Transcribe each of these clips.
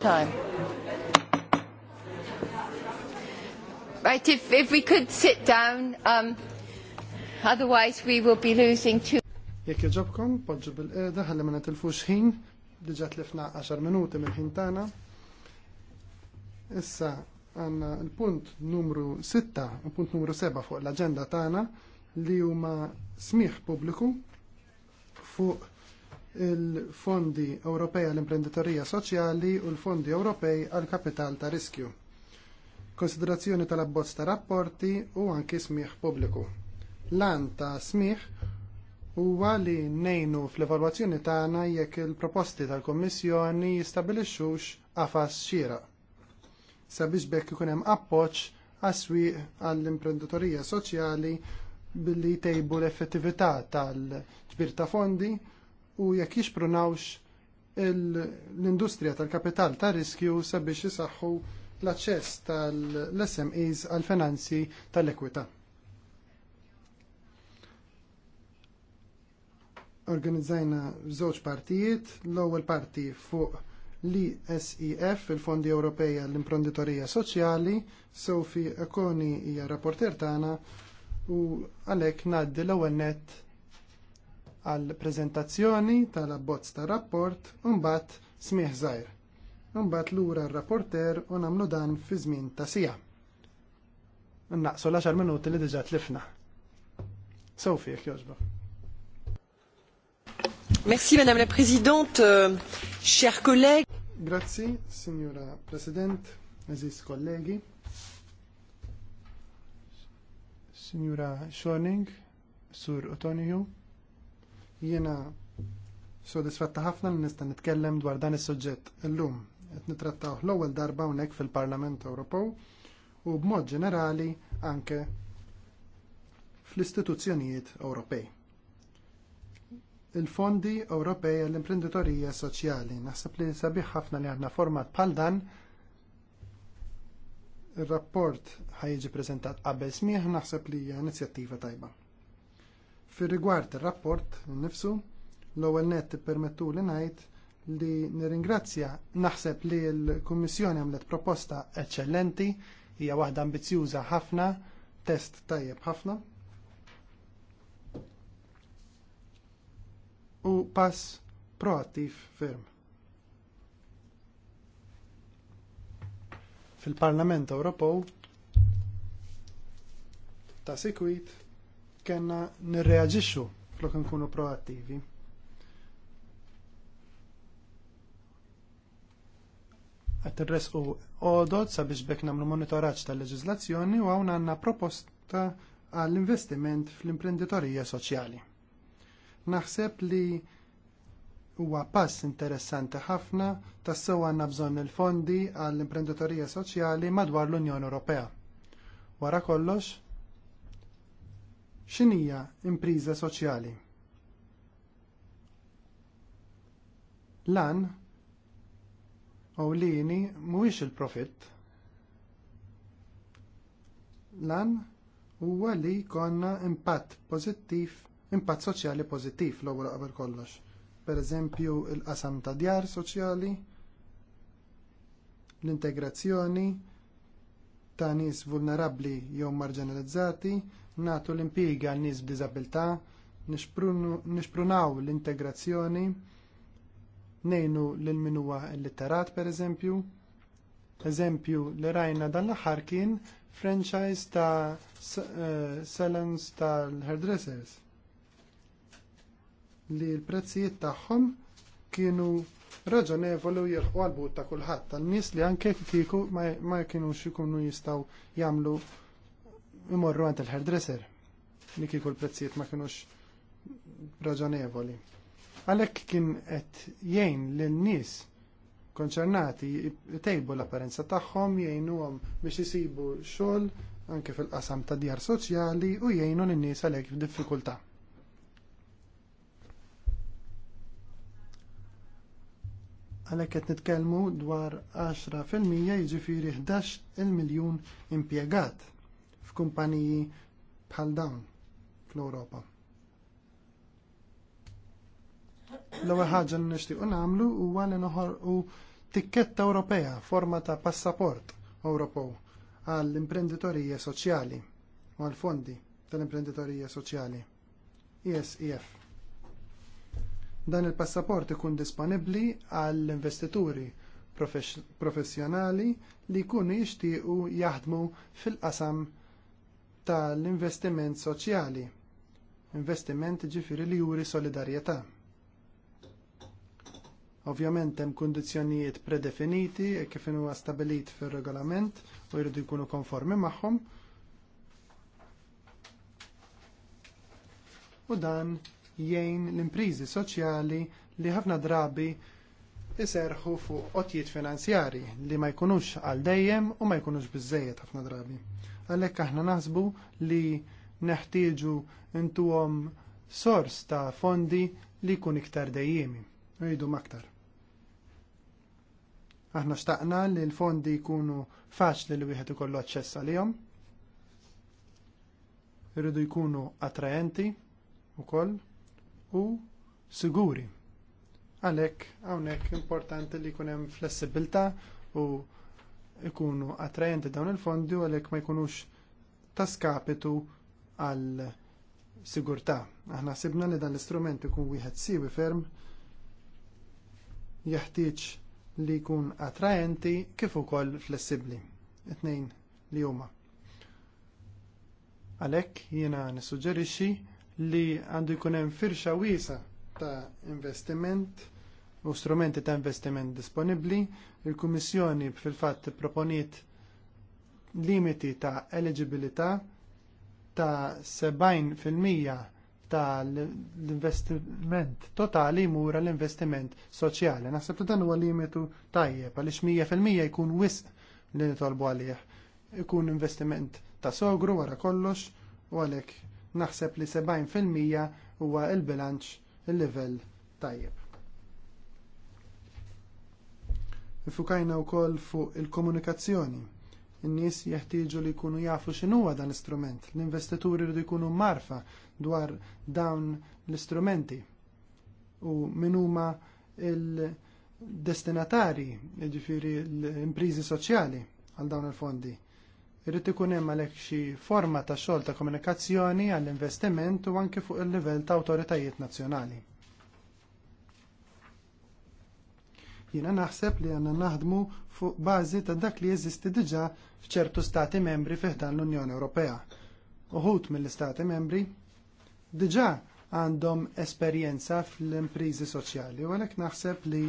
time. Right, if, if we could sit down, um, otherwise we will be losing two. Jekk jġobkom, podġu bil-qeda, ħalli ma netilfux ħin, diġa tlifna 10 minuti minn ħin tagħna. Issa għanna l-punt numru 6 u punt numru 7 fuq l-agenda tagħna li huma smieħ pubbliku fuq il-Fondi Ewropej għall-Imprenditorija Soċjali u l-Fondi Ewropej għall-Kapital ta' Riskju. Konsiderazzjoni tal-abbozz ta' rapporti u anki smieħ pubbliku. Lan ta' smieħ huwa li nejnu fl-evalwazzjoni tagħna jekk il-proposti tal-Kommissjoni jistabilixxux għafas xira. Sabiex bekk ikun hemm appoġġ għas-swieq għall-imprenditorija soċjali billi jtejbu l-effettività tal-ġbir ta' fondi u jekk jixprunawx l-industrija tal-kapital ta' riskju sabiex jisaxħu l-aċċess tal-SMEs għall finanzi tal-ekwita. Organizzajna żewġ partijiet, l-ewwel parti fuq l-ISEF, il-Fondi Ewropej għall-Imprenditorija Soċjali, Sofi Ekoni hija rapporter tagħna u għalhekk ngħaddi l-ewwel nett għal prezentazzjoni tal-abbozz ta' rapport unbat smieħ żgħir. Unbat lura r-rapporter u nagħmlu dan fi żmien ta' sija. Naqsu l-10 minuti li diġà tlifna. Sofi, jek Merci Madame la Présidente, euh, chers collègues. Grazie Signora President, Aziz kollegi. Signora Schoening, Sur Otonio. Jiena sodisfatta ħafna li nista' nitkellem dwar dan is-suġġett illum qed nitrattaw l-ewwel darba hawnhekk fil-Parlament Ewropew u b'mod ġenerali anke fl-istituzzjonijiet Ewropej. Il-fondi Ewropej għall-imprenditorija soċjali naħseb li sabiħ ħafna li għandna format bħal dan ir-rapport ħajġi preżentat qabel smieħ naħseb li hija inizjattiva tajba. Fir rigward ir rapport innifsu, l-ewwel nett permettu li ngħid li nirringrazzja naħseb li l-Kummissjoni għamlet proposta eċċellenti, hija waħda ambizzjuża ħafna, test tajjeb ħafna. U pass proattiv ferm. Fil-Parlament Ewropew ta' sikwit kena nirreagġixxu flok nkunu proattivi. Għat u għodod sabiex bekk namlu monitoraċ tal-leġizlazzjoni u għawna għanna proposta għall-investiment fl-imprenditorija soċjali. Naħseb li huwa pass interessanti ħafna tassew għandna bżonn il-fondi għall-imprenditorija soċjali madwar l-Unjoni Ewropea. Wara kollox, X'inhija impriża soċjali? Lan lini mhuwiex il-profitt. Lan huwa li jkollna impatt pożittiv, impatt soċjali pożittiv l-ewwel qabel kollox. Pereżempju l qasam ta' djar soċjali, l-integrazzjoni, ta' nies vulnerabbli jew marġinalizzati, nagħtu l-impjiga għal nies b'diżabilità, nixprunaw l-integrazzjoni, ngħinu lil min huwa illitterat pereżempju. Eżempju li rajna dan l-aħħar kien franchise ta' eh, salons tal-hairdressers li l-prezzijiet tagħhom kienu u jirħu għalbu ta' kulħadd tan-nies li anke kieku ma kienux ikunu jistgħu jagħmlu imorru għand il-hairdresser li kieku l-prezzijiet ma kienux raġonevoli. Għalhekk kien qed jgħin lin-nies konċernati tejbu l-apparenza tagħhom jgħinuhom biex isibu xogħol anke fil-qasam ta' djar soċjali u jgħinu lin-nies għalhekk f'diffikultà. għalhekk qed nitkellmu dwar 10% jiġifieri 11 il-miljun impjegat f'kumpaniji bħal dawn fl-Ewropa. L-ewwel ħaġa li nixtiequ nagħmlu huwa li noħorqu tikketta Ewropea forma ta' passaport Ewropew għall-imprenditorija soċjali u għall-fondi tal-imprenditorija soċjali. ISEF. Dan il-passaport ikun disponibbli għall-investituri professjonali li jkunu jixtiequ jaħdmu fil-qasam tal-investiment soċjali, investiment ġifiri li juri solidarjetà. Ovvjament hemm kundizzjonijiet predefiniti e kif huwa stabilit fir-regolament u jridu jkunu konformi magħhom. U dan jgħin l-imprizi soċjali li ħafna drabi iserħu fuq qotjiet finanzjari li ma jkunux għal dejjem u ma jkunux biżżejjed ħafna drabi. Għalhekk aħna naħsbu li neħtieġu intuhom sors ta' fondi li jkun iktar dejjemi, rridu maktar. Aħna xtaqna li l-fondi jkunu faċli li wieħed ikollu aċċess għalihom. Irridu jkunu attraenti wkoll u siguri. Għalhekk hawnhekk importanti li jkun hemm u ikunu attrajenti dawn il-fondi u għalhekk ma jkunux ta' skapitu għal sigurtà. Aħna sibna li dan l-istrument ikun wieħed siwi ferm jeħtieġ li jkun attrajenti kif ukoll flessibbli. It-tnejn li huma. Għalhekk jiena nissuġġerixxi li għandu jkun hemm firxa wiesa ta' investiment u strumenti ta' investiment disponibbli. Il-Kummissjoni fil-fatt proponiet limiti ta' eligibilità ta' 70% ta' l-investiment totali mura l-investiment soċjali. Naħseb li dan huwa limitu tajjeb għaliex 100% jkun wisq li nitolbu għalih. Ikun investiment ta' sogru wara kollox u għalhekk naħseb li 70% huwa l bilanċ il-livell tajjeb. Ifukajna wkoll fuq il-komunikazzjoni. In-nies jeħtieġu li jkunu jafu x'inhuwa dan l-istrument. L-investituri jridu jkunu marfa dwar dawn l-istrumenti u min huma il-destinatari, jiġifieri l-imprizi soċjali għal dawn il-fondi Irrid ikun hemm għalhekk xi forma ta' xogħol ta' komunikazzjoni għall-investiment u anke fuq il-livell ta' awtoritajiet nazzjonali. Jiena naħseb li għandna naħdmu fuq bażi ta' dak li jeżisti diġà f'ċertu stati membri fih dan l-Unjoni Ewropea. Uħud mill-istati membri diġà għandhom esperjenza fl-imprizi soċjali u għalhekk naħseb li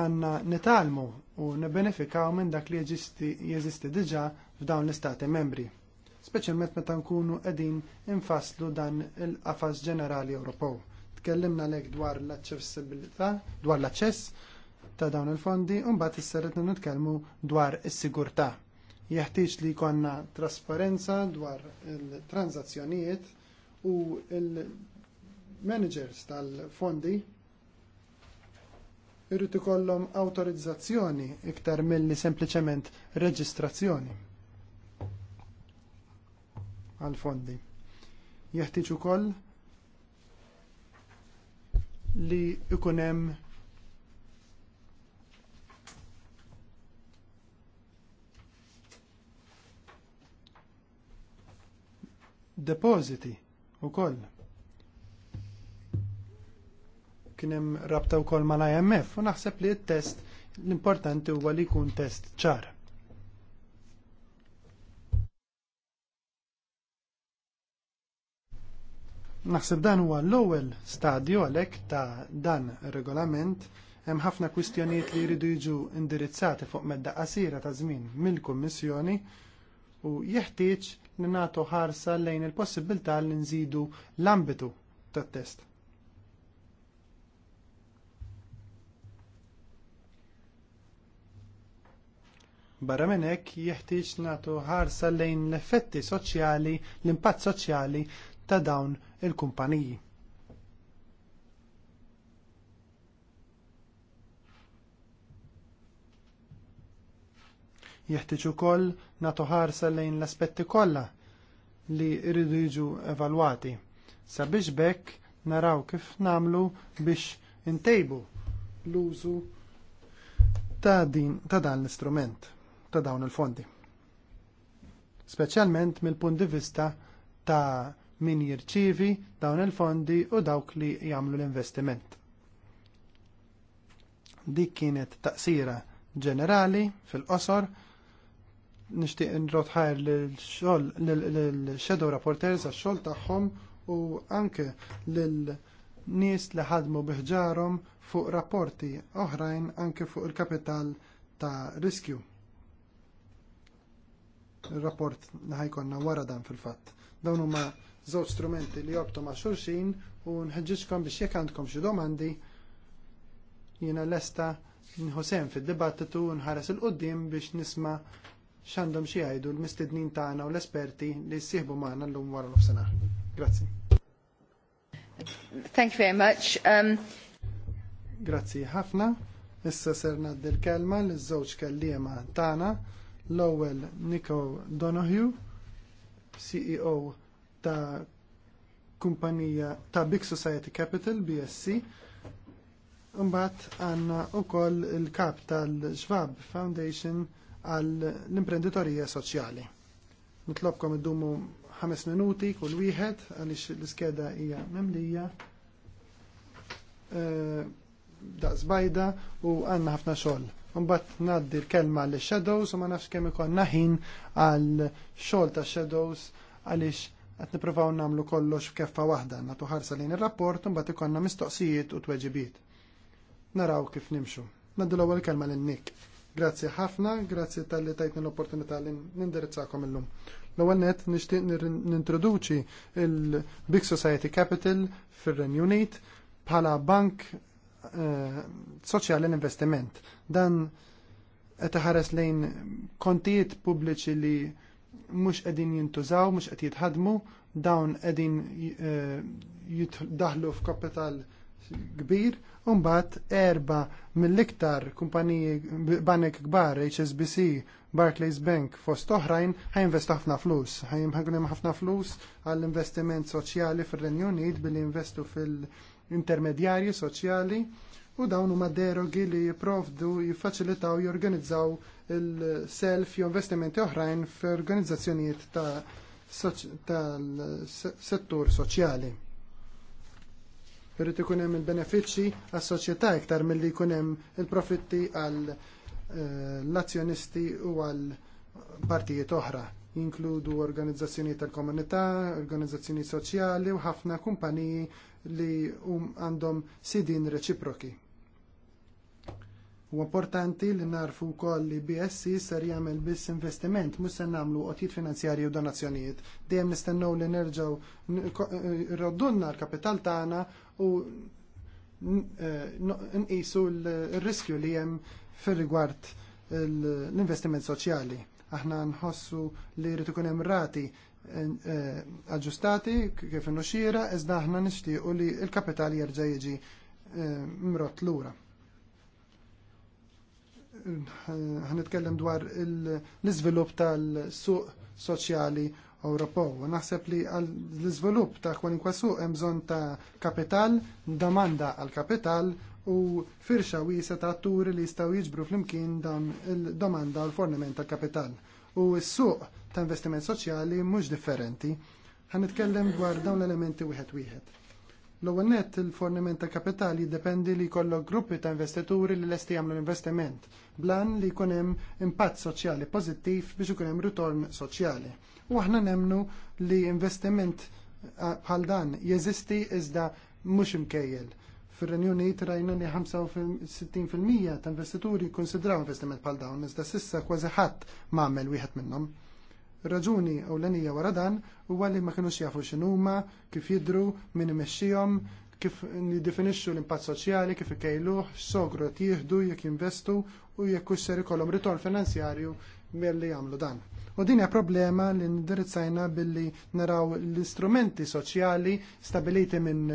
għanna nitalmu u nibbenefikaw minn dak li jeżisti diġa f'dawn l-istati membri, speċjalment meta nkunu qegħdin infasslu dan il-qafas ġenerali Ewropew. Tkellimna lek dwar l-aċċessibilità, dwar l-aċċess ta' dawn il-fondi, u mbagħad issa nitkellmu dwar is-sigurtà. Jeħtieġ li jkollna trasparenza dwar il-tranzazzjonijiet u il-managers tal-fondi irrid ikollhom awtorizzazzjoni iktar milli sempliċement reġistrazzjoni għal fondi. Jeħtieġ ukoll li ikun hemm depositi ukoll. kien hemm rabta wkoll mal-IMF u naħseb li t-test l-importanti huwa li jkun test ċar. Naħseb dan huwa l-ewwel stadju għalhekk ta' dan ir-regolament hemm ħafna kwistjonijiet li jridu jiġu indirizzati fuq medda qasira ta' żmien mill-Kummissjoni u jeħtieġ li nagħtu ħarsa lejn il-possibilità li nżidu l-ambitu tat-test. Barra minn hekk jeħtieġ nagħtu ħarsa lejn l-effetti soċjali, l-impatt soċjali ta' dawn il-kumpaniji. Jeħtieġ ukoll nagħtu ħarsa lejn l-aspetti kollha li jridu jiġu evalwati. Sabiex bekk naraw kif nagħmlu biex intejbu l-użu ta' din ta' dan l-istrument ta' dawn il-fondi. Speċjalment mill-punt di vista ta' min jirċivi dawn il-fondi u dawk li jagħmlu l-investiment. Dik kienet taqsira ġenerali fil-qosor nixtieq nrotħajr l-shadow rapporters għax-xogħol tagħhom u anke lil nies li ħadmu biħġarhom fuq rapporti oħrajn anke fuq il-kapital ta' riskju. Il-rapport ħajkonna wara dan fil-fatt. Dawn huma żewġ strumenti li jobtu ma' xulxin u nħeġġiġkom biex jekk għandkom xi domandi jiena lesta nħosem fid-dibattitu nħares il-qoddim biex nisma x'għandhom xi jgħidu l-mistednin tagħna u l-esperti li jsieħbu magħna llum wara nofsinhar. Grazzi. Thank you very much. Um... Grazzi ħafna. Issa ser d l-kelma l żewġ kelliema tagħna L-ewwel Nico Donohue, CEO ta' kumpanija ta' Big Society Capital, BSC. Mbagħad għandna wkoll il-kap tal-Schwab Foundation għall l-imprenditorija soċjali. Nitlobkom iddumu ħames minuti kull wieħed għaliex l-iskeda hija memlija eh, daqs bajda u għandna ħafna xogħol. Mbatt ngħaddi l-kelma għall shadows u ma nafx kemm ikollna ħin għal xogħol ta' shadows għaliex qed nippruvaw nagħmlu kollox f'keffa waħda nagħtu ħarsa lejn ir-rapport u mbagħad ikollna mistoqsijiet u tweġibiet. Naraw kif nimxu. Naddu l-ewwel kelma lin nick Grazzi ħafna, grazzi tal-li tajtni l-opportunità li nindirizzakom illum. L-ewwel net nixtieq nintroduċi il-Big Society Capital fir-Renju Unit bħala bank Eh, soċjali l-investiment. Dan qed iħares lejn kontijiet pubbliċi li mhux qegħdin jintużaw, mhux qed jitħadmu, dawn qegħdin eh, jitdaħlu f'kapital kbir, u mbagħad erba mill-iktar kumpaniji banek kbar, HSBC, Barclays Bank fost oħrajn ħajinvest ħafna flus. Ħajjim ħafna flus għall-investiment soċjali fir-Renju Unit billi investu fil- intermedjarji soċjali u dawn huma derogi li jipprovdu jiffaċilitaw jorganizzaw il-self jew investimenti oħrajn f'organizzazzjonijiet tal-settur soċjali. Irrid ikun hemm il-benefiċċji għas-soċjetà iktar milli jkun hemm il-profitti għal eh, l-azzjonisti u għal partijiet oħra jinkludu organizzazzjoni tal-komunità, organizzazzjoni soċjali u ħafna kumpaniji li għandhom sidin reċiproki. U importanti li narfu wkoll li BSC ser jagħmel biss investiment mhux se nagħmlu qotjiet finanzjarji u donazzjonijiet. Dejjem nistennew li nerġgħu eh, rodunna l-kapital tagħna u eh, nqisu l-riskju li hemm fir-rigward l-investiment soċjali. Aħna nħossu li jrid ikun hemm rati Eh, aġġustati kif innu xira, iżda aħna nixtiequ li l-kapital jerġa' jiġi eh, mrot lura. Ħanitkellem dwar l-iżvilupp tal-suq soċjali Ewropew. Naħseb li l-iżvilupp ta' kwalinkwa suq hemm bżonn ta' kapital, domanda għal kapital u firxa wiesa ta' atturi li jistgħu jiġbru flimkien dan il-domanda u l-forniment tal-kapital u s-suq ta' investiment soċjali mhux differenti. Ħa nitkellem dwar dawn l-elementi wieħed wieħed. L-ewwel nett il-forniment ta' kapitali jiddependi li jkollok gruppi ta' investituri li lesti jagħmlu investiment blan li jkun hemm impatt soċjali pożittiv biex ikun hemm ritorn soċjali. U aħna nemnu li investiment eh, bħal dan jeżisti iżda mhux imkejjel fil renju Unit rajna li 65% ta' investituri konsidraw investiment bħal dawn, iżda sissa kważi ħadd m'għamel wieħed minnhom. Raġuni ewlenija wara dan huwa li ma kinux jafu x'inhuma, kif jidru, min imexxihom, kif nidefinixxu l-impatt soċjali, kif ikejluh, sogro tieħdu jekk jinvestu u jekk hux ser ikollhom ritorn finanzjarju milli jagħmlu dan. U din hija problema li ndirizzajna billi naraw l-istrumenti soċjali stabiliti minn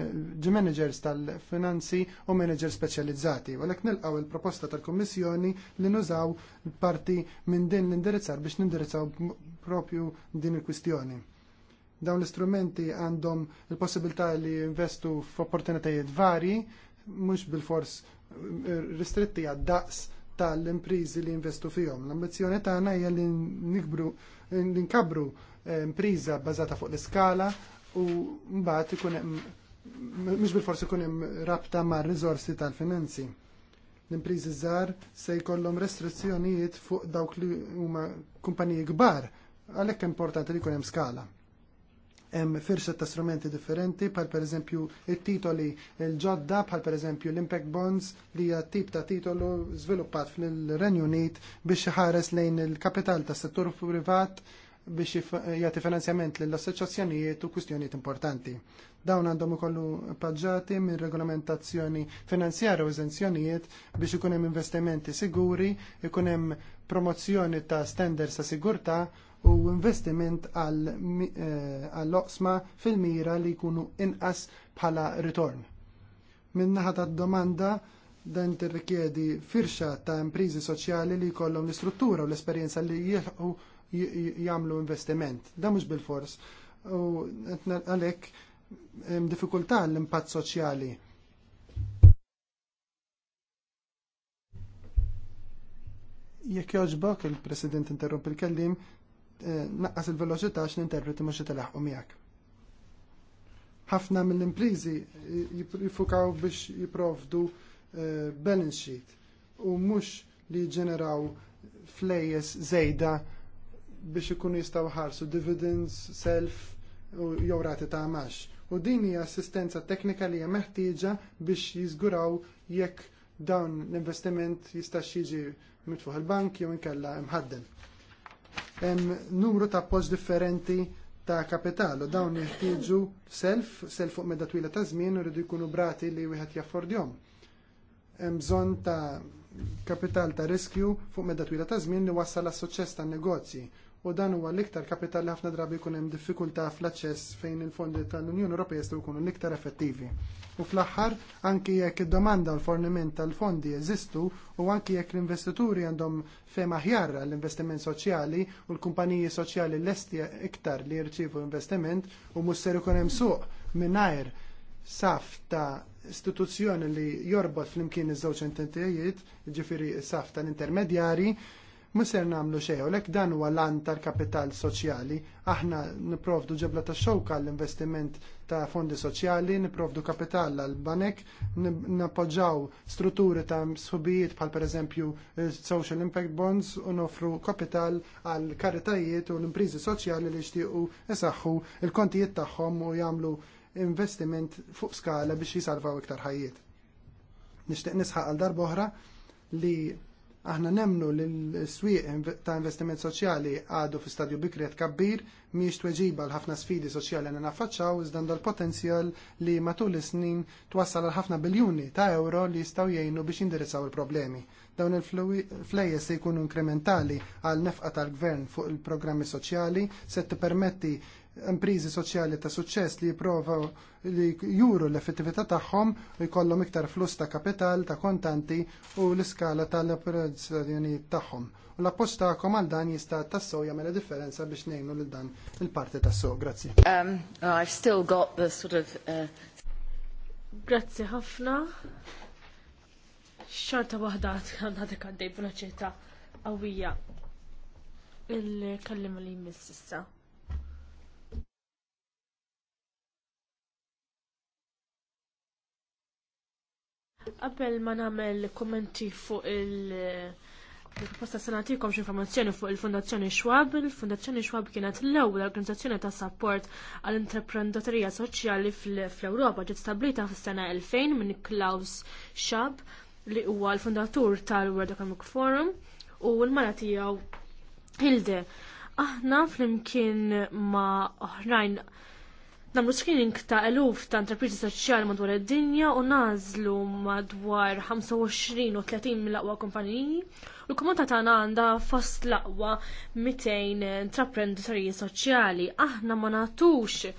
managers tal-finanzi u managers speċjalizzati. U għalhekk nilqgħu il-proposta tal-Kummissjoni li nużaw parti minn din l-indirizzar biex nindirizzaw propju din il-kwistjoni dawn l-istrumenti għandhom il-possibilità li investu f'opportunitajiet varji, mhux bil-fors ristretti għad-daqs tal-imprizi li investu fihom. L-ambizjoni tagħna hija li nikbru li nkabru eh, impriża bbażata fuq l-iskala u mbagħad ikun hemm mhux bil-forsi ikun hemm rabta mar riżorsi tal-finanzi. L-impriżi żgħar se jkollhom restrizzjonijiet fuq dawk li huma kumpaniji kbar għalhekk importanti li jkun hemm skala hemm firxa ta' strumenti differenti bħal pereżempju it-titoli l-ġodda bħal pereżempju l-impact bonds li hija tip ta' titolu żviluppat fil-Renju Unit biex ħares lejn il-kapital tas settur privat biex jagħti finanzjament lill assoċjazzjonijiet u kwistjonijiet importanti. Dawn għandhom ikollu paġġati minn regolamentazzjoni finanzjarja u eżenzjonijiet biex ikun hemm investimenti siguri, ikun hemm promozzjoni ta' standards ta' sigurtà u investiment għall-oqsma eh, fil-mira li jkunu inqas bħala ritorn. Min-naħa domanda dan tirrikjedi firxa ta' imprizi soċjali li jkollhom l-istruttura u l-esperjenza li jieħu jagħmlu investiment. Dan mhux bil-fors. U għalhekk diffikultà l-impatt soċjali jekk jogħġbok, il-President interrompi il-kellim, naqqas il-veloċità għax l-interpreti mhux itilaħqu miegħek. Ħafna mill-imprizi jifukaw biex jiprovdu eh, balance sheet u mhux li ġeneraw flejes żejda biex ikunu jistgħu ħarsu dividends, self u jew rati ta' għamax. U din hija assistenza teknika li hija meħtieġa biex jiżguraw jekk dawn l-investiment jista' jiġi mitfuħ il-bank jew inkella imħaddem hemm numru ta' post differenti ta' kapitalu dawn jeħtieġu self, self fuq medda twila ta' żmien iridu jkunu brati li wieħed jaffordjom. Hemm bżonn ta' kapital ta' riskju fuq medda twila ta' żmien li wassal għas suċċess tan negozji u dan huwa l-iktar kapital li ħafna drabi jkun hemm diffikultà fl-aċċess fejn il-fondi tal-Unjoni Ewropea jistgħu jkunu l-iktar effettivi. U fl-aħħar anki jekk id-domanda u l-forniment tal-fondi jeżistu u anki jekk l-investituri għandhom fema aħjar l-investiment soċjali u l-kumpaniji soċjali lesti iktar li jirċievu investiment u mhux ser ikun hemm suq mingħajr saf ta' istituzzjoni li jorbot flimkien iż-żewġ entitajiet, ġifiri saf tal-intermedjari, Muser namlu xej, u lek dan huwa lan tal-kapital soċjali, aħna niprovdu ġebla ta' xoka l-investiment ta' fondi soċjali, niprovdu kapital għal banek, nappoġġaw strutturi ta' subijiet bħal per eżempju eh, social impact bonds u nofru kapital għal karitajiet u l-imprizi soċjali li xtiequ isaħħu il-kontijiet tagħhom u jagħmlu investiment fuq skala biex jisalvaw iktar ħajjiet. Nixtieq nisħaq għal darba oħra li Aħna nemnu li l-swieq ta' investiment soċjali għadu fi stadju bikret kabbir miex tweġiba l-ħafna sfidi soċjali għanna naffaċċaw iżda l potenzjal li matul is-snin twassal għal ħafna biljuni ta' euro li jistgħu jgħinu biex jindirizzaw il-problemi. Dawn il-flejjes se jkunu inkrementali għal nefqa tal-gvern fuq il-programmi soċjali se permetti imprizi soċjali ta' suċċess li jipprovaw li juru l-effettività tagħhom u jkollhom iktar flus ta' kapital, ta' kontanti u l-iskala tal-operazzjonijiet tagħhom. U l-appoġġ tagħkom għal dan jista' tassew jagħmel differenza biex ngħinu lil dan il-parti tas-sew. Grazzi. Um, I've still got the sort of uh... Grazzi ħafna. Xorta waħda għandek għaddej veloċità qawwija. Il-kellim li jmiss issa. Qabel ma nagħmel kummenti fuq il- Proposta se nagħtikom xi informazzjoni fuq il-Fundazzjoni Schwab. Il-Fundazzjoni Schwab kienet l-ewwel organizzazzjoni ta' support għall intreprenditorija soċjali fl-Ewropa ġiet stabblita fis-sena 2000 minn Klaus Schwab li huwa l-fundatur tal-World Economic Forum u l-mara tiegħu Hilde. Aħna flimkien ma' oħrajn oh, Namlu screening ta' eluf ta' intrapriżi soċjali madwar id-dinja u nażlu madwar 25 u 30 mill-aqwa kumpaniji. U l-komunità tagħna għandha fost l-aqwa 200 intraprenditorji soċjali. Aħna ma nagħtux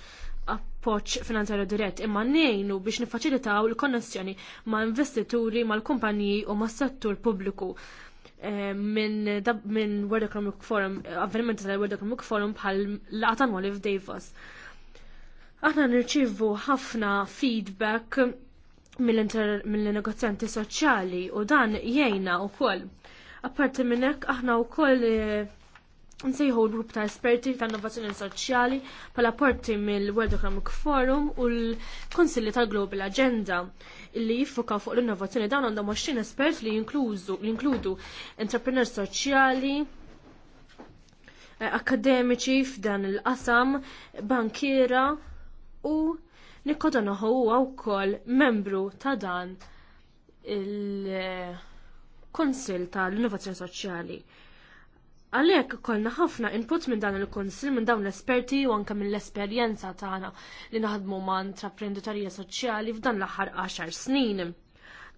appoċ finanzjarju dirett imma nejnu biex nifaċilitaw il-konnessjoni ma' investituri mal-kumpaniji u mas settur pubbliku eh, minn World Economic Forum, avvenimenti tal World Economic Forum bħal laqatan Walif Davos. Aħna nirċivu ħafna feedback mill-negozjanti mill soċjali u dan jgħina u koll. Apparti minnek aħna u koll eh, nsejħu l-grupp ta' esperti ta' innovazzjoni soċjali pala porti mill-World Economic Forum u l-Konsilli tal-Global Agenda illi jiffuka fuq l-innovazzjoni dan għandhom 20 espert li jinkludu entrepreneur soċjali, eh, akademiċi f'dan il-qasam, bankiera, u uħu huwa wkoll membru ta' dan il-Konsil tal-Innovazzjoni Soċjali. Għalhekk kollna ħafna input minn dan il-Konsil minn dawn l-esperti u anke mill esperjenza tagħna li naħdmu ma' intraprenditorija soċjali f'dan l-aħħar 10 snin.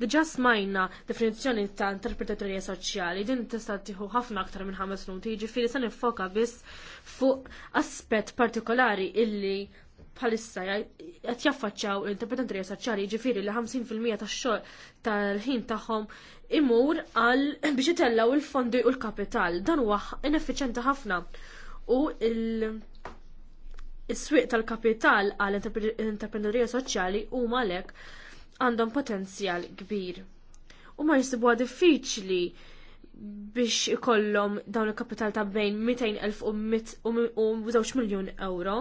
Diġà smajna definizzjoni ta' interpretatorija soċjali din tista' tieħu ħafna aktar minn ħames minuti, ġifieri se nifoka biss fuq aspett partikolari illi bħalissa qed jaffaċċaw l-interpretanti soċjali ġifieri li 50% tax-xogħol tal-ħin tagħhom imur għal biex itellaw il-fondi u l-kapital. Dan huwa ineffiċjenti ħafna. U il-swieq tal-kapital għal interpretanti soċjali huma għalhekk għandhom potenzjal kbir. U ma jisibuha diffiċli biex ikollhom dawn il-kapital ta' bejn 200,000 u 2 miljun euro.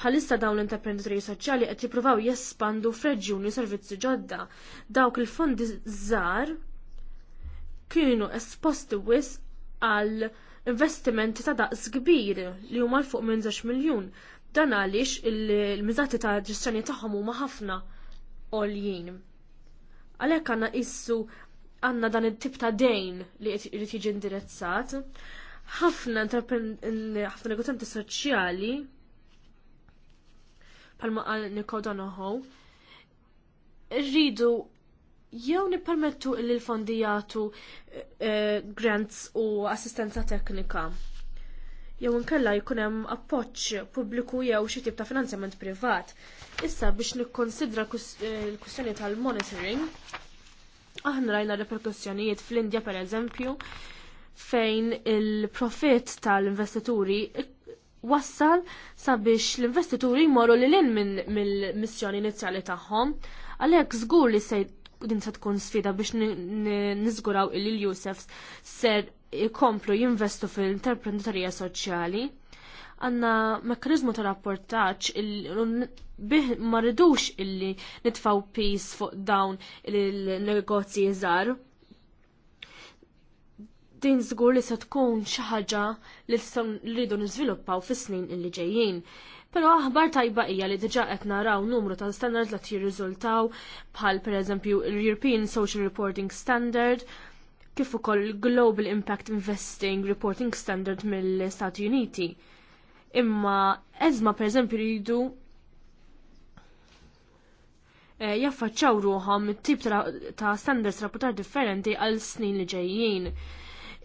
Bħalissa dawn l-entreprenditori soċjali qed jippruvaw jespandu f'reġjuni servizzi ġodda. Dawk il-fondi żgħar kienu esposti wis għal investimenti ta' daqs kbir li huma l fuq minn 10 miljun. Dan għaliex il-miżati ta' ġestjoni tagħhom huma ħafna għoljien. Għalhekk għandna issu għandna dan it-tip ta' dejn li qed jiġi indirizzat ħafna ħafna negozjanti soċjali palma qal Nikodonoho, rridu jew nippermettu li l-fondi jagħtu eh, grants u assistenza teknika. Jew inkella jkun hemm appoġġ pubbliku jew xi tip ta' finanzjament privat. Issa biex nikkonsidra eh, l-kwistjoni tal-monitoring, aħna rajna reperkussjonijiet fl-Indja pereżempju fejn il-profit tal-investituri wassal sabiex l-investituri jmorru li lin mill-missjoni inizjali tagħhom. Għalhekk żgur li se din se tkun sfida biex niżguraw il l-Jusefs ser ikomplu jinvestu fil-interprenditorija soċjali. Għanna mekkanizmu ta' rapportaċ bih ma rridux illi nitfaw pis fuq dawn il-negozji żgħar Din żgur li se tkun xi ħaġa li rridu niżviluppaw fis-snin illi ġejjin. Però aħbar tajba hija li diġà qed naraw numru ta' standards li jirriżultaw bħal pereżempju l-European Social Reporting Standard kif ukoll Global Impact Investing Reporting Standard mill-Stati Uniti. Imma eżma pereżempju jridu eh, jaffaċċaw ruħom tip ta' standards rapportar differenti għal snin li ġejjin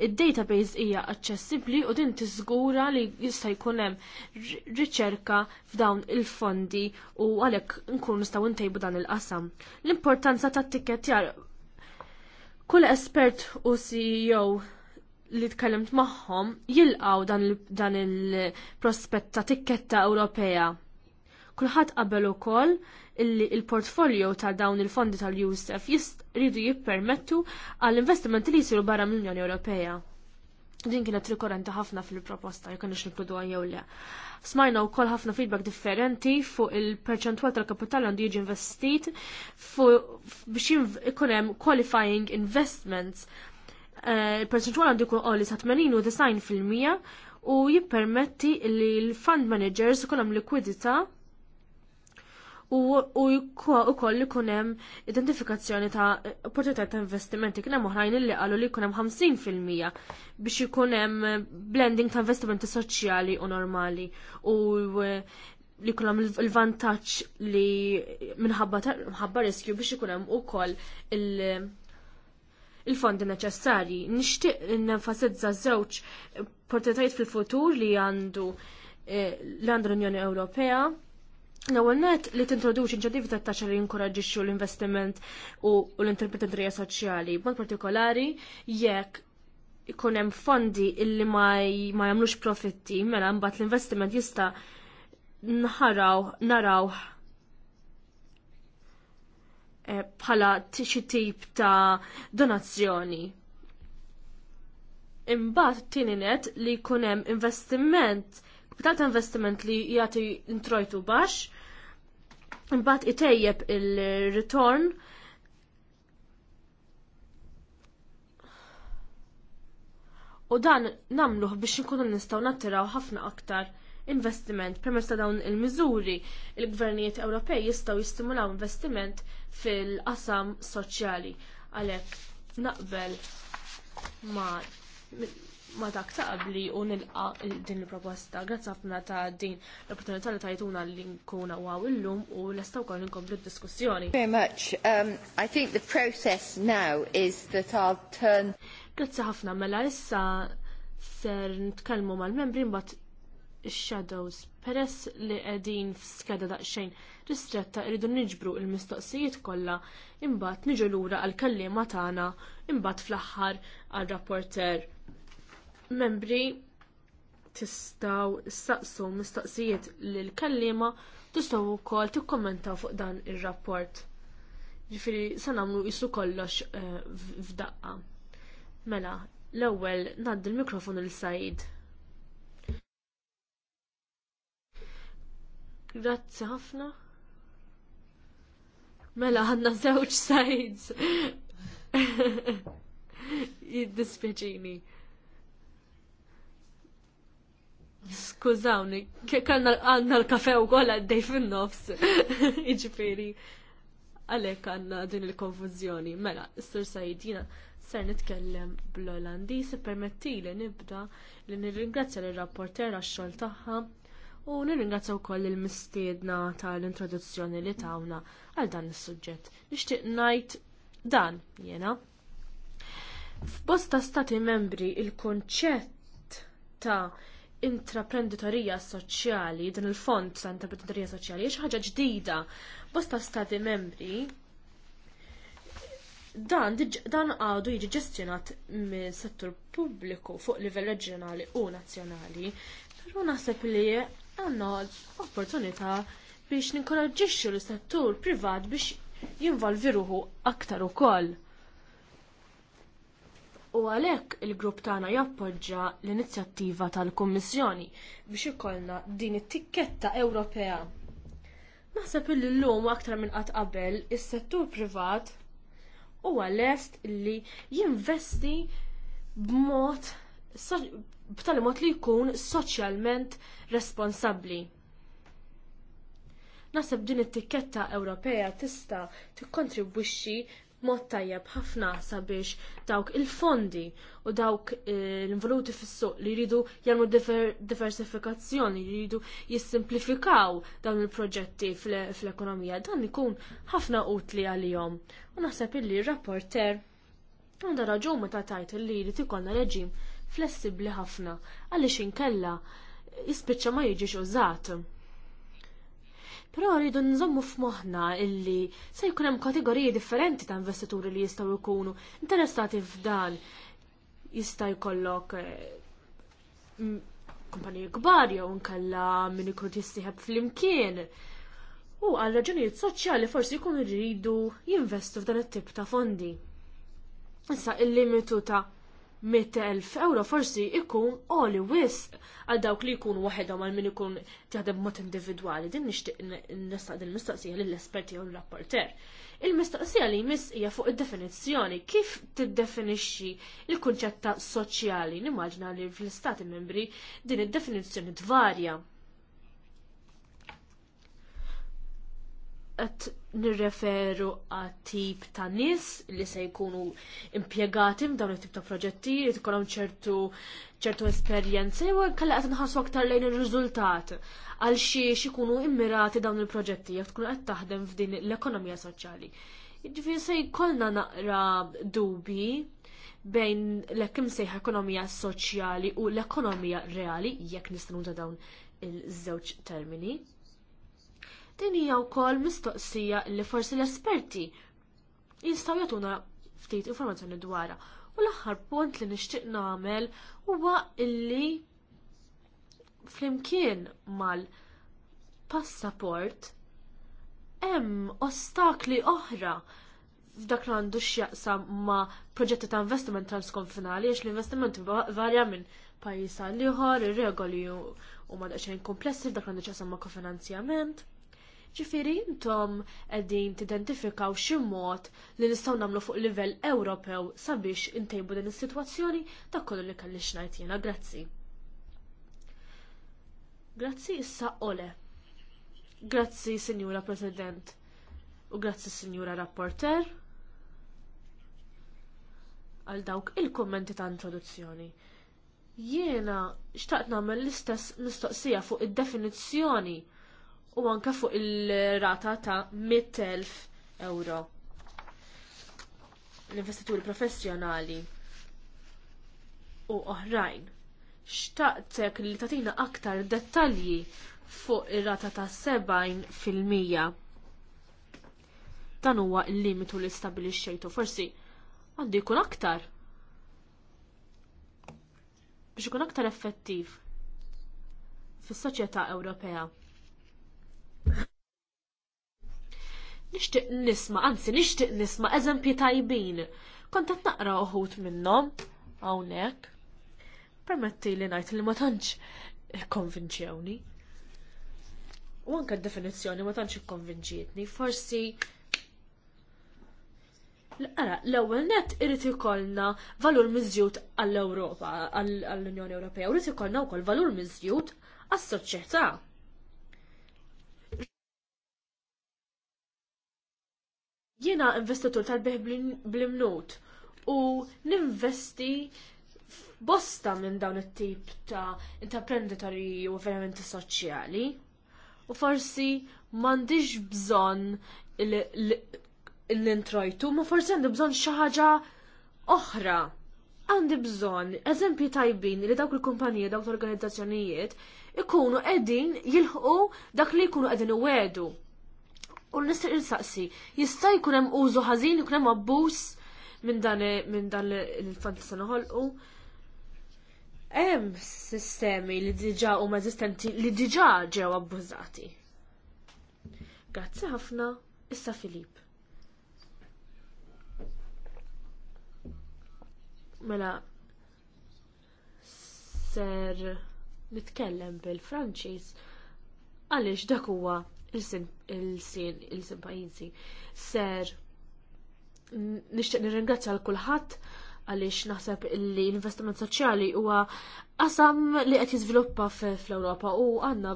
id-database hija aċċessibbli u din tiżgura li jista' jkun hemm riċerka f'dawn il-fondi u għalhekk nkunu nistgħu ntejbu dan il-qasam. L-importanza tat jar kull espert u CEO li tkellimt magħhom jilqgħu dan il-prospett ta' tikketta Ewropea. Kulħadd qabel ukoll il-portfolio ta' dawn il-fondi tal-USF jistridu jippermettu għall-investimenti li jisiru barra mill-Unjoni Ewropea. Din kienet rikorrenti ħafna fil-proposta, jekk nix nikludu jew le. Smajna wkoll ħafna feedback differenti fuq il-perċentwal tal-kapital għandu jiġi investit biex ikun hemm qualifying investments. Eh, il-perċentwal għandu jkun għolli sa' 80 u 90 fil-mija u jippermetti li l-fund managers ikollhom likwidità u ukoll ikun hemm identifikazzjoni ta' opportunità ta' investimenti. Kien hemm oħrajn li qalu li jkun hemm 50% biex ikun hemm blending ta' investimenti soċjali u normali u li kunem il-vantaġġ li minħabba riskju biex ikun hemm ukoll il- il-fondi neċessari. Nixtieq nenfasizza żewġ portretajt fil-futur eh, li għandu l-Unjoni Ewropea L-ewwel net li tintroduċi inċentivi ta' taxxa li jinkoraġġixxu l-investiment u l-interpretentrija soċjali, b'mod partikolari jekk ikun hemm fondi illi ma jagħmlux profitti, mela mbagħad l-investiment jista' nħaraw naraw eh, bħala xi tip ta' donazzjoni. Imbagħad tieni net li jkun hemm investiment Kapital ta' investiment li jagħti introjtu baxx Mbagħad itejjeb il-return u dan namluħ biex nkunu nistgħu nattiraw ħafna aktar investiment permezz ta' dawn il-miżuri il-gvernijiet Ewropej jistgħu jistimulaw investiment fil-qasam soċjali għalhekk naqbel ma' ma dak ta' qabli u nilqa din il-proposta. Grazzi ħafna ta' din l-opportunità li tajtuna li nkuna waw illum u l-esta wkoll d-diskussjoni. Very much. Um, I think the process now is that I'll turn. Grazzi ħafna mela issa ser nitkellmu mal-membri mbagħad ix-shadows peress li qegħdin f'skeda daqsxejn ristretta irridu niġbru l-mistoqsijiet kollha imbagħad niġu lura għall kelliema tagħna imbagħad fl-aħħar għar rapporter Membri tistaw saqsu mistaqsijiet lill kelliema tistaw wkoll tikkommentaw fuq dan ir-rapport. Ġifieri se nagħmlu qisu kollox eh, f'daqqa. Mela, l-ewwel ngħaddi l-mikrofonu lil Said. Grazzi ħafna. Mela għandna żewġ Saids. Jiddispjaċini. Skużawni, kellna għandna l-kafe u kol għaddej fin-nofs. iġifiri. għalhekk għandna din il-konfużjoni. Mela, s-sur sajidina, ser nitkellem bl olandi permetti permettili nibda li nirringrazzja lir rapporter għax-xogħol tagħha u nirringrazzja wkoll il-mistiedna tal-introduzzjoni li tawna għal dan is-suġġett. Nixtieq ngħid dan jiena. F'bosta stati membri il-konċett ta' intraprenditorija soċjali, din il-fond ta' intraprenditorija soċjali, hija ħaġa ġdida bosta stati membri dan dan għadu jiġi ġestjonat mis settur pubbliku fuq livell reġjonali u nazzjonali, però naħseb li għandna opportunità biex ninkoraġġixxu l-settur privat biex jinvolvi ruħu aktar ukoll. U għalhekk il-grupp tagħna jappoġġa l-inizjattiva tal-Kummissjoni biex ikollna din it-tikketta Ewropea. Naħseb illi llum aktar minn qatt qabel is-settur privat huwa lest li jinvesti b'mod b'tali mod li jkun soċjalment responsabbli. Naħseb din it-tikketta Ewropea tista' tikkontribwixxi mod tajjeb ħafna sabiex dawk il-fondi u dawk eh, l-involuti fis-suq li jridu jagħmlu diversifikazzjoni, li jridu jissimplifikaw dawn il-proġetti fl-ekonomija. Dan ikun ħafna utli għalihom. U naħseb illi r-rapporter għandha raġun meta tajt li jrid ikollna reġim flessibbli ħafna għaliex inkella jispiċċa ma jiġix użat. Però rridu nżommu f'moħħna illi se jkun hemm kategoriji differenti ta' investituri li jistgħu jkunu interessati f'dan jista' jkollok eh, kumpaniji kbar jew nkella min ikun tistieħeb flimkien. U għal raġunijiet soċjali forsi jkunu rridu jinvestu f'dan it-tip ta' fondi. Issa il-limitu ta' 100.000 euro forsi ikun oli wisq għal dawk li jkun waħedhom għal min ikun taħdem mod individwali. Din nixtieq nistaq din mistoqsija lill-esperti jew l-rapporter. Il-mistoqsija li jmiss hija fuq id-definizzjoni kif tiddefinixxi il-kunċett ta' soċjali. Nimmaġna li fl-Istati membri din id-definizzjoni tvarja nirreferu għat tip ta' nis li se jkunu impjegati m'dawn it-tip ta' proġetti, li tkollhom ċertu ċertu esperjenza jew kalla qed nħassu aktar lejn ir-riżultat għal xiex ikunu immirati dawn il-proġetti jekk tkun qed taħdem f'din l-ekonomija soċjali. Jiġifieri se jkollna naqra dubi bejn l-ekim sejħ ekonomija soċjali u l-ekonomija reali jekk nistgħu ta' dawn il-żewġ termini. Din hija wkoll mistoqsija li forsi l-esperti jistgħu jagħtuna ftit informazzjoni dwarha. U l-aħħar punt li nixtieq nagħmel huwa illi flimkien mal-passaport hemm ostakli oħra f'dak li għandu x'jaqsam ma' proġetti ta' investiment transkonfinali għax l-investiment varja minn pajjiż għal ieħor, ir-regoli huma daqsxejn komplessi f'dak li għandu x'jaqsam ma' kofinanzjament. Ġifiri intom qegħdin tidentifikaw xi mod li nistgħu nagħmlu fuq livell Ewropew sabiex intejbu din is-sitwazzjoni ta' kollu li kellix ngħid jiena. Grazzi. Grazzi issa Ole. Grazzi Sinjura President u grazzi Sinjura Rapporter għal dawk il-kommenti ta' introduzzjoni. Jiena xtaqt nagħmel l-istess mistoqsija fuq id-definizzjoni u anke fuq il-rata ta' 100.000 euro. L-investituri professjonali u oħrajn. Xtaqtek li tatina aktar dettalji fuq ir-rata ta' 70 fil-mija. Dan huwa l-limitu li stabilixxejtu forsi għandu jkun aktar. Biex ikun aktar effettiv fis-soċjetà Ewropea. Nixtieq nisma, anzi nixtieq nisma eżempji tajbin. Kont qed naqra uħut minnhom hawnhekk. Permetti li ngħid li ma tantx konvinċjewni. U anke d-definizzjoni ma tantx ikkonvinċietni, forsi Ara, l-ewwel net irid ikollna valur miżjud għall-Ewropa, għall-Unjoni Ewropea, u irid ikollna wkoll valur miżjud għas-soċjetà. Jiena investitur tal-beħ bl-imnut u ninvesti bosta minn dawn it-tip ta' intraprenditori u avvenimenti soċjali. U forsi m'għandix bżonn l-introjtu, ma forsi għandi bżonn xi ħaġa oħra. Għandi bżonn eżempji tajbin li dawk il-kumpanija, dawk l-organizzazzjonijiet ikunu qegħdin jilħqu dak li jkunu qegħdin iwedu. U nistiq il-saqsi, jista' jkun hemm użu ħażin, jkun hemm abbuż minn dan il-fond li se noħolqu. Hemm sistemi li diġà huma eżistenti li diġà ġew abbużati. Grazzi ħafna, issa Filip. Mela ser nitkellem bil-Franċiż għaliex dak huwa il-sint il-sin, il-sin pajinsi. Ser, nishtiq nirringrazzja għal kulħadd għaliex naħseb li l-investiment soċjali huwa qasam li qed jiżviluppa fl-Ewropa u għandna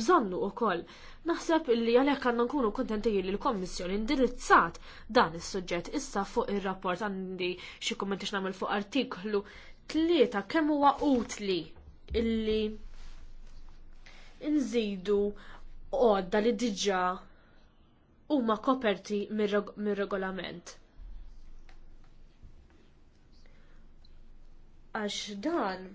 bżonnu wkoll. Naħseb li għalhekk għandna nkunu kontenti li l-Kommissjoni indirizzat dan is-suġġett issa fuq ir-rapport għandi xi kummenti x'nagħmel fuq artiklu tlieta kemm huwa utli illi nżidu għodda li diġà huma koperti mir-regolament. Għax dan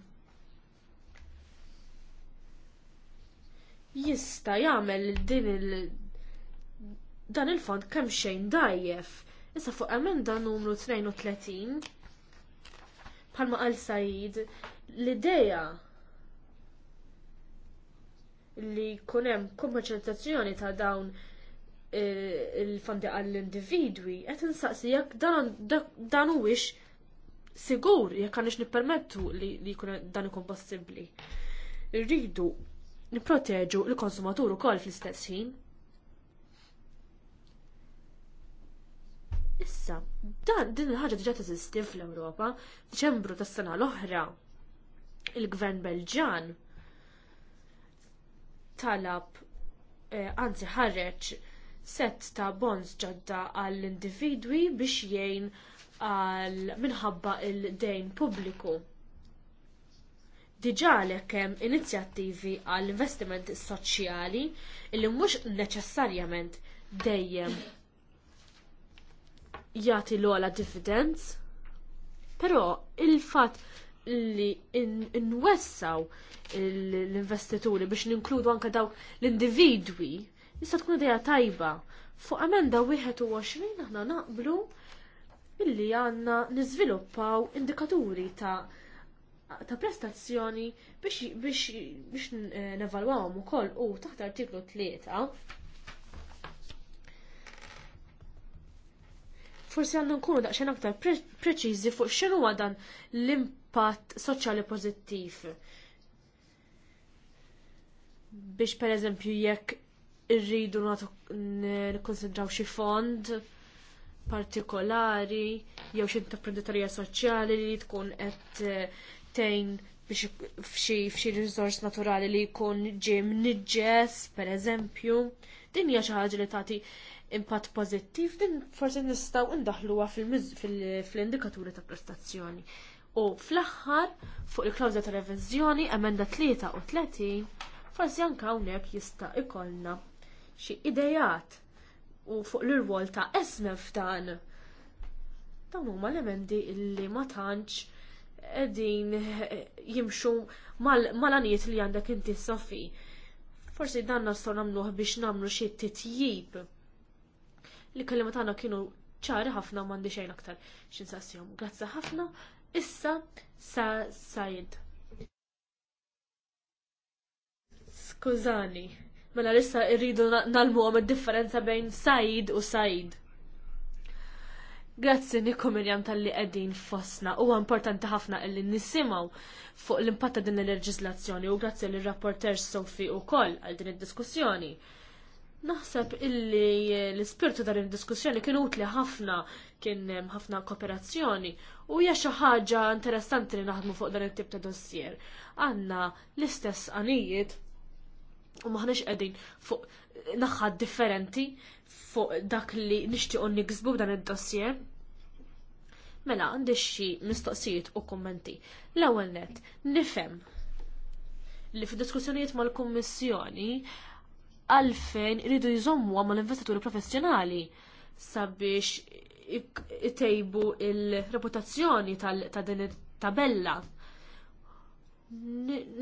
jista jagħmel din il dan il-fond kemm xejn dajjef. Issa fuq emenda numru 32 bħalma qal Said l-idea li jkun hemm kommerċjalizzazzjoni ta' dawn e, il-fondi għall-individwi, qed insaqsi jekk dan huwiex sigur jekk għandix nippermettu li jkun dan ikun possibbli. Irridu nipproteġu l-konsumatur ukoll fl-istess ħin. Issa, dan din il-ħaġa diġà teżisti fl-Ewropa, Diċembru tas-sena l-oħra, il-Gvern Belġan talab eh, anzi ħareġ set ta' bonds ġodda għall individwi biex jgħin għal minħabba l dejn pubbliku. Diġà għalhekk hemm inizjattivi għall investiment soċjali li mhux neċessarjament dejjem jagħti l dividends, però il-fatt li nwessaw l-investituri biex ninkludu anka daw l-individwi jista' tkun idea tajba. Fuq amenda 21 aħna naqblu illi għanna niżviluppaw indikaturi ta' ta' prestazzjoni biex, biex, biex eh, nevalwawhom ukoll u taħt artiklu 3. Forsi għandu nkunu daqsxejn aktar preċiżi fuq xenu dan l-impatt impatt soċjali pożittiv. Biex pereżempju jekk irridu nikkonsidraw xi fond partikolari jew xi imprenditorija soċjali li tkun qed eh, tgħin biex f'xi riżors naturali li jkun ġim niġġes, pereżempju, din hija xi ħaġa li tagħti impatt pożittiv, din forsi nistgħu ndaħluha fil-indikaturi ta' prestazzjoni. U fl-aħħar fuq il klawza ta' reviżjoni emenda 33 forsi anke hawnhekk jista' ikollna xi idejat u fuq l-irwol ta' esmef f'dan. Dawn huma l-emendi illi ma tantx qegħdin jimxu mal-anijiet li għandek inti sofi. Forsi dan nistgħu nagħmluh biex nagħmlu xi titjib. Li kelliema tagħna kienu ċari ħafna m'għandi xejn aktar x'insassihom. Grazzi ħafna Issa sa sajd. Skużani, mela issa irridu nalmu għom differenza bejn sajd u sajd. Grazzi nikkominjam tal-li għedin fosna. U importanti ħafna illi nisimaw fuq l-impatta din il-leġizlazzjoni u grazzi l-rapporter Sofi u koll għal din il-diskussjoni. il diskussjoni Naħseb illi eh, l-ispirtu dar il-diskussjoni kien utli ħafna, kien eh, ħafna kooperazzjoni u hija xi ħaġa interessanti li naħdmu fuq dan it-tip ta' dossier. Għandna l-istess għanijiet u maħniex qegħdin fuq naħħa differenti fuq dak li nixtiequ niksbu dan id-dossier. Mela għandi xi mistoqsijiet u kummenti. L-ewwel nett nifhem li fid-diskussjonijiet mal-Kummissjoni għalfejn iridu jżommu għamma l-investituri professjonali sabiex itejbu il-reputazzjoni ta' din it-tabella.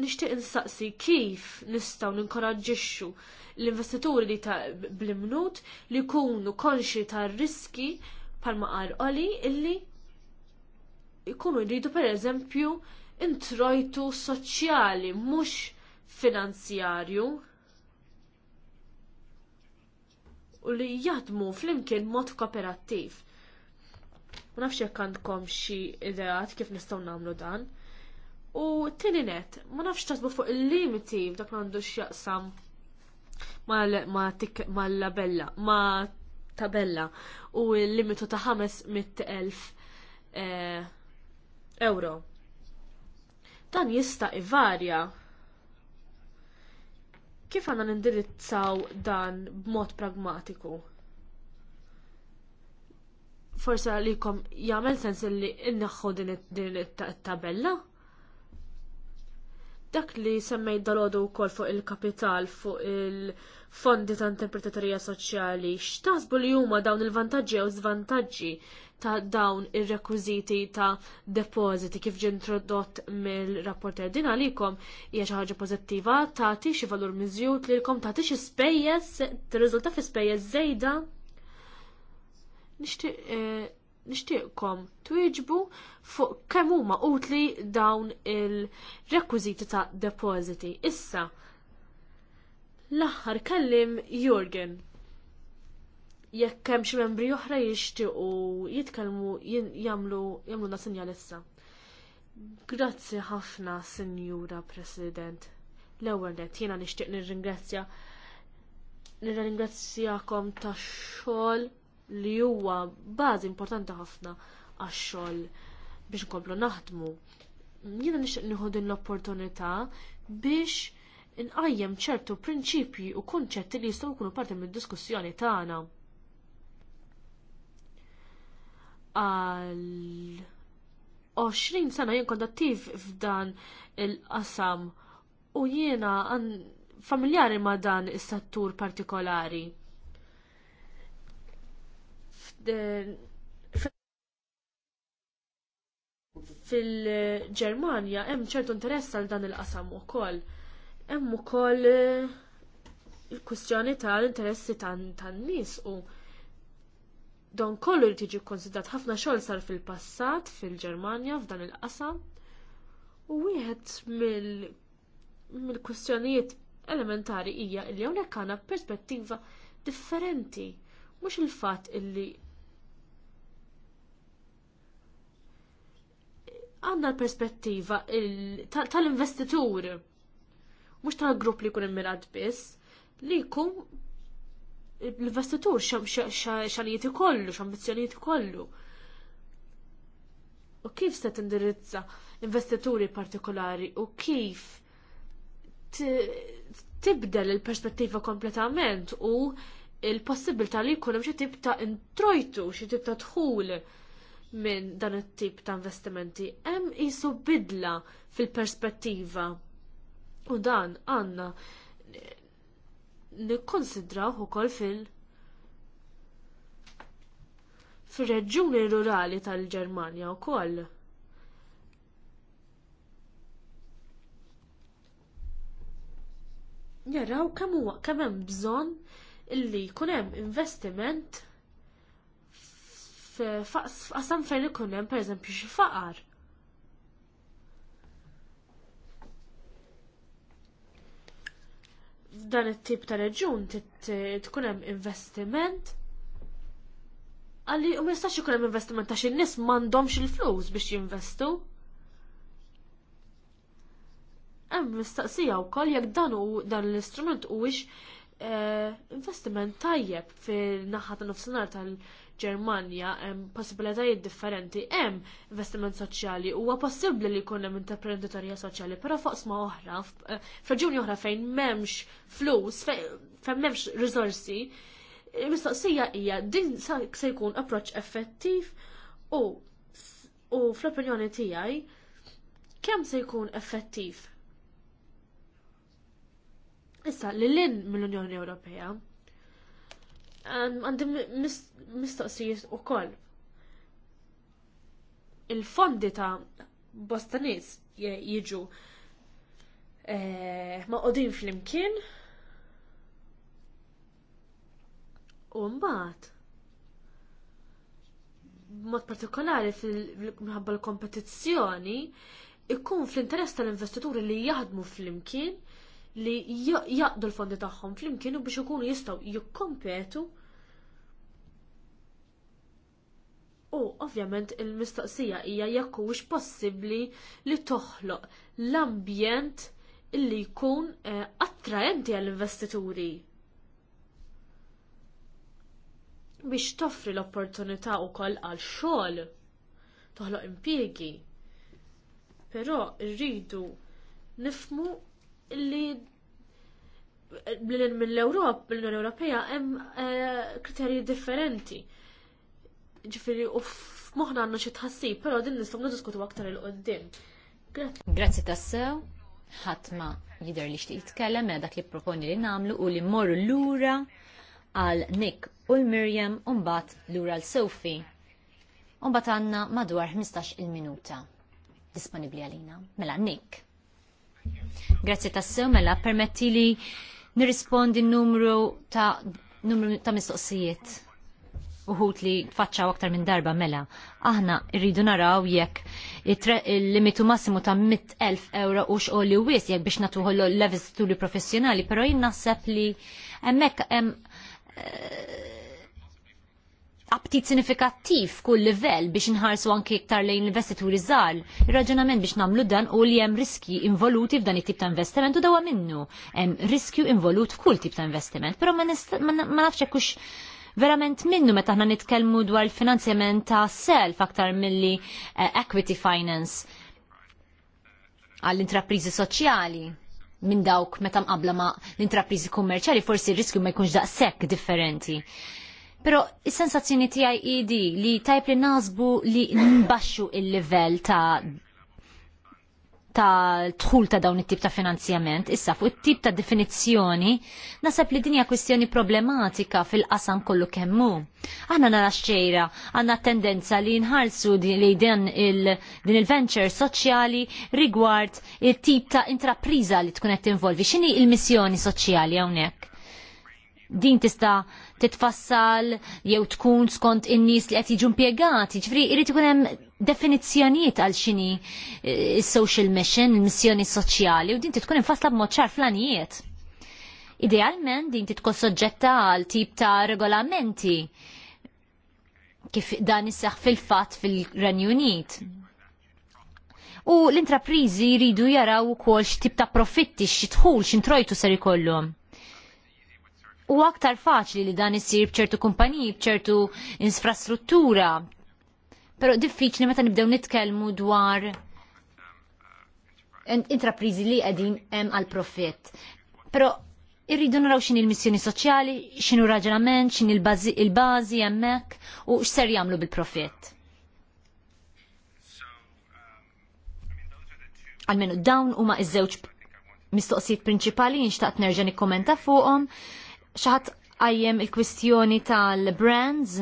Nixtieq insaqsi kif nistgħu ninkoraġġixxu l-investituri li ta' bl-imnut li jkunu konxi tar riski palma qarqoli illi jkunu jridu pereżempju introjtu soċjali mhux finanzjarju u li jaħdmu flimkien mod kooperattiv. Ma nafx jekk għandkom xi ideat kif nistgħu nagħmlu dan. U tieni net, ma nafx tasbu fuq il-limiti dak għandu x'jaqsam mal-labella, ma tabella u l-limitu ta' 500.000 eh, euro. Dan jista' ivarja Kif għandna nindirizzaw dan b'mod pragmatiku? Forsi għalikom jagħmel sens li inneħħu din it-tabella? Dak li semmejt dalodu wkoll fuq il-kapital, fuq il-fondi ta' interpretatorija soċjali, x'taħsbu li huma dawn il-vantaġġi u żvantaġġi ta' dawn ir-rekwiżiti ta' depositi kif ġie introdott mill-rapporter din għalikom hija xi ħaġa pożittiva tagħti xi valur miżjud lilkom tagħti xi spejjeż tirriżulta fi spejjeż żejda. Eh, nixtieqkom twieġbu fuq kemm huma utli dawn il-rekwiżiti ta' depositi Issa, l-aħħar kellim Jurgen jekk hemm xi membri oħra jixtiequ jitkellmu jagħmlu na sinjal issa. Grazzi ħafna, Sinjura President. L-ewwel net jiena nixtieq nirringrazzja nirringrazzjakom tax-xogħol li huwa bażi importanti ħafna għax-xogħol biex nkomplu naħdmu. Jiena nixtieq nieħu din l-opportunità biex inqajjem ċertu prinċipji u kunċetti li jistgħu jkunu parti mid-diskussjoni tagħna. għal 20 sena jien kondattiv f'dan il-qasam u jiena familjari ma' dan is-settur partikolari. Fil-Ġermanja hemm ċertu interess għal dan il-qasam ukoll. Hemm ukoll il-kwistjoni tal-interessi tan-nies u Don kollu li tiġi konsidrat ħafna xogħol sar fil-passat fil-Ġermanja f'dan il-qasam u wieħed mill-kwistjonijiet mil elementari hija li hawnhekk għandna perspettiva differenti mhux il-fatt illi Għandna l-perspettiva tal-investitur, mhux tal-grupp li jkun immirat biss, li jkun l-investitur xalijiet kollu, x'ambizzjonijiet kollu. U kif se tindirizza investituri partikolari u kif tibdel il-perspettiva kompletament u il-possibilità li jkun hemm xi tip ta' introjtu, xi tip ta' minn dan it-tip ta' investimenti. Hemm qisu bidla fil-perspettiva u dan għandna nikkonsidrawh ukoll fil- fir-reġjuni rurali tal-Ġermanja wkoll. Jaraw kemm huwa kemm hemm bżonn illi jkun hemm investiment f'qasam fejn ikun hemm pereżempju xi faqar. f'dan it-tip ta' reġun tkun hemm investiment għalli u mistax ikun hemm investiment ta' xi nies m'għandhomx il-flus biex jinvestu. Hemm mistaqsija wkoll jekk dan u dan l-istrument huwiex eh, investiment tajjeb fil-naħa ta' nofsinhar tal- Ġermanja hemm possibilitajiet differenti, hemm investiment soċjali, huwa possibbli li jkun hemm imprenditorija soċjali, però fuq sma oħra, eh, f'raġuni oħra fejn m'hemmx flus, fejn m'hemmx riżorsi, mistoqsija hija din se jkun approċċ effettiv u u fl-opinjoni tiegħi kemm se jkun effettiv. Issa li l mill-Unjoni Ewropea għandi mistoqsijiet u koll. Il-fondi ta' Bostanis jiġu eh, ma' qodin fl-imkien u mbagħad mod partikolari fil-mħabba l-kompetizzjoni ikun fl-interess tal-investituri li jaħdmu fl-imkien li jaqdu l-fondi tagħhom flimkien u biex ikunu jistgħu jikkompetu U ovvjament il-mistoqsija hija jekk huwiex possibbli li toħloq l-ambjent illi jkun eh, attraenti għall-investituri. Biex toffri l-opportunità wkoll għal xogħol toħloq impjiegi. Però rridu nifmu li mill-Ewrop, l unjoni Ewropea, hemm eh, kriterji differenti. Ġifiri, u f'moħna għandna xi tħassib, però din nistgħu diskutu aktar il-qoddim. Grazzi tassew, ħatma jidher li xtieq jitkellem mela dak li proponi li nagħmlu u li mmorru lura għal Nick u l-Mirjam u mbagħad lura l Sophie. U mbagħad għandna madwar 15-il minuta disponibbli għalina. Mela Nick. Grazie tassew mela permetti li nirrispondi n numru ta' numru ta' mistoqsijiet uħut li tfaċċaw aktar minn darba mela. Aħna rridu naraw jekk il-limitu massimu ta' 100.000 euro u xo li wis jekk biex natuħollu l-level studi professjonali, pero jien naħseb li emmek em, eh, aptit sinifikattiv kull livell biex nħarsu anki iktar lejn investituri żgħar. Ir-raġunament biex nagħmlu dan u li hemm riski involuti f'dan it-tip ta' investiment u dawa minnu. Hemm riskju involut f'kull tip ta' investiment, però ma nafx hekk verament minnu meta aħna nitkellmu dwar il-finanzjament ta' self aktar milli eh, equity finance għall-intrapriżi soċjali minn dawk meta mqabla ma' l-intrapriżi kummerċjali forsi r-riskju ma jkunx daqshekk differenti. Pero il sensazzjoni tiegħi idi li tajp li nasbu li nbaxxu il level ta' ta' tħul ta' dawn it-tip ta' finanzjament, issa fuq it-tip ta' definizzjoni, nasab li dinja kwistjoni problematika fil-qasam kollu kemmu. Aħna nara xċejra, għanna tendenza li nħarsu li din il-venture soċjali rigward it-tip ta' intrapriza li tkun qed tinvolvi. X'inhi il-missjoni soċjali hawnhekk? din tista titfassal jew tkun skont in-nies li qed jiġu impjegati. Ġifri, irid ikun hemm definizzjonijiet għal xini is-social eh, mission, il-missjoni soċjali u din tkun infassla b'mod ċar flanijiet. Idealment din titkun soġġetta għal tip ta' regolamenti kif dan isseħ fil-fat fil-Renju Unit. U l-intraprizi jridu jaraw ukoll x'tip ta' profitti, x'tħul, x'introjtu ser ikollhom u aktar faċli li dan isir bċertu kumpaniji, bċertu infrastruttura. Pero diffiċli meta nibdew nitkellmu dwar intraprizi li qegħdin hemm għal profitt. Pero irridu naraw xin il-missjoni soċjali, xin u raġunament, xin il-bazi hemmhekk u x'ser jagħmlu bil-profitt. Almenu dawn huma iż-żewġ mistoqsijiet prinċipali jinxtaqt nerġa' nikkommenta fuqhom. -um xaħat għajjem il-kwistjoni tal-brands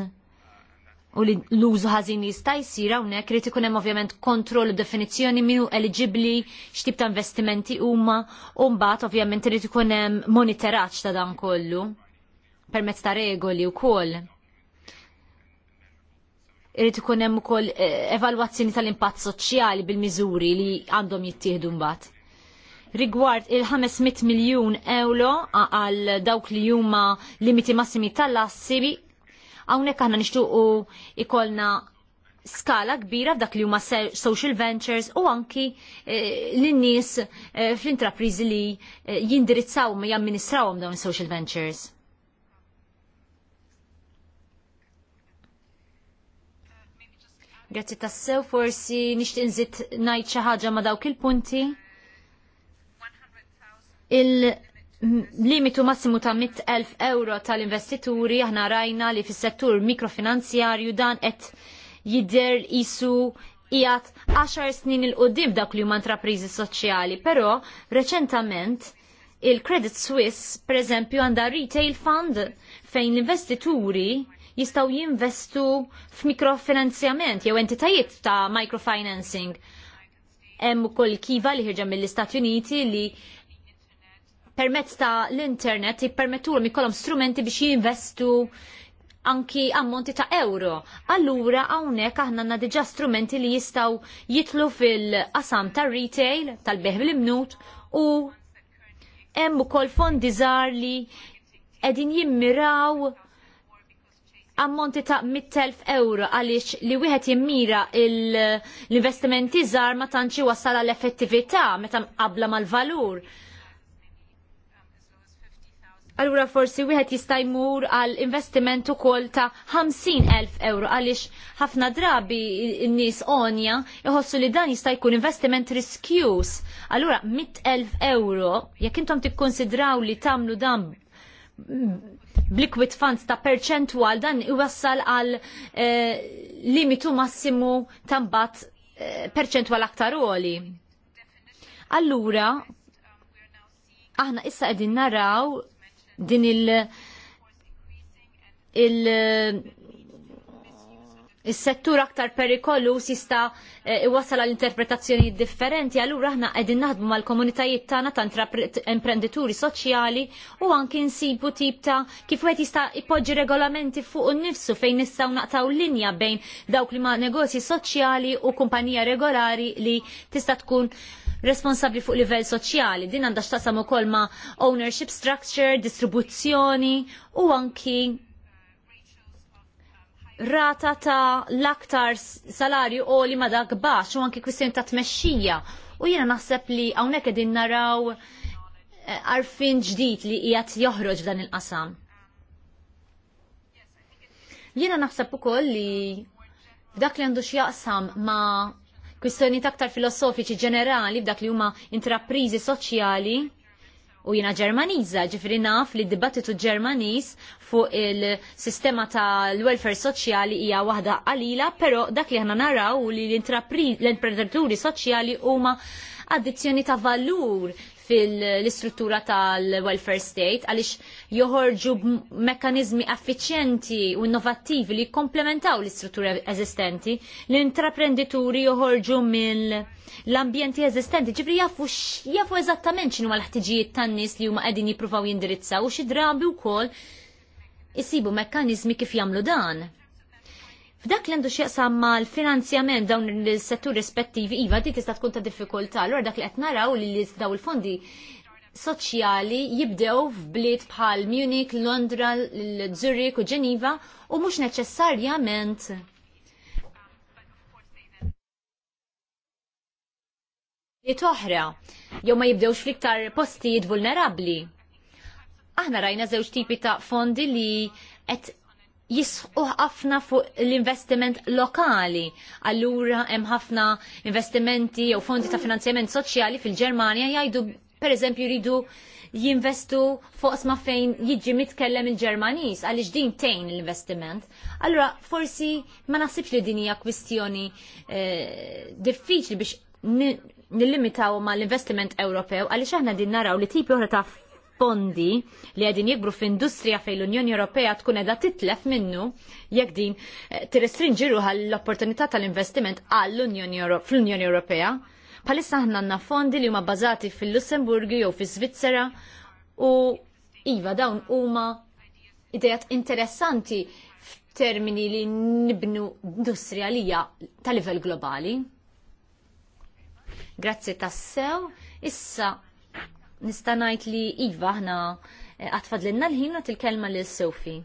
u li l-użu ħażin jista' jsir hawnhekk irid ikun hemm ovvjament kontroll u definizzjoni minu eligibli x'tip ta' investimenti huma u mbagħad ovvjament irid ikun hemm ta' dan kollu permezz ta' regoli wkoll. Irid ikun hemm ukoll eh, evalwazzjoni tal-impatt soċjali bil-miżuri li għandhom jittieħdu mbagħad rigward il-500 miljun euro għal dawk li huma limiti massimi tal-assibi, hawnhekk aħna nixtiequ ikolna skala kbira f'dak li huma social ventures u anki e, lin-nies e, fl-intrapriżi li e, jindirizzaw ma jamministrawhom dawn social ventures. Grazzi tassew forsi nixtieq nżid ngħid xi ħaġa ma' dawk il-punti il-limitu massimu ta' 100.000 euro tal-investituri aħna rajna li fis-settur mikrofinanzjarju dan qed jidher isu qiegħed 10 snin il qudiem dak li huma intrapriżi soċjali, però reċentament il-Credit Suisse, pereżempju għandha retail fund fejn investituri jistaw jinvestu f'mikrofinanzjament jew entitajiet ta' microfinancing. Hemm ukoll kiva li ħirġa mill-Istati Uniti li permezz ta' l-internet jippermettulhom ikollhom strumenti biex jinvestu anki ammonti ta' euro. Allura hawnhekk aħna għandna diġà strumenti li jistgħu jitlu fil-qasam tar retail tal-beħ bil-imnut u hemm ukoll fondi żgħar li qegħdin jimmiraw ammonti ta' 100.000 euro għaliex li wieħed jimmira l-investimenti żgħar ma tantx wasal għall effettività meta mqabbla mal-valur. Allura forsi wieħed jista' jmur għal investiment ukoll ta' 50,000 euro għaliex ħafna drabi n-nies onja iħossu li dan jista' jkun investiment riskjus. Allura 100,000 euro jekk intom tikkonsidraw li tagħmlu dan bliquid funds ta' perċentwal dan iwassal għal eh, limitu massimu ta' mbagħad eh, perċentwal aktar oli. Allura aħna issa qegħdin naraw din il- il- Is-settur aktar perikollu sista eh, iwassal għal interpretazzjoni differenti, allura aħna qegħdin naħdmu mal-komunitajiet tagħna ta' imprenditori soċjali u anki nsibu tip ta' kif wieħed jista' ipoġġi regolamenti fuq innifsu fejn nistgħu naqtaw linja bejn dawk li ma' negozji soċjali u kumpanija regolari li tista' tkun responsabbli fuq livell soċjali. Din għandha x'taqsam ukoll ma' ownership structure, distribuzzjoni u anki rata ta' l-aktar salarju u li ma dak baħx u anki kwistjoni ta' tmexxija. U jiena naħseb li hawnhekk qegħdin naraw eh, għarfien ġdid li jgħat joħroġ dan il-qasam. Jiena naħseb ukoll li dak li għandu x'jaqsam ma' kwistjoni taktar filosofiċi ġenerali b'dak li huma intraprizi soċjali u jina Ġermaniża, ġifri naf li dibattitu ġermaniz fuq il-sistema ta' l-welfare soċjali hija waħda qalila, pero dak li ħna naraw li l-intraprenditori l soċjali huma addizzjoni ta' valur fil-istruttura tal-welfare state għaliex joħorġu mekanizmi affiċjenti u innovattivi li komplementaw l-istruttura eżistenti. L-intraprendituri joħorġu mill-ambjenti eżistenti, ġifri jafu jafu eżattament xinu l-ħtiġijiet tan-nies li huma qegħdin jippruvaw jindirizzaw u xi drabi wkoll kif jagħmlu dan F'dak li għandu xieqsam ma l-finanzjament dawn il-settur rispettivi iva dik tista' tkun ta' diffikultà. Allura dak li qed naraw li daw il-fondi soċjali jibdew f'bliet bħal Munich, Londra, Zurich u Geneva u mhux neċessarjament li toħra jew ma jibdewx fl-iktar postijiet vulnerabbli. Aħna rajna żewġ tipi ta' fondi li qed jisħu ħafna fuq l-investiment lokali. Allura hemm ħafna investimenti jew fondi ta' finanzjament soċjali fil-Ġermanja jgħidu pereżempju jridu jinvestu fuq sma fejn jiġi mitkellem il-Ġermanis għaliex din tejn l-investiment. Allura forsi ma naħsibx li din hija kwistjoni eh, diffiċli biex nillimitaw ma l-investiment Ewropew għaliex aħna din naraw li tipi oħra ta' fondi li għedin jikbru f'industrija fej l-Unjoni Ewropea tkun edha titlef minnu jekk din eh, tirrestrinġi ruħa l-opportunità tal-investiment għall-Unjoni fl-Unjoni Ewropea. Palissa ħna għanna fondi li huma bażati fil-Lussemburgu jew fil-Svizzera u iva dawn huma idejat interessanti f'termini li nibnu industrija hija tal livell globali. Grazzi tassew, issa nista' ngħid li iva aħna eh, għatfad l-inna l-ħin il-kelma l sofi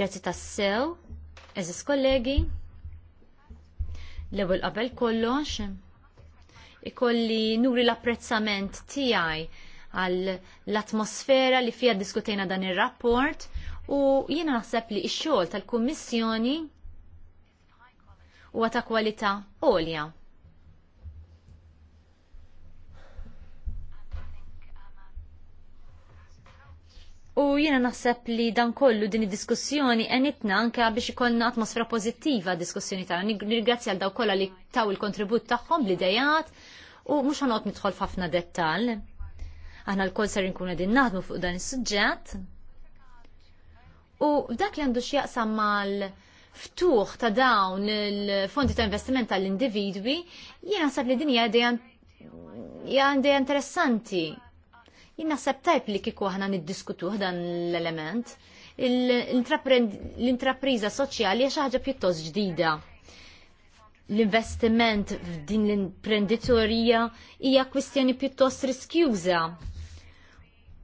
Grazzi tassew, eżis kollegi, l-ewel qabel kollox, ikolli nuri l-apprezzament tijaj għal l-atmosfera li fija diskutejna dan il-rapport u jiena naħseb li x-xogħol tal-Kummissjoni huwa ta' kwalità għolja. U jiena naħseb li dan kollu din id-diskussjoni enitna anke biex ikollna atmosfera pozittiva diskussjoni tagħna. Nirgrazzja għal daw kollha li taw il-kontribut tagħhom l-idejat u mhux ħanqod nidħol f'ħafna dettall. Aħna l-kol ser nkunu qegħdin naħdmu fuq dan is-suġġett. U dak li għandu x'jaqsam mal ftuħ ta' dawn il-fondi ta' investiment tal-individwi, jiena sab li dinja għandija interessanti. Jina tajb li kiku aħna niddiskutu dan l-element. L-intrapriża soċjali hija ħaġa pjuttost ġdida. L-investiment f'din l-imprenditorija hija kwistjoni pjuttost riskjuża.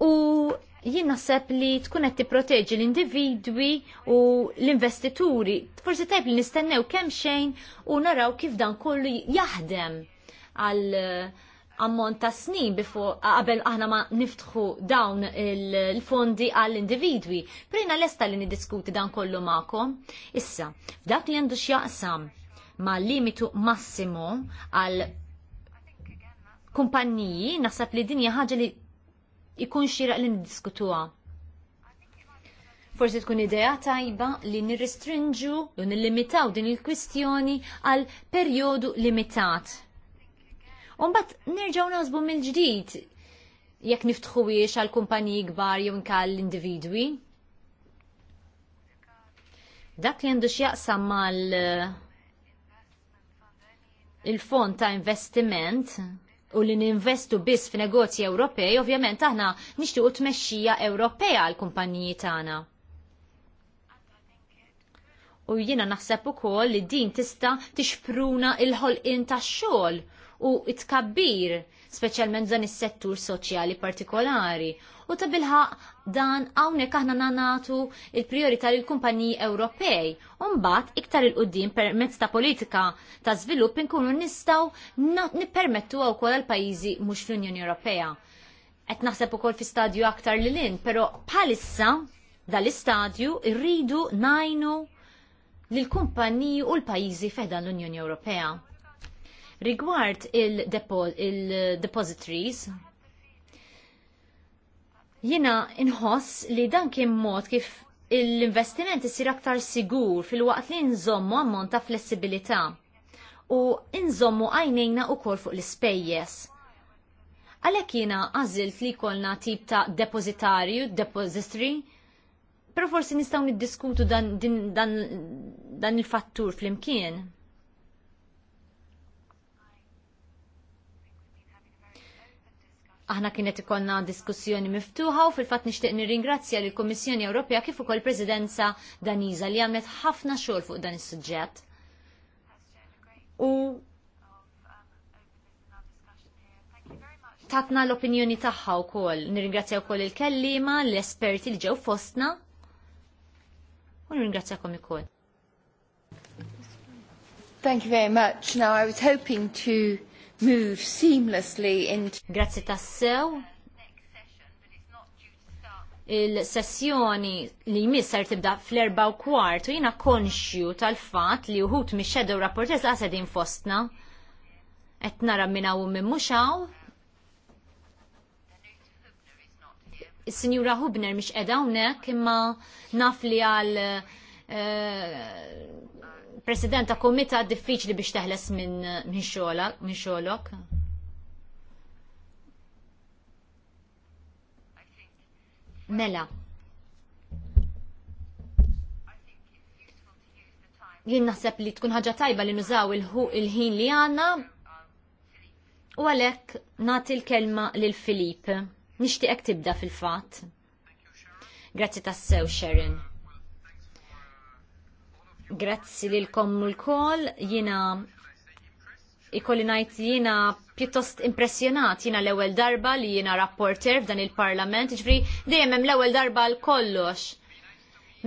U jien naħseb li tkun qed tipproteġi l-individwi u l-investituri. Forsi tajb li nistennew kemm xejn u naraw kif dan kollu jaħdem għal uh, ammont ta' snin bifu qabel aħna ma niftħu dawn il-fondi għall-individwi. Prina lesta li nidiskuti dan kollu ma'kom. Issa, dak li għandu x'jaqsam ma' limitu massimo għal kumpanniji, naħseb li dinja ħaġa li ikun xira li nidiskutuha. Forsi tkun idea tajba li nirrestrinġu u nillimitaw din il-kwistjoni għal perjodu limitat Umbat nerġaw nazbu mill-ġdid jekk niftħu biex għal kumpaniji kbar jew nkal l-individwi. Dak li għandu x'jaqsam mal eh, il-fond ta' investiment u li ninvestu biss f'negozji Ewropej, ovvjament aħna nixtiequ tmexxija Ewropea għal kumpaniji tagħna. U jiena naħseb ukoll li din tista' tixpruna il-ħolqien tax-xogħol u it-kabbir, speċjalment dan is-settur soċjali partikolari. U ta' bilħaq dan hawnhekk aħna nanatu il-priorità lill kumpaniji Ewropej. u mbagħad iktar il-qudiem permezz ta' politika ta' żvilupp inkunu nistgħu nippermettu wkoll għal pajjiżi mhux fl-Unjoni Ewropea. Qed naħseb ukoll fi stadju aktar li lin, però palissa dal-istadju irridu najnu lill kumpaniji u l-pajjiżi fedan l-Unjoni Ewropea Rigward il-depositories, jina inħoss li dan kien mod kif l-investiment isir aktar sigur fil-waqt li nżommu ammont ta' flessibilità u nżommu għajnejna u kol fuq l-spejjes għalek jina għazilt li kolna tip ta' depozitarju, depository, pero forsi nistaw niddiskutu dan, dan, dan il-fattur fl-imkien. Aħna kienet ikonna diskussjoni miftuħa u fil-fatt nixtieq nirringrazzja lill kummissjoni Ewropea kif ukoll Presidenza Daniza li għamlet ħafna xogħol fuq dan is-suġġett. U tatna l-opinjoni tagħha wkoll. Nirringrazzja wkoll il-kellima, l-esperti li ġew fostna. U nirringrazzjakom ukoll. Thank you very much. Now I was hoping to move seamlessly into... Grazzi tassew. Il-sessjoni li jmissar tibda fl-erba u kwart u jina konxju tal-fat li uħut mi xedew rapportez għasedin fostna. Et nara minna u minn muxaw. Signora Hubner mish edha unek imma naf li għal eh, president ta' diffiċ li biex teħles minn min xogħolok. Mela. Jien naħseb li tkun ħaġa tajba li nużaw il-ħin li għanna u għalek nati l-kelma lil Filip. Nishtiqek tibda fil-fat. Grazzi tassew, Sharon. Grazzi li l-kom l-kol, jina ikolli najt jina pjuttost impressionat, jina l-ewel darba li jina rapporter f'dan il-parlament, ġifri dejjem hemm l-ewel darba l-kollox.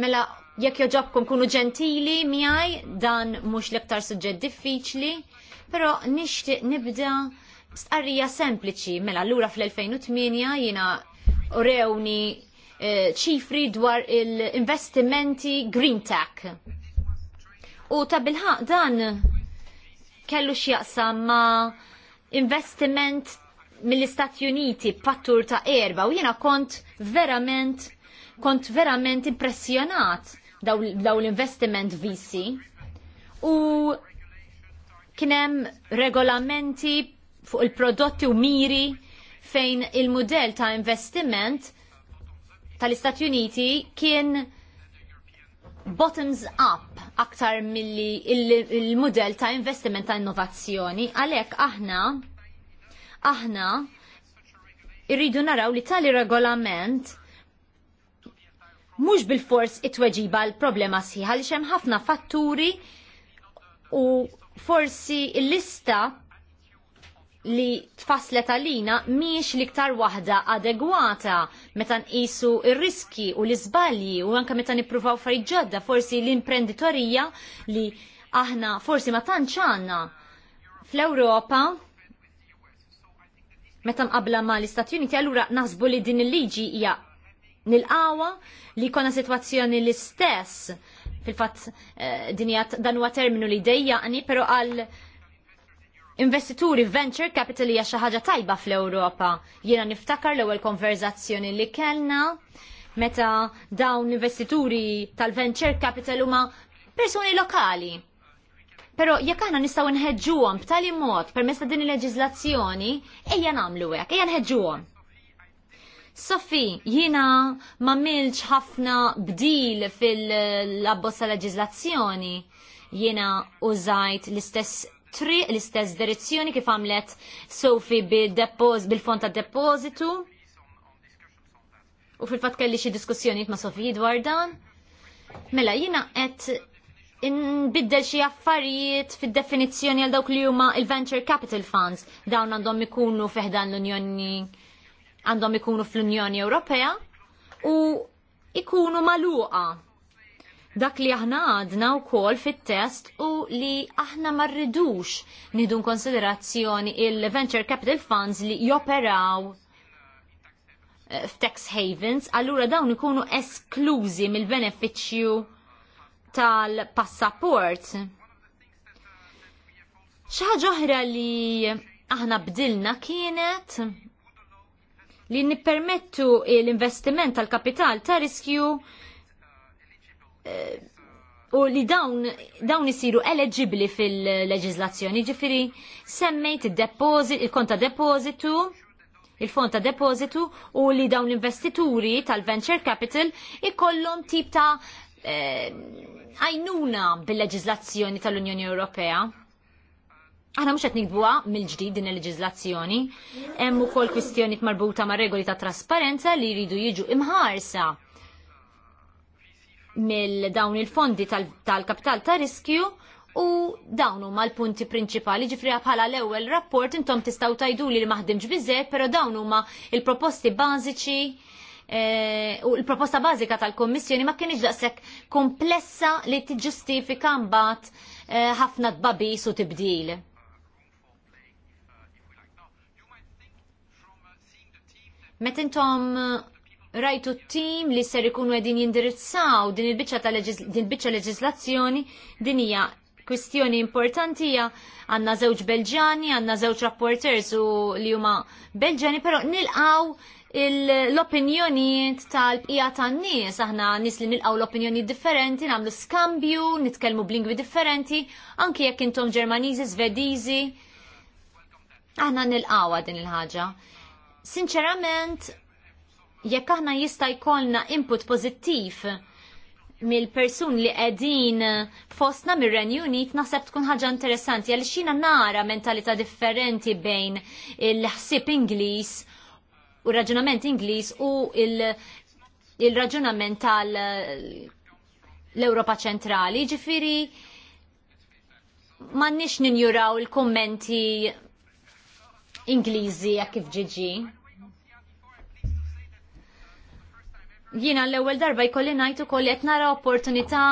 Mela, jekk joġobkom kunu ġentili miaj, dan mhux l-iktar suġġett diffiċli, però nixtieq nibda stqarrija sempliċi. Mela, lura fl-2008 jina rewni eh, ċifri dwar il-investimenti Green Tech U ta' bilħaq dan kellu x'jaqsam ma' investiment mill-Istati Uniti pattur ta' erba u jiena kont verament kont verament impressjonat daw, daw l-investiment VC u kienem regolamenti fuq il-prodotti u miri fejn il-modell ta' investiment tal-Istati Uniti kien bottoms up aktar milli il model ta' investiment ta' innovazzjoni, għalhekk aħna aħna irridu naraw li tali regolament mhux bil-fors it-tweġiba l-problema sħiħa li hemm ħafna fatturi u forsi l-lista li tfasslet għalina miex liktar waħda adegwata meta nqisu ir-riski u l-iżbalji u anke meta nippruvaw affarijiet ġodda forsi l-imprenditorija li aħna forsi ma tantx għandna fl-Ewropa meta mqabla ma l-Istati Uniti allura naħsbu li din il-liġi hija nilqawa li jkollna sitwazzjoni l-istess fil-fatt eh, dinja dan huwa terminu li dejjaqni, però għal investituri venture capital hija xi ħaġa tajba fl-Ewropa. Jiena niftakar l-ewwel konverzazzjoni li kellna meta dawn investituri tal-venture capital huma persuni lokali. Pero jekk aħna nistgħu nħeġġuhom b'tali mod permezz ta' din il-leġiżlazzjoni, ejja nagħmlu hekk, ejja nħeġġuhom. Sofi, jiena m'għamilx ħafna bdil fil-abbozza leġiżlazzjoni jiena użajt l-istess triq l-istess direzzjoni kif għamlet Sofi bil-fond ta' depositu. U fil-fat kelli xi diskussjonijiet ma' Sofi dwar dan. Mela jina qed inbiddel xi affarijiet fid-definizzjoni għal dawk li huma il-venture capital funds dawn għandhom ikunu fiħdan l-Unjoni għandhom ikunu fl-Unjoni Ewropea u ikunu maluqa dak li aħna għadna u kol fit-test u li aħna marridux nidu konsiderazzjoni il-Venture Capital Funds li joperaw f'tax eh, havens, allura dawn ikunu esklużi mill-beneficju tal-passaport. ħaġa oħra li aħna bdilna kienet li nippermettu l-investiment tal-kapital ta' riskju Eh, u li dawn, dawn isiru eligibli fil-leġizlazzjoni, ġifiri semmejt il-deposit, il-konta depositu, il-fond ta' depositu u li dawn investituri tal-venture capital ikollhom tip ta' eh, għajnuna eh, bil-leġizlazzjoni tal-Unjoni Ewropea. Aħna mhux qed nikbuha mill-ġdid din il-leġizlazzjoni. Hemm ukoll kwistjonijiet marbuta ma' regoli ta' trasparenza li jridu jiġu imħarsa mill dawn il-fondi tal-kapital ta' riskju u dawn huma l-punti prinċipali ġifri bħala l-ewwel rapport intom tistgħu tajdu li maħdimx biżejjed, però dawn huma il-proposti bażiċi eh, u l-proposta bażika tal-Kommissjoni ma kienx daqshekk komplessa li tiġġustifika mbagħad eh, ħafna tbabis u tibdil. Met intom rajtu t-tim li ser ikunu għedin jindirizzaw din il-bicċa ta' din leġislazzjoni din hija kwistjoni importanti għanna għandna żewġ Belġani, għandna żewġ rapporters u li huma Belġani, però nilqaw l-opinjonijiet tal-bqija tan-nies, aħna nis li nilqaw l-opinjoni differenti, nagħmlu skambju, nitkellmu b'lingwi differenti, anke jekk intom Ġermaniżi, svedizi. Aħna nilqawha din il-ħaġa. Sinċerament, jekk aħna jista' jkollna input pożittiv mill-persun li qegħdin fostna mir-Renju Unit naħseb tkun ħaġa interessanti għal xina nara mentalità differenti bejn il-ħsieb Ingliż u raġunament Ingliż u il-raġunament tal l-Europa ċentrali, ġifiri mannix ninjuraw il-kommenti Ingliżi jekk kif ġiġi. Jiena l-ewwel darba jkolli najtu kolli qed nara opportunità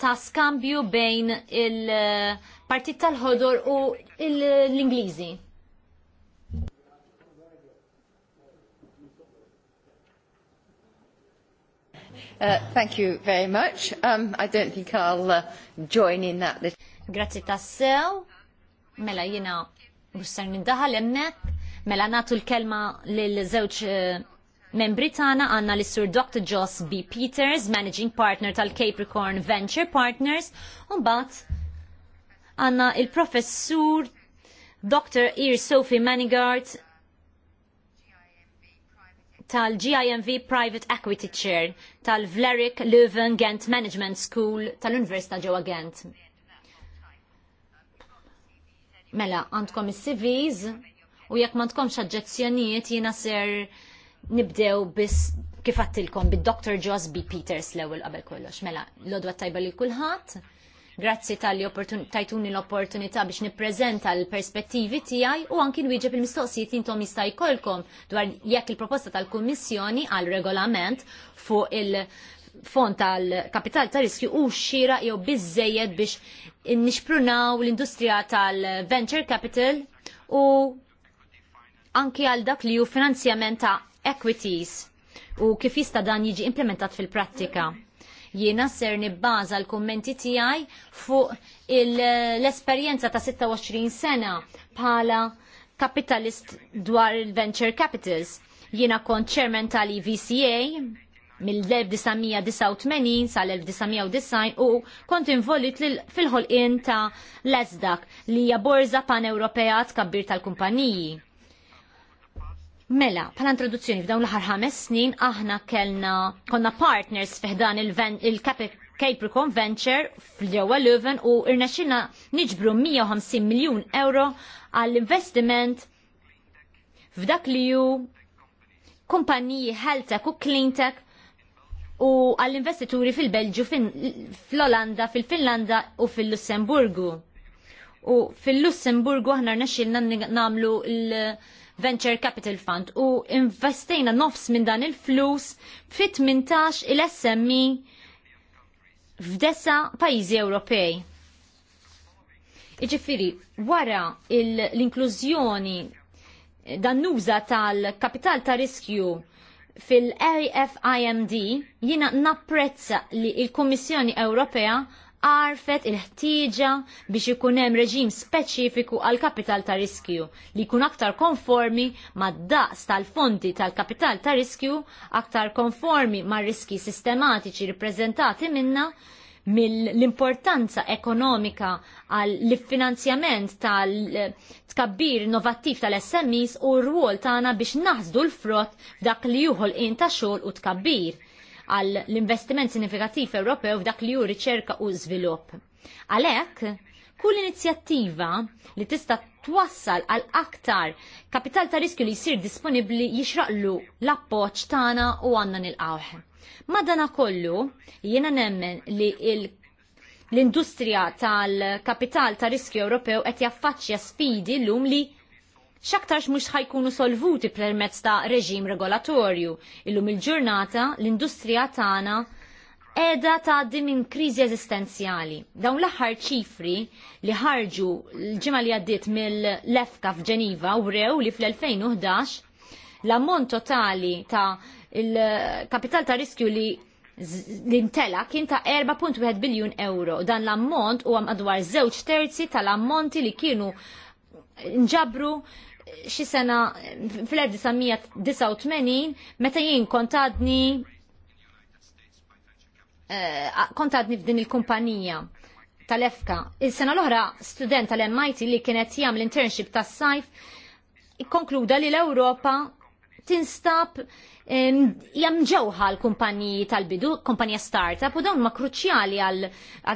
ta' skambju bejn il-Partit tal-Ħodor u l-Ingliżi. Uh, thank you very much. Um, I don't think I'll uh, join in that. Grazzi tassew. Mela jina, bussar nindaħal emmek. Mela natu l-kelma l-żewġ membri tagħna għandna l sur Dr. Joss B. Peters, Managing Partner tal-Capricorn Venture Partners, u mbagħad għandna il-professur Dr. Ir Sophie Manigard tal-GIMV Private Equity Chair tal-Vlerik Leuven Gent Management School tal-Università ġewwa Gent. Mela, għandkom is-CVs u jekk m'għandkomx aġġezzjonijiet jiena ser nibdew biss kif għattilkom bid-Dr. Josby Peters l-ewel qabel kollox. Mela, l-odwa tajba li kulħadd. Grazzi tal tajtuni l-opportunità biex nipprezenta l-perspettivi tiegħi u anki nwieġeb il-mistoqsijiet intom jista' jkollkom dwar jekk il-proposta tal-Kummissjoni għal regolament fuq il- fond tal-kapital ta' riskju u xira jew biżejjed biex nixprunaw l-industrija tal-venture capital u anki għal dak li ju finanzjament ta' equities u kif jista' dan jiġi implementat fil-prattika. Jiena ser nibbaża l-kummenti tiegħi fuq l-esperjenza ta' 26 sena bħala kapitalist dwar il-venture capitals. Jiena kont chairman tal-EVCA mill-1989 sal-1990 u kont involut fil-ħolqien ta' LESDAK li hija borza pan-Ewropea tkabbir tal-kumpaniji. Mela, pala introduzzjoni f'dawn l-ħar ħames snin aħna kellna konna partners fiħdan il-Capricorn il Venture fl-ġewwa Löwen u irnexxina niġbru 150 miljun euro għall-investiment f'dak li ju kumpaniji health u cleantech u għall-investituri fil-Belġu, fl-Olanda, fil-Finlanda u fil-Lussemburgu. U fil-Lussemburgu aħna rnexxilna namlu l- Venture Capital Fund u investejna nofs minn dan il-flus fi 18 il-SMI e f'desa pajjiżi Ewropej. Iġifiri, wara l-inklużjoni eh, dan nuża tal-kapital ta' riskju fil-AFIMD jina napprezza li il-Kommissjoni Ewropea għarfet il-ħtieġa biex ikun hemm reġim speċifiku għal kapital ta' riskju li jkun aktar konformi mad daqs tal-fondi tal-kapital ta' riskju aktar konformi ma' riski sistematiċi rippreżentati minna mill-importanza ekonomika għall finanzjament tal-tkabbir innovattiv tal-SMEs u r-rwol tagħna biex naħsdu l-frott dak li juħol in ta' xogħol u tkabbir għal l-investiment sinifikattiv Ewropew f'dak li ju riċerka u żvilupp. Għalhekk, kull inizjattiva li tista' twassal għal aktar kapital ta' riskju li jsir disponibbli jixraqlu l-appoġġ tagħna u għandna nilqawh. Madana kollu, jiena nemmen li il l-industrija tal-kapital ta' riskju Ewropew qed jaffaċċja sfidi llum li xaktarx mux ħajkunu solvuti permezz ta' reġim regolatorju. Illum il-ġurnata l-industrija tagħna edha ta' din minn kriżi eżistenzjali. Dawn l-aħħar ċifri li ħarġu l-ġimgħa li għaddiet mill-lefka f'Ġeniva u rew li fl-2011 l-ammont totali ta' il-kapital ta' riskju li l-intela kien ta' 4.1 biljun euro. Dan l-ammont u għam adwar zewċ terzi tal-ammonti li kienu nġabru xi sena fl-1989 meta jien kontadni eh, kontadni f'din il-kumpanija tal-EFKA. Il-sena l-oħra student tal-MIT li kienet jagħmel internship tas-sajf ikkonkluda li l-Ewropa tinstab ġewħa l-kumpaniji tal-bidu, kumpanija startup, u dawn ma kruċjali għal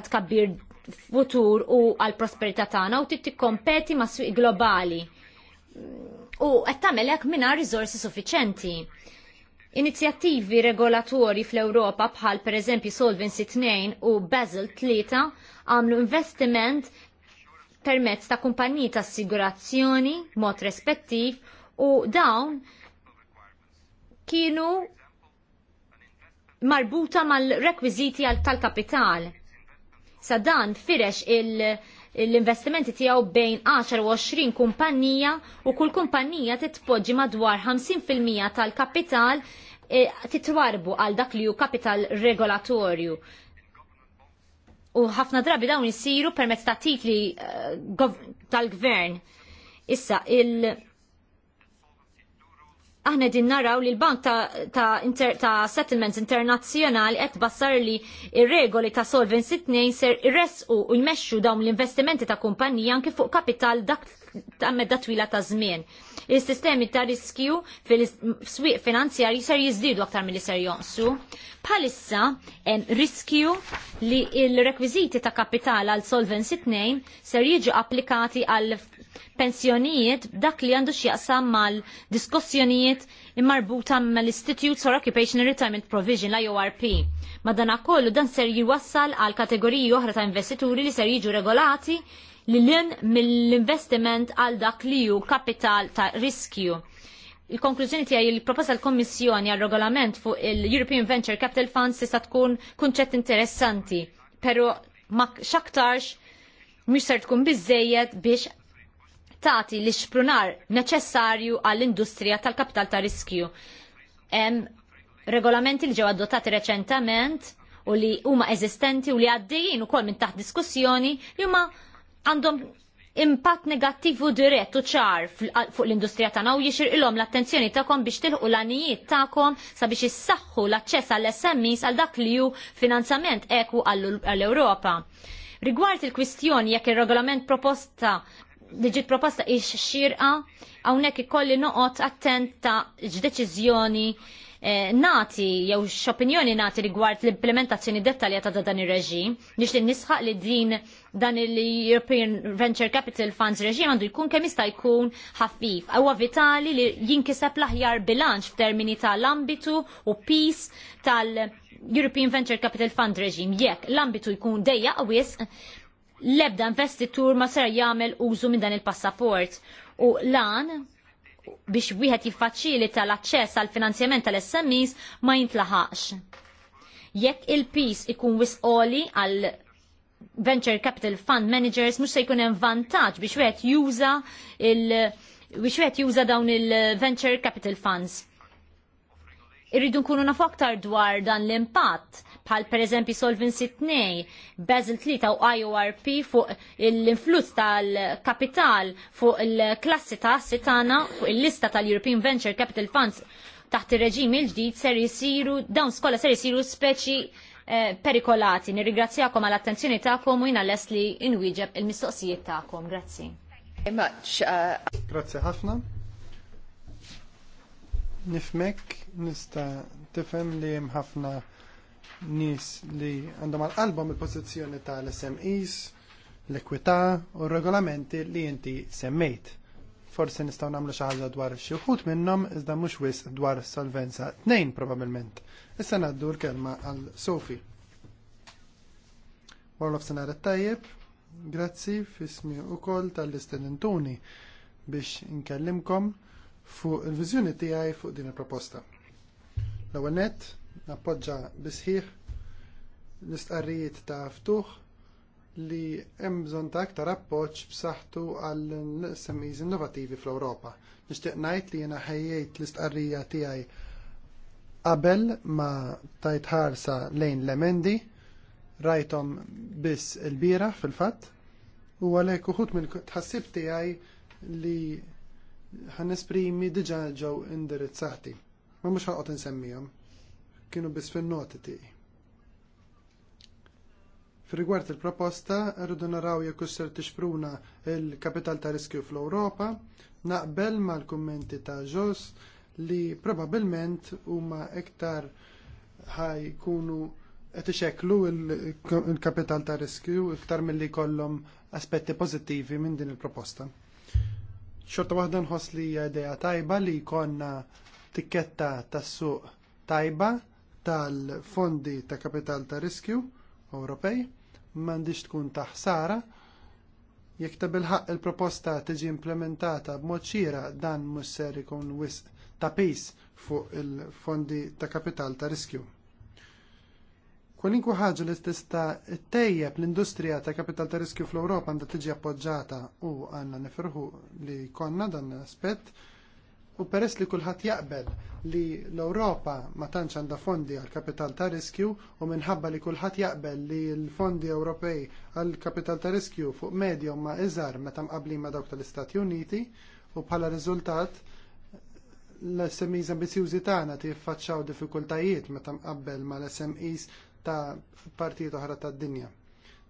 tkabbir futur u għal prosperità tagħna u trid tikkompeti ma' swieq globali u qed tagħmel hekk mingħajr riżorsi suffiċenti. Inizjattivi regolatori fl-Ewropa bħal pereżempju Solvency 2 u Basel 3 għamlu investiment permezz ta' kumpaniji ta' assigurazzjoni mod respettiv u dawn kienu marbuta mal-rekwiziti tal-kapital. Sa dan firex il- l-investimenti tiegħu bejn 10 u 20 kumpanija u kull kumpanija titpoġġi madwar 50% tal-kapital eh, titwarbu għal dak li hu kapital regolatorju. U ħafna drabi dawn isiru permezz ta' titli eh, tal-gvern. Issa, il- aħna din naraw li l-Bank ta', ta, inter, ta Settlements Internazzjonali qed bassar li ir-regoli ta' Solvency 2 ser irresqu u jmexxu dawn l-investimenti ta' kumpanija anke fuq kapital dak ta' medda twila ta' żmien. Is-sistemi ta' riskju fil-swieq finanzjarji ser jizdidu aktar milli ser jonsu. Bħalissa hemm riskju li l-rekwiżiti ta' kapital għal Solvency 2 ser jiġu applikati għal pensjonijiet dak li għandu x'jaqsam mal-diskussjonijiet immarbuta mal institute for Occupational Retirement Provision, l-IORP. Madana kollu dan ser jiwassal għal kategoriji oħra ta' investituri li ser jiġu regolati li l-in mill-investiment għal dak li ju kapital ta' riskju. Il-konklużjoni tiegħi l proposta l-Kommissjoni għal regolament fuq il-European Venture Capital Funds se' tkun kunċett interessanti, pero ma xaktarx mhux ser tkun biżejjed biex tagħti l ixprunar neċessarju għall-industrija tal-kapital ta' riskju. Hemm regolamenti li ġew adottati reċentament u li huma eżistenti u li għaddejjin ukoll minn taħt diskussjoni li huma għandhom impatt negattivu dirett u ċar fuq l-industrija tagħna u jixir ilhom l-attenzjoni tagħkom biex tilħu l-anijiet tagħkom sabiex issaħħu l-aċċess għall smis għal dak li hu finanzjament eku għall-Ewropa. Rigward il-kwistjoni jekk ir-regolament proposta li ġiet proposta ix xirqa hawnhekk ikolli noqgħod attent ta' x'deċiżjoni Eh, nati jew x'opinjoni nati rigward l-implementazzjoni dettaljata ta' dan ir-reġim. Nixtieq nisħaq li din dan il-European Venture Capital Funds reġim għandu jkun kemm jista' jkun ħaffif. Huwa vitali li jinkiseb l-aħjar bilanċ f'termini tal-ambitu u peace tal-European Venture Capital Fund reġim. Jekk l-ambitu jkun dejja wisq, l-ebda investitur ma ser jagħmel użu minn dan il-passaport. U lan biex wieħed jiffaċilita l-aċċess għal finanzjament tal-SMEs ma jintlaħax. Jekk il-pis ikun wisqoli għal venture capital fund managers mhux se jkun hemm vantaġġ biex wieħed juża il biex wieħed juża dawn il-venture capital funds. Irridu nkunu nafu aktar dwar dan l-impatt bħal pereżempju Solvency 2, Basel 3 u IORP fuq l-influss tal-kapital fuq il-klassi ta' assetana fuq il-lista tal-European Venture Capital Funds taħt ir-reġim il-ġdid ser jisiru dawn skola ser jisiru speċi eh, perikolati. Nirringrazzjakom għall attenzjoni tagħkom u jina lest li inwieġeb il-mistoqsijiet tagħkom. Grazzi. Uh, Grazzi ħafna. Nifmek nista' tifhem li hemm ħafna Nis li għandhom għal-qalbhom il-pożizzjoni tal-SMEs, l-ekwità u r-regolamenti li inti semmejt. Forse nistgħu nagħmlu xi ħaġa dwar xi wħud minnhom iżda mhux wisq dwar solvenza tnejn probabbilment. Issa ngħaddu l-kelma għal Sofi. Warlof senar tajjeb, grazzi fismi wkoll tal-istedentuni biex nkellimkom fuq il-viżjoni tiegħi fuq din il-proposta. L-ewwel nett nappoġġa bisħiħ l-istqarrijiet ta' ftuħ li hemm bżonn ta' aktar appoġġ b'saħħtu għall SMEs innovattivi fl-Ewropa. Nixtieq ngħid li jiena ħejjejt l-istqarrija tiegħi qabel ma tajt ħarsa lejn l-emendi rajtom biss il-bira fil-fatt u għalhekk uħud mill tħassib tiegħi li ħanesprimi diġà ġew indirizzati. Ma mhux ħolqot insemmihom kienu biss fin-noti tiegħi. Fir-rigward il-proposta, rridu naraw jekk isser tixpruna l kapital ta' riskju fl-Ewropa, naqbel mal-kummenti ta' Jos li probabbilment huma iktar ħajkunu qed ixekklu il kapital ta' riskju iktar milli jkollhom aspetti pożittivi minn din il-proposta. Xorta waħda nħoss li hija idea tajba li jkollna tikketta tas-suq tajba tal-fondi ta' kapital ta' riskju Ewropej m'għandix tkun ta' ħsara jekk ta' bilħaq il-proposta tiġi implementata b'mod xira dan mhux ser ikun wisq ta' pis fuq il-fondi ta' kapital ta' riskju. Kwalinkwa ħaġa li tista' ttejjeb l-industrija ta' kapital ta' riskju fl-Ewropa għandha tiġi appoġġjata u għandna nifirħu li konna dan l aspett u peress li kulħadd jaqbel li l-Ewropa ma tantx għandha fondi għal kapital ta' riskju u minħabba li kulħadd jaqbel li l-fondi Ewropej għal kapital ta' riskju fuq medium ma' iżgħar meta mqablin ma' dawk tal-Istati Uniti u bħala riżultat l-SMEs ambizjużi tagħna tiffaċċaw diffikultajiet meta mqabbel mal l-SMEs ta' partijiet oħra tad-dinja.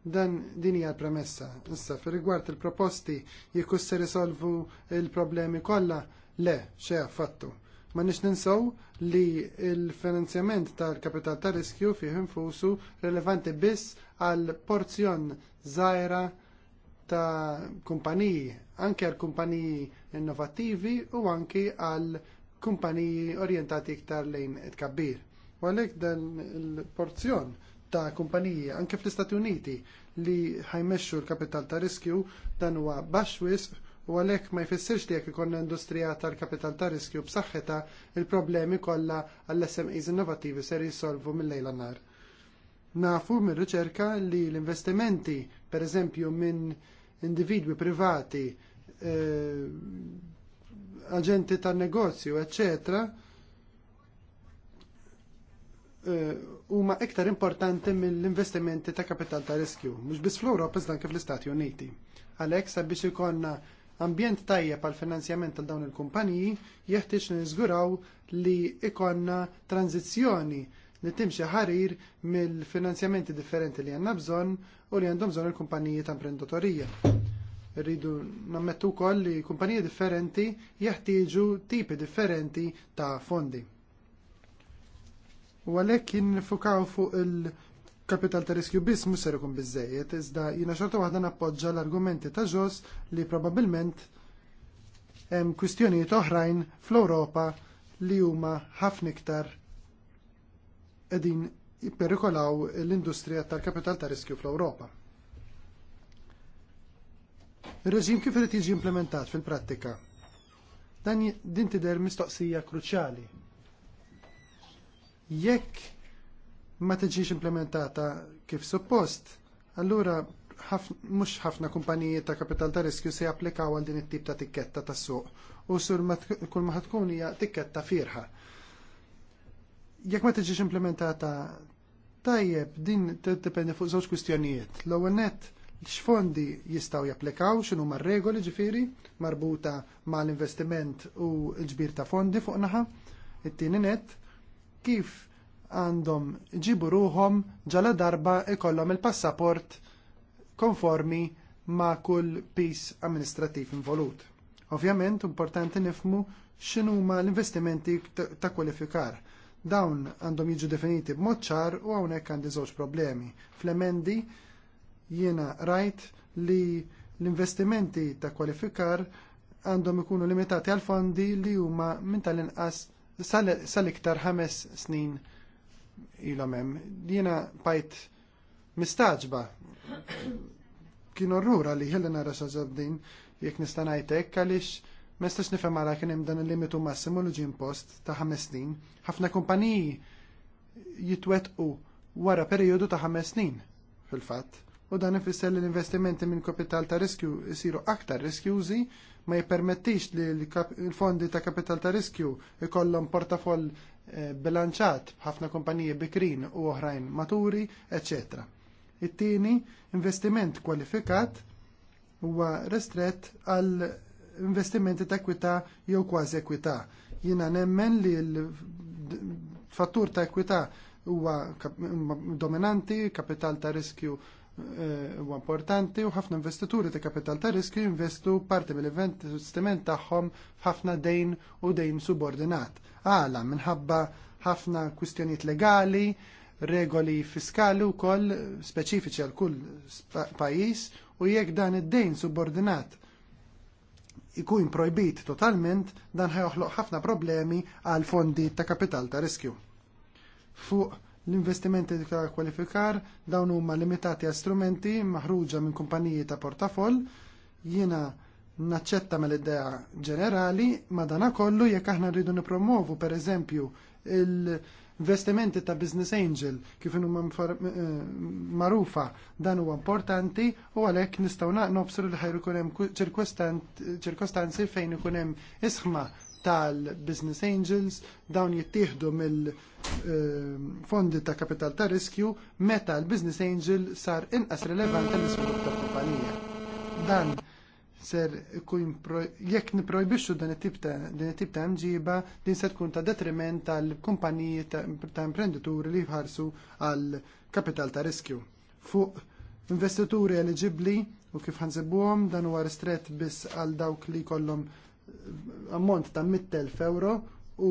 Dan din hija l-premessa. Issa fir-rigward il-proposti jekk se risolvu l problemi kollha, le xejn affattu. Ma nix ninsaw li il-finanzjament tal-kapital ta' riskju fih infusu relevanti biss għal porzjon żgħira ta' kumpaniji, anke għal kumpaniji innovattivi u anke għal kumpaniji orjentati iktar lejn it-kabbir. U għalhekk dan il-porzjon ta' kumpaniji anke fl-Istati Uniti li ħajmexxu l-kapital ta' riskju dan huwa baxx wisq u għalhekk ma jfissirx li jekk ikonna industrija tal-kapital ta' riskju b'saxħeta il-problemi kollha għall-SMEs innovativi ser jissolvu mill lejl nar. Nafu minn riċerka li l-investimenti, pereżempju minn individwi privati, eh, aġenti tan negozju, eccetera, eh, u ma' iktar importanti mill-investimenti ta' kapital ta' riskju, mhux biss fl europa iżda anke fl-Istati Uniti. Għalhekk sabiex ikonna Ambjent tajjeb għal finanzjament tal dawn il-kumpaniji jeħtieġ li niżguraw li ikonna tranzizzjoni li timxi ħarir mill-finanzjamenti differenti li għandna bżonn u li għandhom bżonn il-kumpaniji ta' imprenditorija. Rridu nammettu wkoll li kumpaniji differenti jeħtieġu tipi differenti ta' fondi. U għalhekk jinfukaw fuq il- kapital ta' riskju biss mhux ser ikun biżejjed, iżda jiena xorta waħda nappoġġa l-argumenti ta' ġos li probabbilment hemm kwistjonijiet oħrajn fl-Ewropa li huma ħafna iktar qegħdin jipperikolaw l-industrija tal-kapital ta' riskju fl-Ewropa. Ir-reġim kif irid jiġi implementat fil-prattika? Dan din tidher mistoqsija kruċjali. Jekk ma tiġix implementata kif suppost, allura mhux ħafna kumpaniji ta' kapital ta' riskju se japplikaw għal din it-tip ta' tikketta tas suq u sur kull ma tkun hija tikketta firħa. Jekk ma tiġix implementata tajjeb din tiddependi fuq żewġ kwistjonijiet. L-ewwel nett x'fondi jistgħu japplikaw, x'inhu mar-regoli ġifieri marbuta mal-investiment u l-ġbir ta' fondi fuq naħa. It-tieni nett kif għandhom ġibu ruhom ġala darba ikollhom il-passaport konformi ma' kull pis amministrattiv involut. Ovvjament, importanti nifmu x'inhuma l-investimenti ta' kwalifikar. Dawn għandhom jiġu definiti b'mod ċar u hawnhekk għandi żewġ problemi. Fl-emendi jiena rajt li l-investimenti ta' kwalifikar għandhom ikunu limitati għal fondi li huma minn tal-inqas sal-iktar ħames snin ilhom hemm. Jiena bajt mistaġba. Kienu rrura li ħilli nara saġabdin jekk nista' għalix mestax għaliex għara kien hemm dan il-limitu massimu li ġie impost ta' ħames snin. Ħafna kumpaniji jitwettqu wara perjodu ta' ħames snin fil-fatt u dan ifisser li l-investimenti minn kapital ta' riskju jisiru aktar riskjużi ma jipermettix li l-fondi ta' kapital ta' riskju ikollhom portafoll eh, bilanċat b'ħafna kumpaniji bikrin u oħrajn maturi, etc. It-tieni, investiment kwalifikat huwa ristret għal investimenti ta' ekwità jew kważi ekwità. Jiena nemmen li l-fattur ta' ekwità huwa dominanti, kapital ta' riskju Eh, huwa importanti u ħafna investituri ta' kapital ta' riskju jinvestu parti mill-investiment tagħhom f'ħafna dejn u dejn subordinat. Għala minħabba ħafna kwistjonijiet legali, regoli fiskali u koll speċifiċi għal kull pajis u jekk dan id-dejn subordinat ikun projbit totalment dan ħajoħloq ħafna problemi għal fondi ta' kapital ta' riskju. Fuq L-investimenti ta' kwalifikar dawn huma limitati għal strumenti maħruġa minn kumpaniji ta' portafoll. Jiena naċċetta mal idea ġenerali, ma dana kollu jekk aħna rridu nipromovu per eżempju il-investimenti ta' business angel kif huma eh, marufa dan huwa importanti u għalhekk nistgħu nobsru li ħajru ikun hemm ċirkostanzi fejn ikun hemm isħma tal-Business Angels dawn jittieħdu mill-fondi ehm, ta' kapital ta' riskju meta l-Business Angel sar inqas rilevanti l-isvilupp ta' kumpanija. Dan ser ikun jekk niprojbixxu dan it-tip ta' mġiba din se tkun ta' detriment tal-kumpaniji ta' imprenditur li jħarsu għal kapital ta' riskju. Fuq investituri eligibli u kif ħansibuhom dan huwa ristret biss għal dawk li jkollhom ammont ta' 100.000 euro u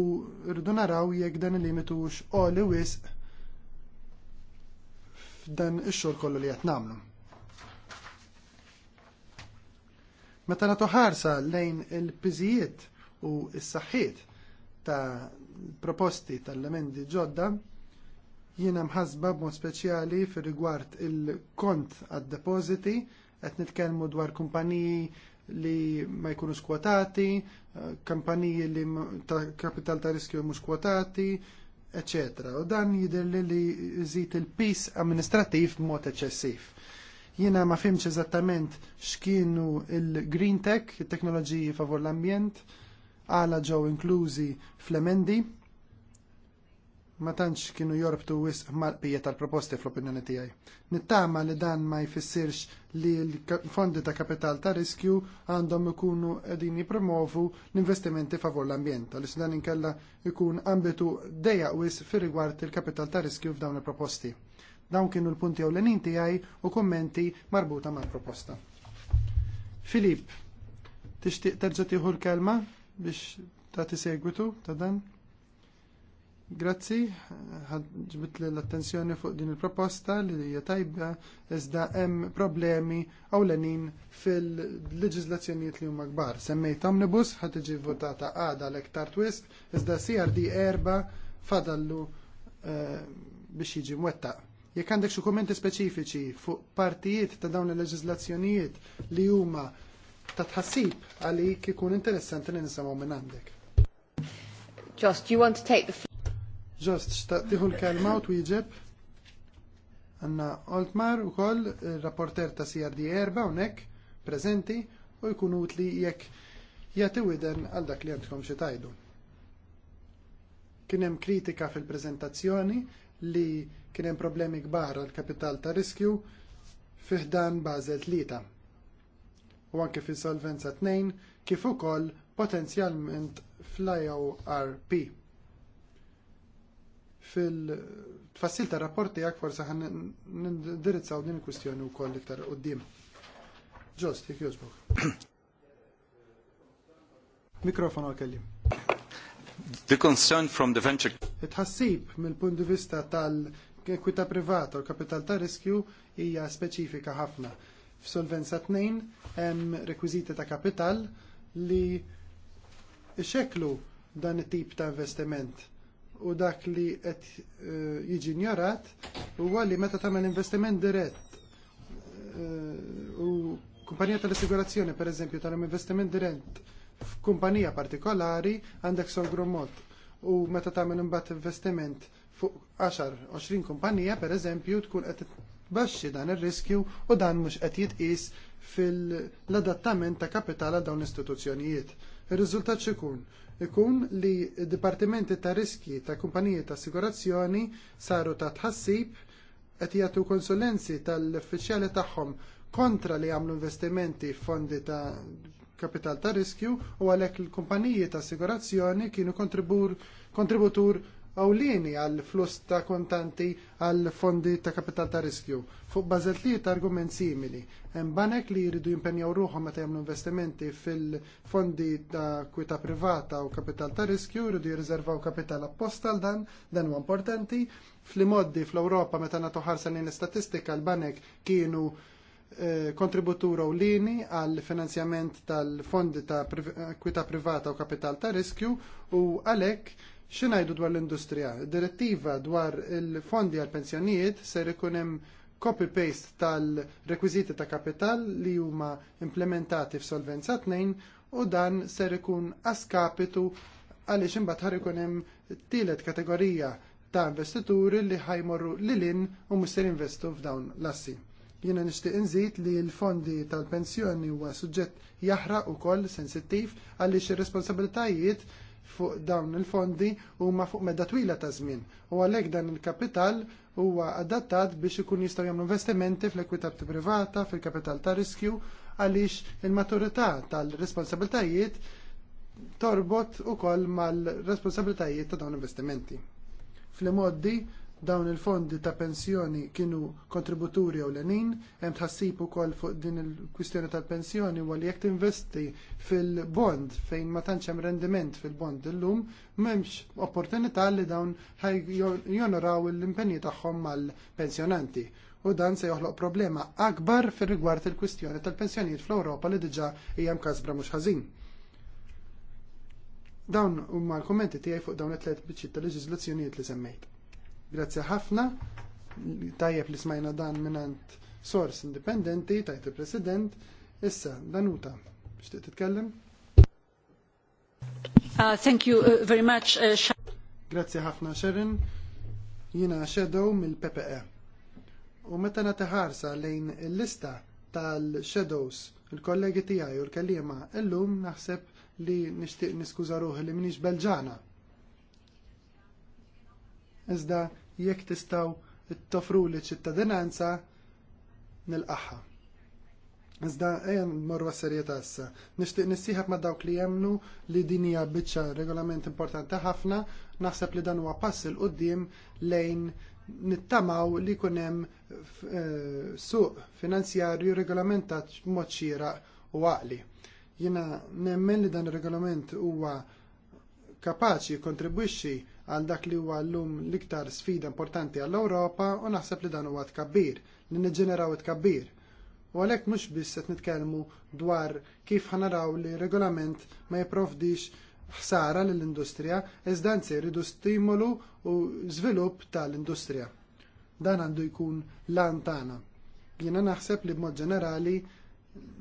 rridu naraw jekk dan il-limitu x'qoli wisq f'dan ix-xogħol kollu li qed nagħmlu. Meta nagħtu ħarsa lejn il-piżijiet u s-saħħiet ta' proposti tal-emendi ġodda, jiena mħasba b'mod speċjali fir rigward il-kont għad depositi qed nitkellmu dwar kumpaniji li ma jkunux kwotati, eh, kampaniji li ta' kapital ta' riskju mhux kwotati, eċetera. U dan jidher li żid il-pis amministrattiv b'mod eċessiv. Jiena ma fimx eżattament x'kienu il-green tech, il-teknoloġiji favor l-ambjent, għala ġew inklużi fl-emendi, ma tantx kienu jorbtu wisq mal-qbija tal-proposti fl-opinjoni tiegħi. Nittama li dan ma jfissirx li l-fondi ta' kapital ta' riskju għandhom ikunu qegħdin jippromovu l-investimenti favur l-ambjent, għaliex dan inkella jkun ambitu deja wis fir rigward il-kapital ta' riskju f'dawn il-proposti. Dawn kienu l-punti ewlenin tiegħi u kommenti marbuta mal-proposta. Filip, tixtieq terġa' tieħu l-kelma biex ta' segwitu ta' dan? Grazzi, ġbit l-attenzjoni fuq din il-proposta li hija tajba iżda hemm problemi ewlenin fil-leġiżlazzjonijiet li huma kbar. Semmejt omnibus ħad tiġi votata għada l-ektar twist iżda CRD erba fadallu eh, biex jiġi mwettaq. Jekk għandek xi kummenti speċifiċi fuq partijiet ta' dawn il-leġiżlazzjonijiet li huma ta' tħassib għalik ikun interessanti li nisimgħu minn għandek. Just, you want to take the Ġost, xtaqtiħu l-kelma u twieġeb. Għanna Oltmar u koll, rapporter ta' CRD erba nek, prezenti, u jkun utli jekk jatiwiden għal dak li għandkom xi tajdu. Kien hemm kritika fil-preżentazzjoni li kien hemm problemi kbar għal kapital ta' riskju fiħdan bażel tlieta. U anke fil solvenza 2 kif ukoll potenzjalment fl-IORP fil-tfassil ta' rapporti tiegħek forsa ħan nindirizzaw din il-kwistjoni wkoll iktar qudiem. Ġost, jekk jogħġbok. Mikrofon għal-kellim. The concern from the venture. Itħassib mill-punt di vista tal-ekwita privata u kapital ta' riskju hija speċifika ħafna. F'solvenza 2 hemm rekwiżiti ta' kapital li xeklu dan it-tip ta' investiment u dak li qed e, jiġi ignorat huwa li meta tagħmel investiment dirett e, u kumpanija tal-assigurazzjoni pereżempju tagħmel investiment dirett f'kumpanija partikolari għandek sogromot u meta tagħmel imbagħad investiment fuq 10-20 kumpanija pereżempju tkun qed baxxi dan ir-riskju u dan mhux qed jitqis fil-adattament ta' kapitala dawn l-istituzzjonijiet. Ir-riżultat x'ikun? Ikun li d-dipartimenti ta' riski ta' kumpaniji ta' assigurazzjoni saru ta' tħassib qed jagħtu konsulenzi tal-uffiċjali tagħhom kontra li għamlu investimenti f'fondi ta' kapital ta' riskju u għalhekk il-kumpaniji ta' assigurazzjoni kienu kontributur awlini għal flus ta' kontanti għal fondi ta' kapital ta' riskju. Fuq bazet li ta' argument simili. M'banek banek li jridu jimpenjaw ruħhom meta jamlu investimenti fil-fondi ta' kwita privata u kapital ta' riskju jridu jirriservaw kapital apposta għal dan, dan huwa importanti. Fl-modi fl-Ewropa meta nagħtu ħarsa lejn istatistika l-banek kienu eh, kontributur ewlieni għal finanzjament tal-fondi ta' kwita privata u kapital ta' riskju u għalhekk Xinajdu dwar l-industrija? Direttiva dwar il-fondi għal-pensjonijiet ser ikun hemm copy-paste tal-rekwiziti ta' kapital li huma implementati f'solvenza 2 u dan ser ikun askapitu għaliex imbagħad ħar ikun hemm tielet kategorija ta' investituri li ħajmorru lilin u mhux se f'dawn l-assi. Jiena nixtieq inżid li l-fondi tal-pensjoni huwa suġġett jaħraq ukoll sensittiv għaliex ir-responsabilitajiet fuq dawn il-fondi huma fuq medda twila ta' żmien. U għalhekk dan il-kapital huwa adattat biex ikun jistgħu jagħmlu investimenti fl-ekwità privata, fil-kapital ta' riskju għaliex il-maturità tal-responsabiltajiet torbot ukoll mal-responsabiltajiet ta' dawn investimenti. Fl-modi Dawn il-fondi ta' pensjoni kienu kontributuri ewlenin, hemm tħassib ukoll fuq din il-kwistjoni tal-pensjoni u li jekk tinvesti fil-bond fejn ma tantx hemm rendiment fil-bond illum, m'hemmx opportunità li dawn jonoraw l-impenji tagħhom mal-pensjonanti u dan se joħloq problema akbar fir rigward il-kwistjoni tal-pensjonijiet fl-Ewropa li diġà hija mkasbra mhux ħażin. Dawn huma l-kummenti tiegħi fuq dawn it-tliet biċċiet tal-leġiżlazzjonijiet li semmejt. Grazzi ħafna, tajjeb li smajna dan minant sors indipendenti, tajt il-president, issa, Danuta, xtiq titkellem? Uh, thank you uh, very much. Uh, Grazzi ħafna, Sharon. Jina Shadow mill-PPE. U meta nataħarsa lejn il-lista tal-Shadows, il-kollegi tijaj u l kelliema illum naħseb li nishtiq niskuza ruħi li minix belġana iżda jekk tistgħu toffru li ċittadinanza nilqaħħa. Iżda ejja morru għas-serjetà issa. Nixtieq nissieħab ma' dawk li jemnu li din hija biċċa regolament importanti ħafna, naħseb li dan huwa pass il qudiem lejn nittamaw li jkun hemm eh, suq finanzjarju regolamentat b'mod xieraq u għaqli. Jiena nemmen li dan ir regolament huwa kapaċi kontribwixxi għal dak li huwa llum l-iktar sfida importanti għall-Ewropa u naħseb li dan huwa tkabbir, li niġġeneraw tkabbir. U għalhekk mhux biss qed nitkellmu dwar kif ħanaraw li regolament ma jipprovdix ħsara lill-industrija, iżda anzi jridu stimolu u żvilupp tal-industrija. Dan għandu jkun lan tagħna. Jiena naħseb li b'mod ġenerali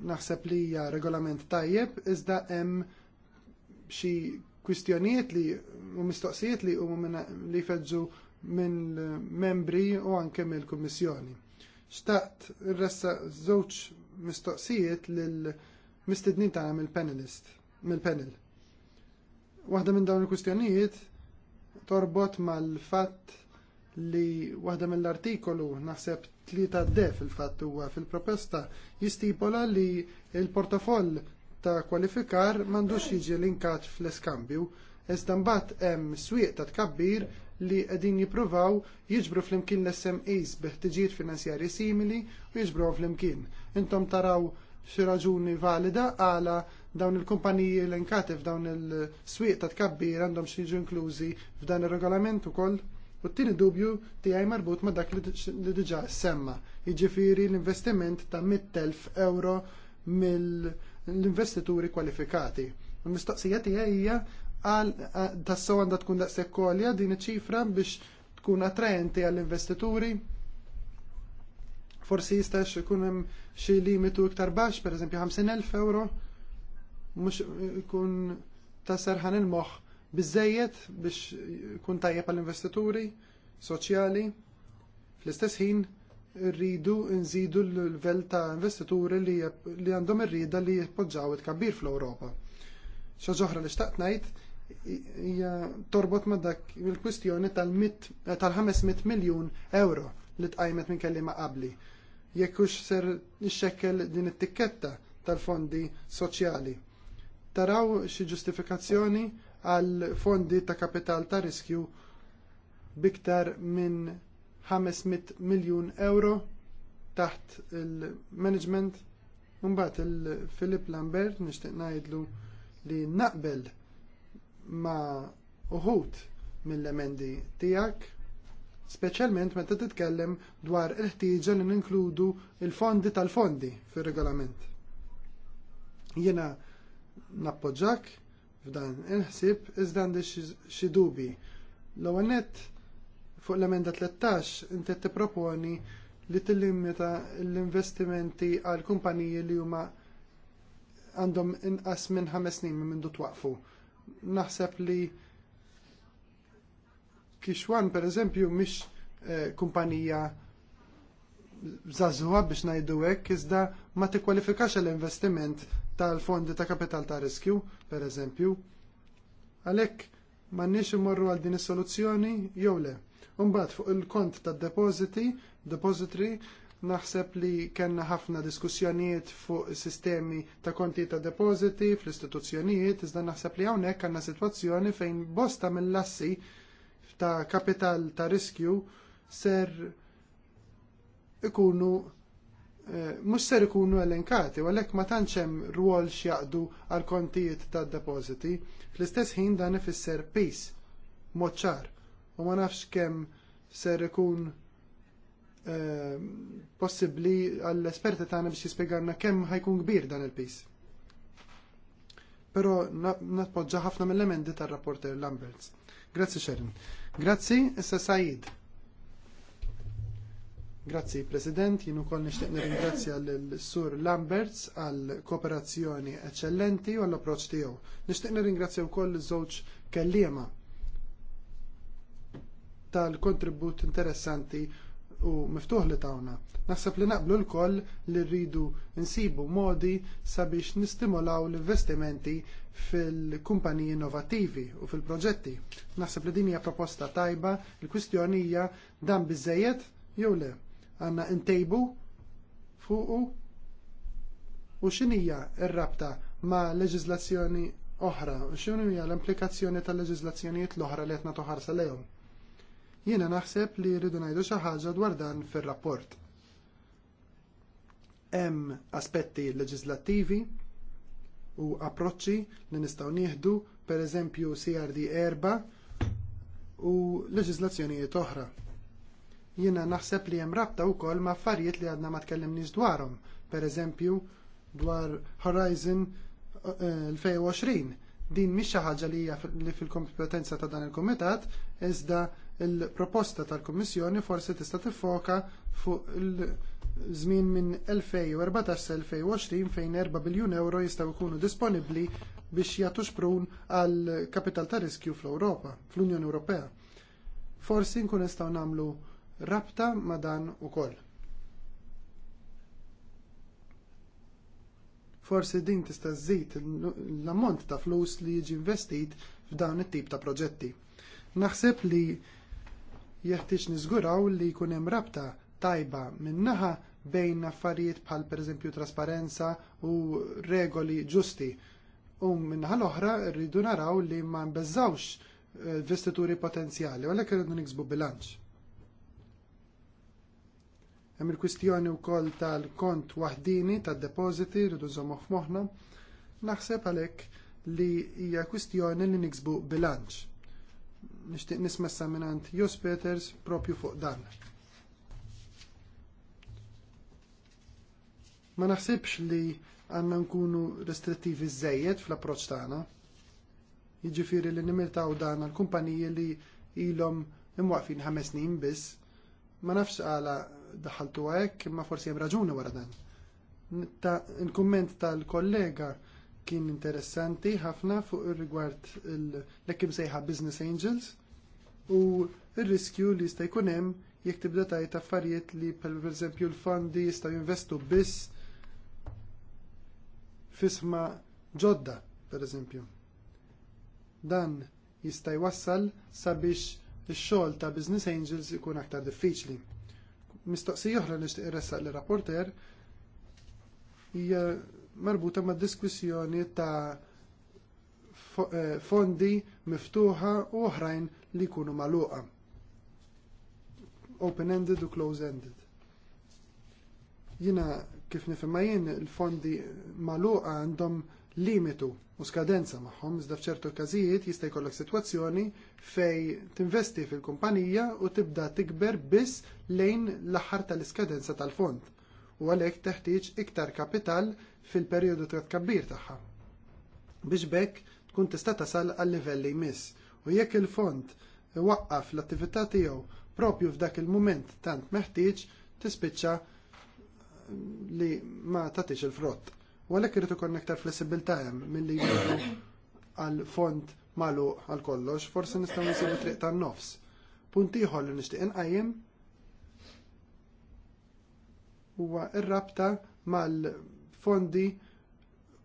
naħseb li hija regolament tajjeb iżda hemm xi kwistjonijiet li u mistoqsijiet li huma li feġġu minn membri u anke mill kummissjoni Xtaqt ressa żewġ mistoqsijiet l mistednin tagħna mill-panelist mill-panel. Waħda minn dawn il-kwistjonijiet torbot mal-fatt li waħda mill-artikolu naħseb tlita d fil-fatt huwa fil-proposta jistipola li l portafoll ta' kwalifikar m'għandux jiġi linkat fl-iskambju, iżda mbagħad hemm swieq ta' tkabbir li qegħdin jippruvaw jiġbru flimkien l-SMEs biħtiġijiet finanzjarji simili u jiġbru flimkien. Intom taraw xi raġuni valida għala dawn il-kumpaniji linkati f'dawn il-swieq ta' tkabbir għandhom xi jiġu inklużi f'dan ir-regolament ukoll. U t-tieni dubju tiegħi marbut ma' dak li diġà semma, jiġifieri l-investiment ta' 100,000 euro mill- l-investituri kwalifikati. mistoqsija tiegħi hija għal tassew għandha tkun daqshekk kolja din iċ-ċifra biex tkun attraenti għall-investituri. Forsi jistax ikun hemm xi limitu iktar baxx, pereżempju 50,000 euro, mhux ikun taserħan il-moħħ biżejjed biex ikun tajjeb għall-investituri soċjali. Fl-istess ħin rridu nżidu l-level ta' investituri li, li għandhom ir li jippoġġaw it-kabbir fl-Ewropa. Xa ġoħra li xtaqt ngħid hija torbot ma' dak il-kwistjoni tal-500 miljun euro li tqajmet minn kelliema qabli. Jekk hux ser nixxekkel din it-tikketta tal-fondi soċjali. Taraw xi ġustifikazzjoni għal fondi ta' kapital ta' riskju biktar minn 500 miljun euro taħt il-management. Mbagħad il-Philip Lambert nixtieq ngħidlu li naqbel ma' uħut mill-emendi tiegħek speċjalment meta titkellem dwar il-ħtieġa li ninkludu l fondi tal-fondi fir-regolament. Jiena nappoġġak f'dan il-ħsieb iżda għandi xi dubi. L-ewwel nett Fuq l-emenda 13 inti tipproponi li tillimita l-investimenti għal kumpaniji li huma għandhom inqas minn ħames snin minn mindu twaqfu. Naħseb li Kixwan pereżempju mhix eh, kumpanija zazuha biex ngħidu hekk iżda ma tikkwalifikax l-investiment tal-fondi ta' kapital ta' riskju, pereżempju. Għalhekk m'għandniex immorru għal din is-soluzzjoni jew le. Imbagħad fuq il-kont tad depositi depository, naħseb li kellna ħafna diskussjonijiet fuq sistemi ta' konti ta' depositi fl-istituzzjonijiet, iżda naħseb li hawnhekk għandna sitwazzjoni fejn bosta mill-lassi ta' kapital ta' riskju ser ikunu eh, mux ser ikunu elenkati, għalek ma tanċem ruol xjaqdu għal kontijiet ta' depositi, fl-istess ħin dan ifisser pis, moċċar u ma nafx kemm ser ikun eh, possibbli għall-esperti tagħna biex jispjegana kemm ħajkun kbir dan il-pis. Però nappoġġa ħafna mill-emendi tar-rapporter Lamberts. Grazzi Sharon. Grazzi, issa Said. Grazzi President, jien ukoll nixtieq nirringrazzja l-Sur Lamberts għal kooperazzjoni eċċellenti u għall approċċ tiegħu. Nixtieq nirringrazzja wkoll iż-żewġ kelliema tal-kontribut interessanti u miftuħ li tawna. Naħseb li naqblu lkoll li rridu nsibu modi sabiex nistimulaw l-investimenti fil-kumpaniji innovattivi u fil-proġetti. Naħseb li din hija proposta tajba, il-kwistjoni hija dan biżżejjed jew le. Għandna ntejbu fuqu u x'inhija r-rabta ma' leġiżlazzjoni oħra, u x'inhija l-implikazzjoni tal-leġiżlazzjonijiet l-oħra li qed nagħtu ħarsa lejhom. Jiena naħseb li rridu ngħidu xi ħaġa dwar dan fir-rapport. Hemm aspetti leġislattivi u approċċi li nistgħu nieħdu, pereżempju CRD erba u leġiżlazzjonijiet oħra. Jiena naħseb li hemm rabta wkoll ma' affarijiet li għadna ma tkellimniex dwarhom, pereżempju dwar Horizon 2020 eh, din mhix xi ħaġa li hija fil-kompetenza ta' dan il-kumitat iżda il-proposta tal-Kummissjoni forsi tista' tiffoka fuq il-żmien minn 2014 sa 2020 fejn 4 biljun euro jistgħu jkunu disponibbli biex jagħtu xprun għal kapital ta' riskju fl-Ewropa, fl-Unjoni Ewropea. Forsi nkun nistgħu nagħmlu rabta ma' dan ukoll. forsi din tista' żżid l-ammont ta' flus li jiġi investit f'dawn it-tip ta' proġetti. Naħseb li jeħtieġ niżguraw li jkun hemm rabta tajba min-naħa bejn affarijiet bħal pereżempju trasparenza u regoli ġusti. U min-naħa l-oħra rridu naraw li ma nbeżawx eh, investituri potenzjali, u għalhekk irridu niksbu bilanċ. Hemm il-kwistjoni wkoll tal-kont waħdini tad-depożiti rridu nżommu f'moħħna. Naħseb għalhekk li hija kwistjoni li niksbu bilanċ nixtieq nisma' s-saminant Jus Peters propju fuq dan. Ma naħsibx li għanna nkunu restrittivi żejjed fl-approċċ tagħna. Jiġifieri li nimiltaw dan għall kumpaniji li ilhom imwaqfin ħames snin biss. Ma nafx għala daħaltu hekk, imma forsi hemm raġuni wara dan. il-kumment tal-kollega kien interessanti ħafna fuq ir-rigward l-ekkim sejħa Business Angels u r-riskju li jista' jkun hemm jekk tibda tajt affarijiet li pereżempju l-fondi jistgħu jinvestu biss fisma ġodda, pereżempju. Dan jista' jwassal sabiex ix-xogħol ta' Business Angels ikun aktar diffiċli. Mistoqsija oħra nixtieq irressaq lir rapporter hija marbuta mad diskussjoni ta' eh, fondi miftuħa u oħrajn li jkunu magħluqa. Open-ended u close-ended. Jiena kif nifhimha jien il-fondi magħluqa għandhom limitu u skadenza magħhom iżda f'ċertu każijiet jista' jkollok sitwazzjoni fejn tinvesti fil-kumpanija u tibda tikber biss lejn l-aħħar tal-iskadenza tal-fond u għalhekk teħtieġ iktar kapital fil-perjodu ta' tkabbir tagħha. Biex bekk tkun tista' tasal għal livelli jmiss u jekk il-fond waqqaf l-attività tiegħu propju f'dak il-mument tant meħtieġ tispiċċa li ma tagħtix il-frott. U għalhekk irid ikun aktar flessibilità hemm milli jgħidu għal font magħluq għal kollox, forsi nistgħu nsibu triq tan-nofs. Punt ieħor li nixtieq inqajjem huwa ir rabta mal- fondi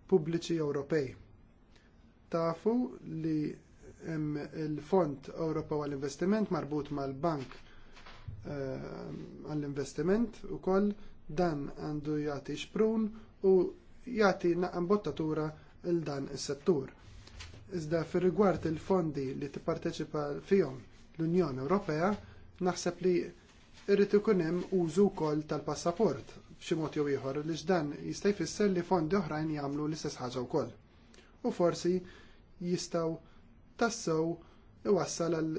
pubbliċi Ewropej. Tafu li hemm il-Fond Ewropew għall-Investiment marbut mal-Bank eh, għall-Investiment ukoll dan għandu jagħti xprun u jagħti naqam bottatura il dan is-settur. Iżda fir rigward il-fondi li tipparteċipa fihom l-Unjoni Ewropea, naħseb li jrid ikun hemm użu wkoll tal-passaport b'xi mod jew ieħor li x'dan jista' jfisser li fondi oħrajn jagħmlu l-istess ħaġa wkoll. U forsi jistgħu tassew iwassal għal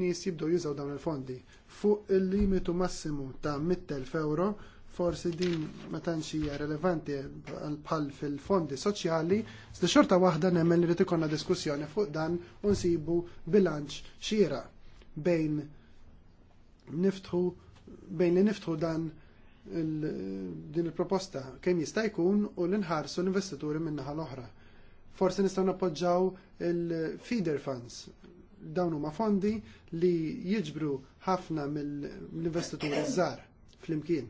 nies jibdew jużaw dawn il-fondi. Fuq il-limitu massimu ta' 100.000 euro, forsi din ma tantx hija relevanti bħal fil-fondi soċjali, sta xorta waħda nemmen li ikollna diskussjoni fuq dan u nsibu bilanċ xiera bejn niftħu bejn li niftħu dan din il-proposta kemm jista' jkun u l-inħarsu l-investituri min-naħa l-oħra. Forsi nistgħu nappoġġaw il-feeder funds. Dawn huma fondi li jiġbru ħafna mill-investituri żgħar flimkien.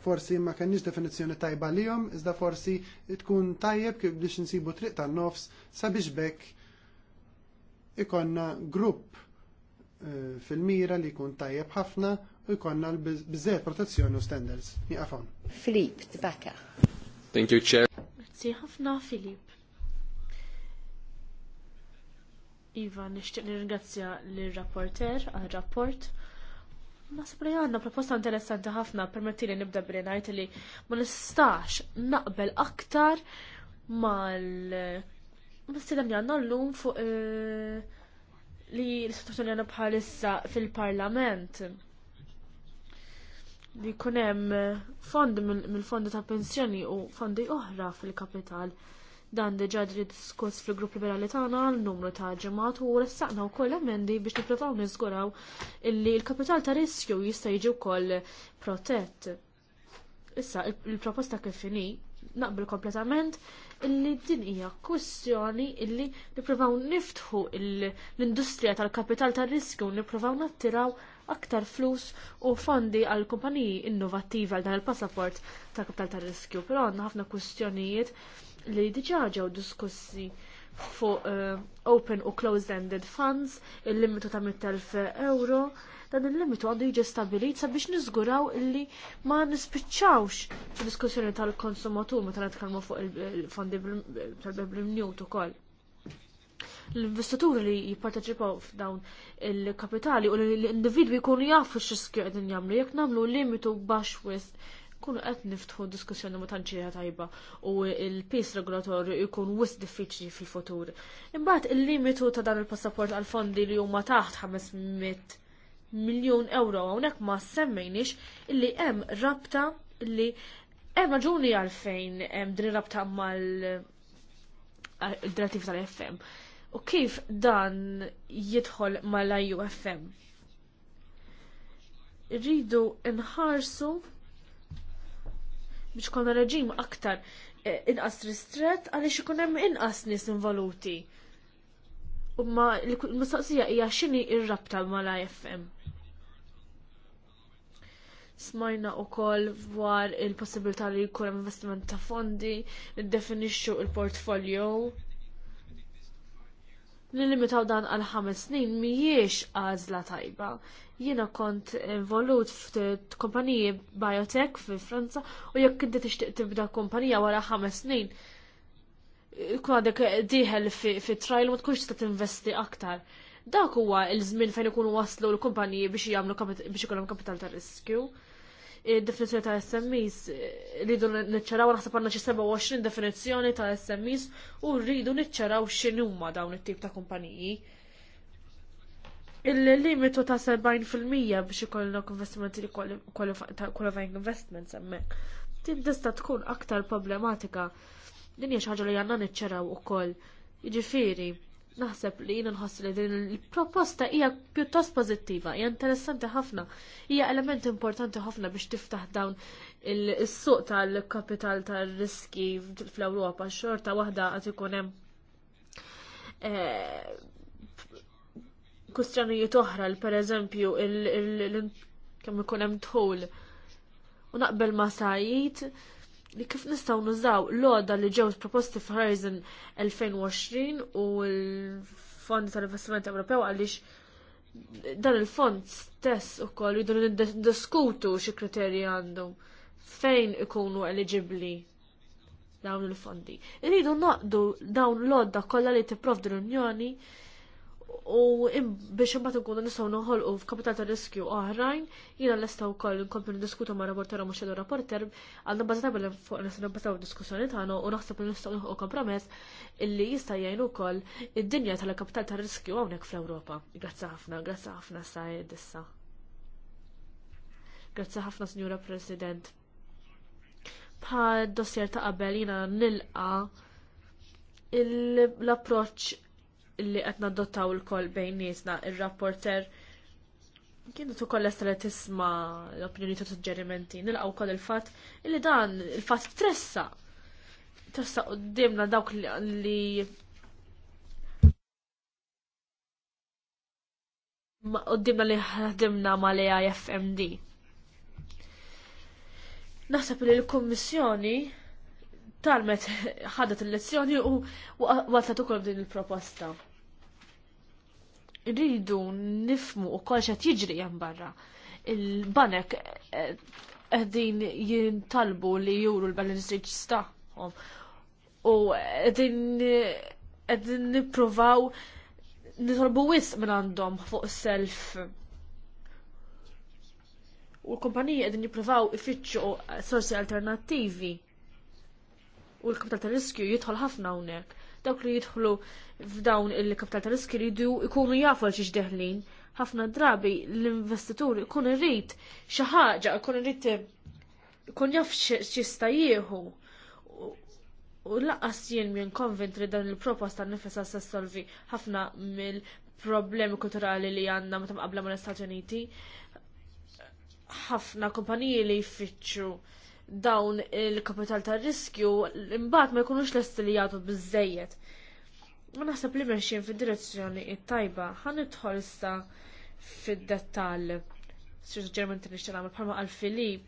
Forsi ma kenniex definizzjoni tajba lihom, iżda forsi tkun tajjeb kif biex insibu triq tan-nofs sabiex bekk ikonna grupp eh, fil-mira li jkun tajjeb ħafna u l bizzej protezzjoni u standards. Jaqfon. Filip, tbaka. Thank you, Chair. Grazzi ħafna, Filip. Iva, nixtieq nirringrazzja l-rapporter għal-rapport. Nasib li għanna proposta interessanti ħafna, permetti li nibda bri najt li ma nistax naqbel aktar mal nistidem li għanna l-lum fuq eh, li l-istituzzjoni għanna bħalissa fil-parlament li kunem eh, fondi mill-fondi ta' pensjoni u fondi oħra fil-kapital. Dan deġa ġi diskuss fil-grupp liberali tagħna għall numru ta' ġemat u ressaqna wkoll emendi biex nippruvaw niżguraw illi l-kapital ta' riskju jista' jiġi wkoll protett. Issa il-proposta kif inhi naqbel kompletament illi din hija kwistjoni illi nippruvaw niftħu l-industrija tal-kapital tar riskju nippruvaw nattiraw aktar flus u fondi għal kumpaniji innovattivi għal dan il-passaport ta' kapital ta' riskju. Però għandna ħafna kwistjonijiet li diġa' ġew diskussi fuq uh, open u closed-ended funds, il-limitu ta' 100.000 euro, dan il-limitu għandu jiġi stabilit sabiex niżguraw illi ma nispiċċawx diskussjoni tal-konsumatur meta nitkellmu fuq il-fondi tal-beblim newt ukoll l-investituri li jipparteċipaw f'dawn il-kapitali u l-individwi jkunu jafu x x'riskju għedin jagħmlu jekk nagħmlu limitu baxx wisq kunu qed niftħu diskussjoni ma tantxija tajba u l-pis regolatorju jkun wis diffiċli fil-futur. Imbagħad il-limitu ta' dan il-passaport għal fondi li huma taħt 500 miljun euro hawnhekk ma semmejnix illi hemm rabta li hemm raġuni għalfejn hemm din rabta mal direttiv tal-FM u kif dan jidħol mal-IUFM. Rridu nħarsu biex konna reġim aktar eh, inqas ristret għaliex ikun hemm inqas nies involuti. U ma l-mistoqsija hija x'inhi r-rabta mal-IFM. Smajna wkoll dwar il-possibilità li jkun hemm investiment ta' fondi, niddefinixxu l portfolio li limitaw dan għal ħames snin mhijiex għażla tajba. Jiena kont involut kumpaniji biotech fi Franza u jekk kinti tixtieq tibda kumpanija wara ħames snin kun għadek diħel fi trial ma tkunx tista' tinvesti aktar. Dak huwa l-żmien fejn ikunu waslu l-kumpaniji biex jagħmlu biex ikollhom kapital ta' riskju il-definizjoni ta' SMEs, eh, rridu niċċaraw naħseb għandna xi 27 definizzjoni ta' SMEs u rridu niċċaraw x'inhuma dawn it-tip ta' kumpaniji. Il-limitu ta' 70% biex ikollok investimenti li qualifying investments hemmhekk. Din tista' tkun aktar problematika. Din hija xi ħaġa li għandna niċċaraw ukoll. Jiġifieri, naħseb li jina nħoss li din il-proposta hija pjuttost pożittiva, hija interessanti ħafna, hija element importanti ħafna biex tiftaħ dawn il-suq tal-kapital tal-riski fl-Ewropa xorta waħda qed ikun hemm eh, kustjonijiet oħra, pereżempju kemm ikun hemm dħul u naqbel ma sajid li kif nistaw nużaw l-oda li ġew proposti f'Horizon 2020 u l-Fond tal-Investiment Ewropew għaliex dan il-fond stess ukoll jridu diskutu xi kriterji għandu fejn ikunu eligibbli dawn il-fondi. Irridu naqdu dawn l-odda kollha li t-prof l-Unjoni u biex imbagħad nkunu nistgħu noħolqu f'kapital ta' riskju oħrajn, jiena lesta wkoll nkomplu niddiskutu ma' rapporter mhux xedu rapporter, għandna bażata bil fuq nista' nibbażaw diskussjoni tagħna u naħseb li nistgħu noħolqu kompromess illi jista' jgħin ukoll id-dinja tal-kapital ta' riskju hawnhekk fl-Ewropa. Grazzi ħafna, grazzi ħafna sa. issa. Grazzi ħafna Sinjura President. Bħal dossier ta' qabel jiena nilqa l-approċċ li qed nadottaw il-koll bejn niesna ir-rapporter kienu tu kollha stra tisma l-opinjoni ta' suġġerimenti, nilqgħu wkoll il-fatt illi dan il-fatt tressa. Tressa qudiemna dawk li qoddimna li ħadimna ma li IFMD. Naħseb li l-Kommissjoni talmet ħadet il-lezzjoni u waslet ukoll din il-proposta rridu nifmu u kol xa jiġri jan barra. Il-banek eh, għedin jintalbu li juru l-balance staħħom u għedin niprovaw nitolbu wisq minn għandhom fuq self u l-kumpaniji għedin niprovaw ifitxu sorsi alternativi u l-kapital ta' riskju jidħol ħafna unek dawk li jidħlu f'dawn il-kapital ta' riski li jkunu jafu għal xiex deħlin. Ħafna drabi l-investitur ikun irrid xi ħaġa, ikun irrid ikun jaf x'jista' jieħu. U laqqas jien minn konvent li dawn il-proposta nifisa se solvi ħafna mill-problemi kulturali li għandna meta mqabla mal-Istati Uniti. Ħafna kumpaniji li jfittxu dawn il-kapital tar riskju imbagħad ma jkunux lesti li jagħtu biżejjed. Ma naħseb li mexjin fid-direzzjoni it-tajba ħan idħol issa fid-dettall. Sir Ġermenti nixtieq nagħmel bħalma għal Filip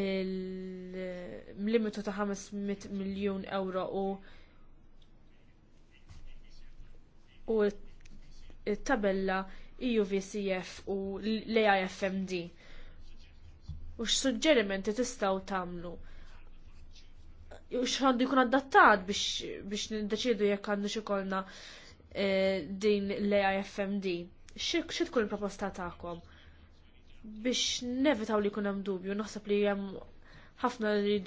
il-limitu ta' 500 miljun euro u u tabella EUVCF u l-AIFMD u x-suġġerimenti tistaw tamlu. U x-għandu jkun adattat biex, n-deċidu jekk għandu xikolna eh, din l-AIFMD. Xie tkun il-proposta ta'kom? Biex nevitaw li kun hemm dubju, naħseb li hemm ħafna li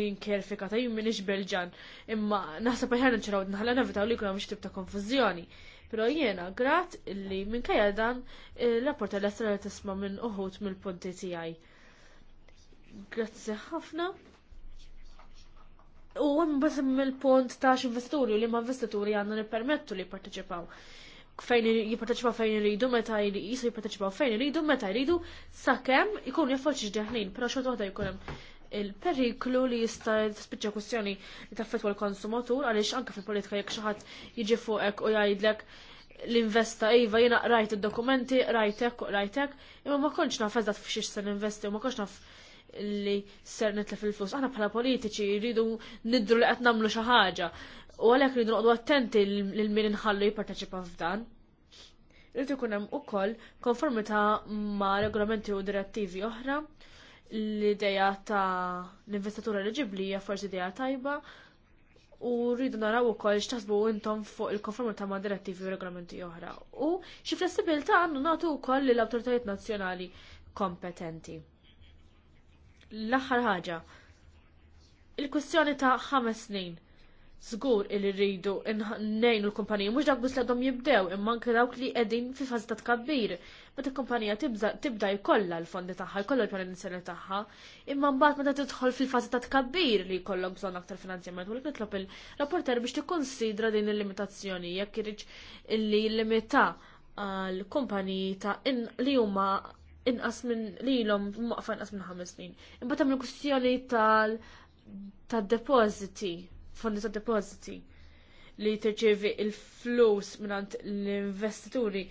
din kjerfikata jien minix Belġan, imma naħseb ħana ċeraw naħla nevitaw li kun hemm xtib ta' konfużjoni. Pero jiena grat li minkajja dan eh, l rapport tal-estra li tisma' minn uħut mill-punti tiegħi Grazzi ħafna. U għem basem il-pont ta' investituri li ma' investituri għanna permettu li parteċipaw fejn jipparteċipaw fejn iridu, meta jisu jipparteċipaw fejn iridu, meta jridu, sakemm ikun jaffaċ ġdeħnin, pero xorta waħda jkun hemm il-periklu li jista' spiċċa kwestjoni li taffetwa l-konsumatur għaliex anke fil-politika jekk xi ħadd jiġi fuqek u jgħidlek l-investa iva jena rajt id-dokumenti, rajtek, rajtek, imma ma kontx fezzat eżatt f'xiex se ninvesti u ma kontx naf li ser nitlef il-flus. Aħna bħala politiċi jridu nidru li qed nagħmlu xi ħaġa. U għalhekk rridu noqgħdu attenti lil min inħallu jipparteċipa f'dan. Irid ikun hemm ukoll konformità ma' regolamenti u direttivi oħra l-ideja ta' l-investitura eliġibbli hija forsi ideja tajba u rridu naraw ukoll x'tasbu intom fuq il-konformità ma' direttivi u regolamenti oħra. U xi flessibilità għandu nagħtu wkoll lill-awtoritajiet nazzjonali kompetenti. L-aħħar ħaġa. Il-kwestjoni ta' ħames snin. Żgur li rridu nejnu l-kumpanija, mhux dak biss għadhom jibdew, imma anke dawk li qegħdin fi fażi ta' tkabbir. Meta kumpanija tibda jkollha l-fondi tagħha, jkollha l-pianizzazzjoni tagħha, imma mbagħad meta tidħol fil fazi ta' tkabbir li jkollhom bżonn aktar finanzjament, u nitlob il-rapporter biex tikkonsidra din il-limitazzjoni jekk irriġ illi limita għal kumpaniji ta' li huma inqas minn lilhom mwaqfa inqas minn ħames snin. Imbagħad hemm il-kwistjoni tal tad-depożiti, fondi tad-depożiti li tirċevi il-flus mingħand l-investituri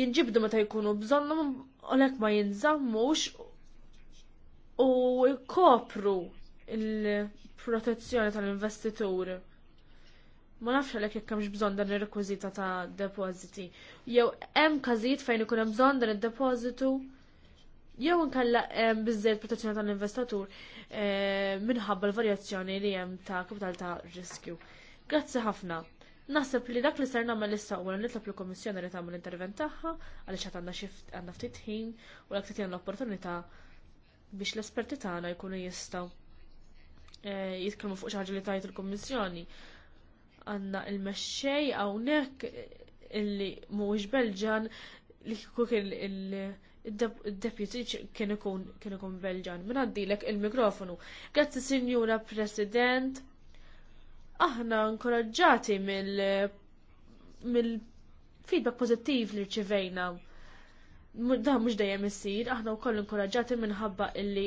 jinġibdu meta jkunu bżonnhom u lek ma jinżammux u jkopru il-protezzjoni tal-investituri ma nafx għalhekk jek hemmx bżonn dan ir-rekwiżita ta' depoziti, Jew hemm każijiet fejn ikun hemm bżonn dan id-depożitu jew inkella hemm biżżejjed protezzjoni tal-investatur eh, minħabba l-varjazzjoni li hemm ta' kapital ta' riskju. Grazzi ħafna. Naħseb li dak li ser nagħmel issa u nitlob li kummissjoni li tagħmel intervent tagħha għaliex qed għandna xi għandna ftit ħin u l titina l-opportunità biex l-esperti tagħna jkunu jistgħu eh, jitkellmu fuq xi ħaġa li tajt il-Kummissjoni għandna il-mexxej hawnhekk eh, illi mhuwiex Belġan li kuk il-deputy kien ikun Belġan. Min għaddilek il-mikrofonu. Grazzi Sinjura President. Aħna nkoraġġati mill feedback pozittiv li rċivejna da mhux dejjem isir, aħna wkoll inkoraġġati minħabba illi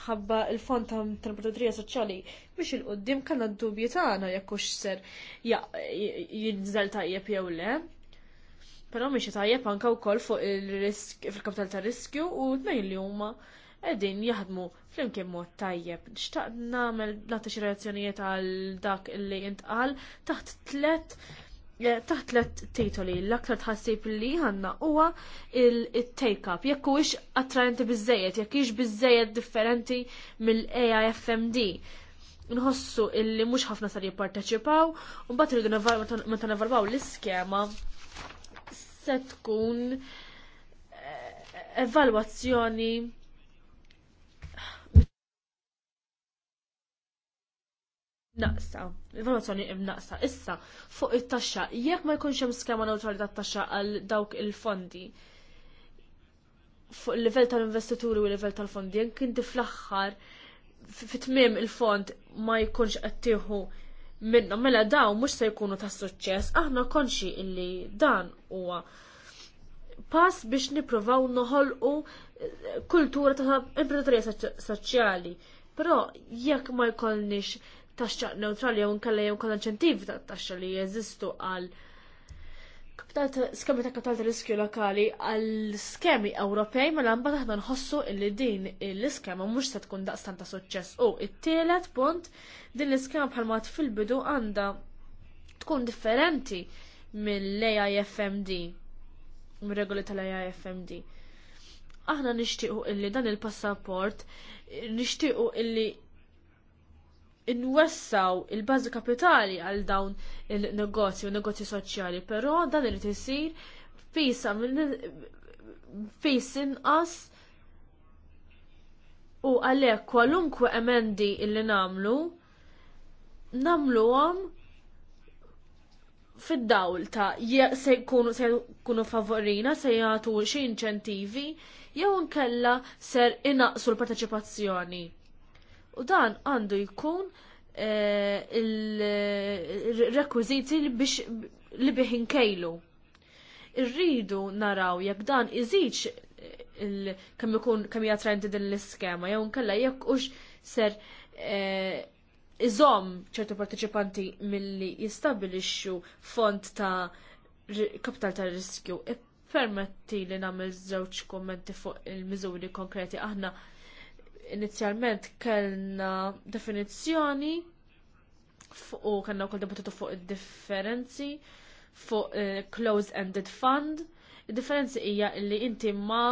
ħabba il-fond ta' tal soċjali biex il qoddim kellna d-dubji tagħna jekk hux ser jinżel tajjeb jew le. Però jep tajjeb anke wkoll fuq il-risk fil-kapital ta' riskju u t-nejn li huma qegħdin jaħdmu flimkien mod tajjeb. Nixtaq nagħmel nagħti xi reazzjonijiet għal dak illi intqal taħt tlet. Eh, taħt let titoli l-aktar tħassib li ħanna huwa il-take-up. Jekk huwiex attrajenti biżejjed, jekk hix biżejjed differenti mill-AIFMD. Nħossu illi mhux ħafna sar jipparteċipaw, u mbagħad irridu meta nevalwaw l-iskema se tkun eh, evalwazzjoni Naqsa, informazzjoni naqsa. Issa, fuq it-taxxa, jekk ma jkunx hemm skema neutralità taxxa għal dawk il-fondi fuq il-livell tal-investituri u il-livell tal-fondi, jekk inti fl-aħħar fit-tmiem il-fond ma jkunx qed tieħu minnhom mela dawn mhux se jkunu ta' suċċess, aħna konxi illi dan huwa pass biex nipprovaw noħolqu eh, kultura ta' imprenditorija soċjali. Però jekk ma jkollniex taxxa neutrali jew nkella jew kolla inċentiv ta' taxxa li jeżistu għal skemi ta' kapital ta' riskju lokali għal skemi Ewropej mela mbagħad aħna nħossu li din l-iskema mhux se tkun daqstan ta' suċċess. U it-tielet punt din l-iskema bħalma fil-bidu għandha tkun differenti mill-AIFMD, mir-regoli tal-AIFMD aħna nixtiequ illi dan il-passaport nixtiequ illi inwessaw il-bażi kapitali għal dawn il-negozju, u-negozji soċjali, però dan irid isir fisa fis inqas u għalhekk kwalunkwe emendi illi namlu għam fid-dawl ta' se jkunu se jkunu favorina se jagħtu xi inċentivi jew nkella ser inaqsu l-parteċipazzjoni u dan għandu jkun eh, il-rekwiziti li biex inkejlu. Irridu naraw jekk dan iżidx eh, kemm ikun kemm jatrenti din l-iskema jew nkella jekk hux ser eh, iżom ċertu parteċipanti milli jistabilixxu fond ta' kapital ta' riskju. E permetti li nagħmel żewġ kummenti fuq il-miżuri konkreti aħna inizjalment kellna definizzjoni u kellna kol deputatu fuq id-differenzi fuq uh, eh, close-ended fund. il differenzi hija li inti ma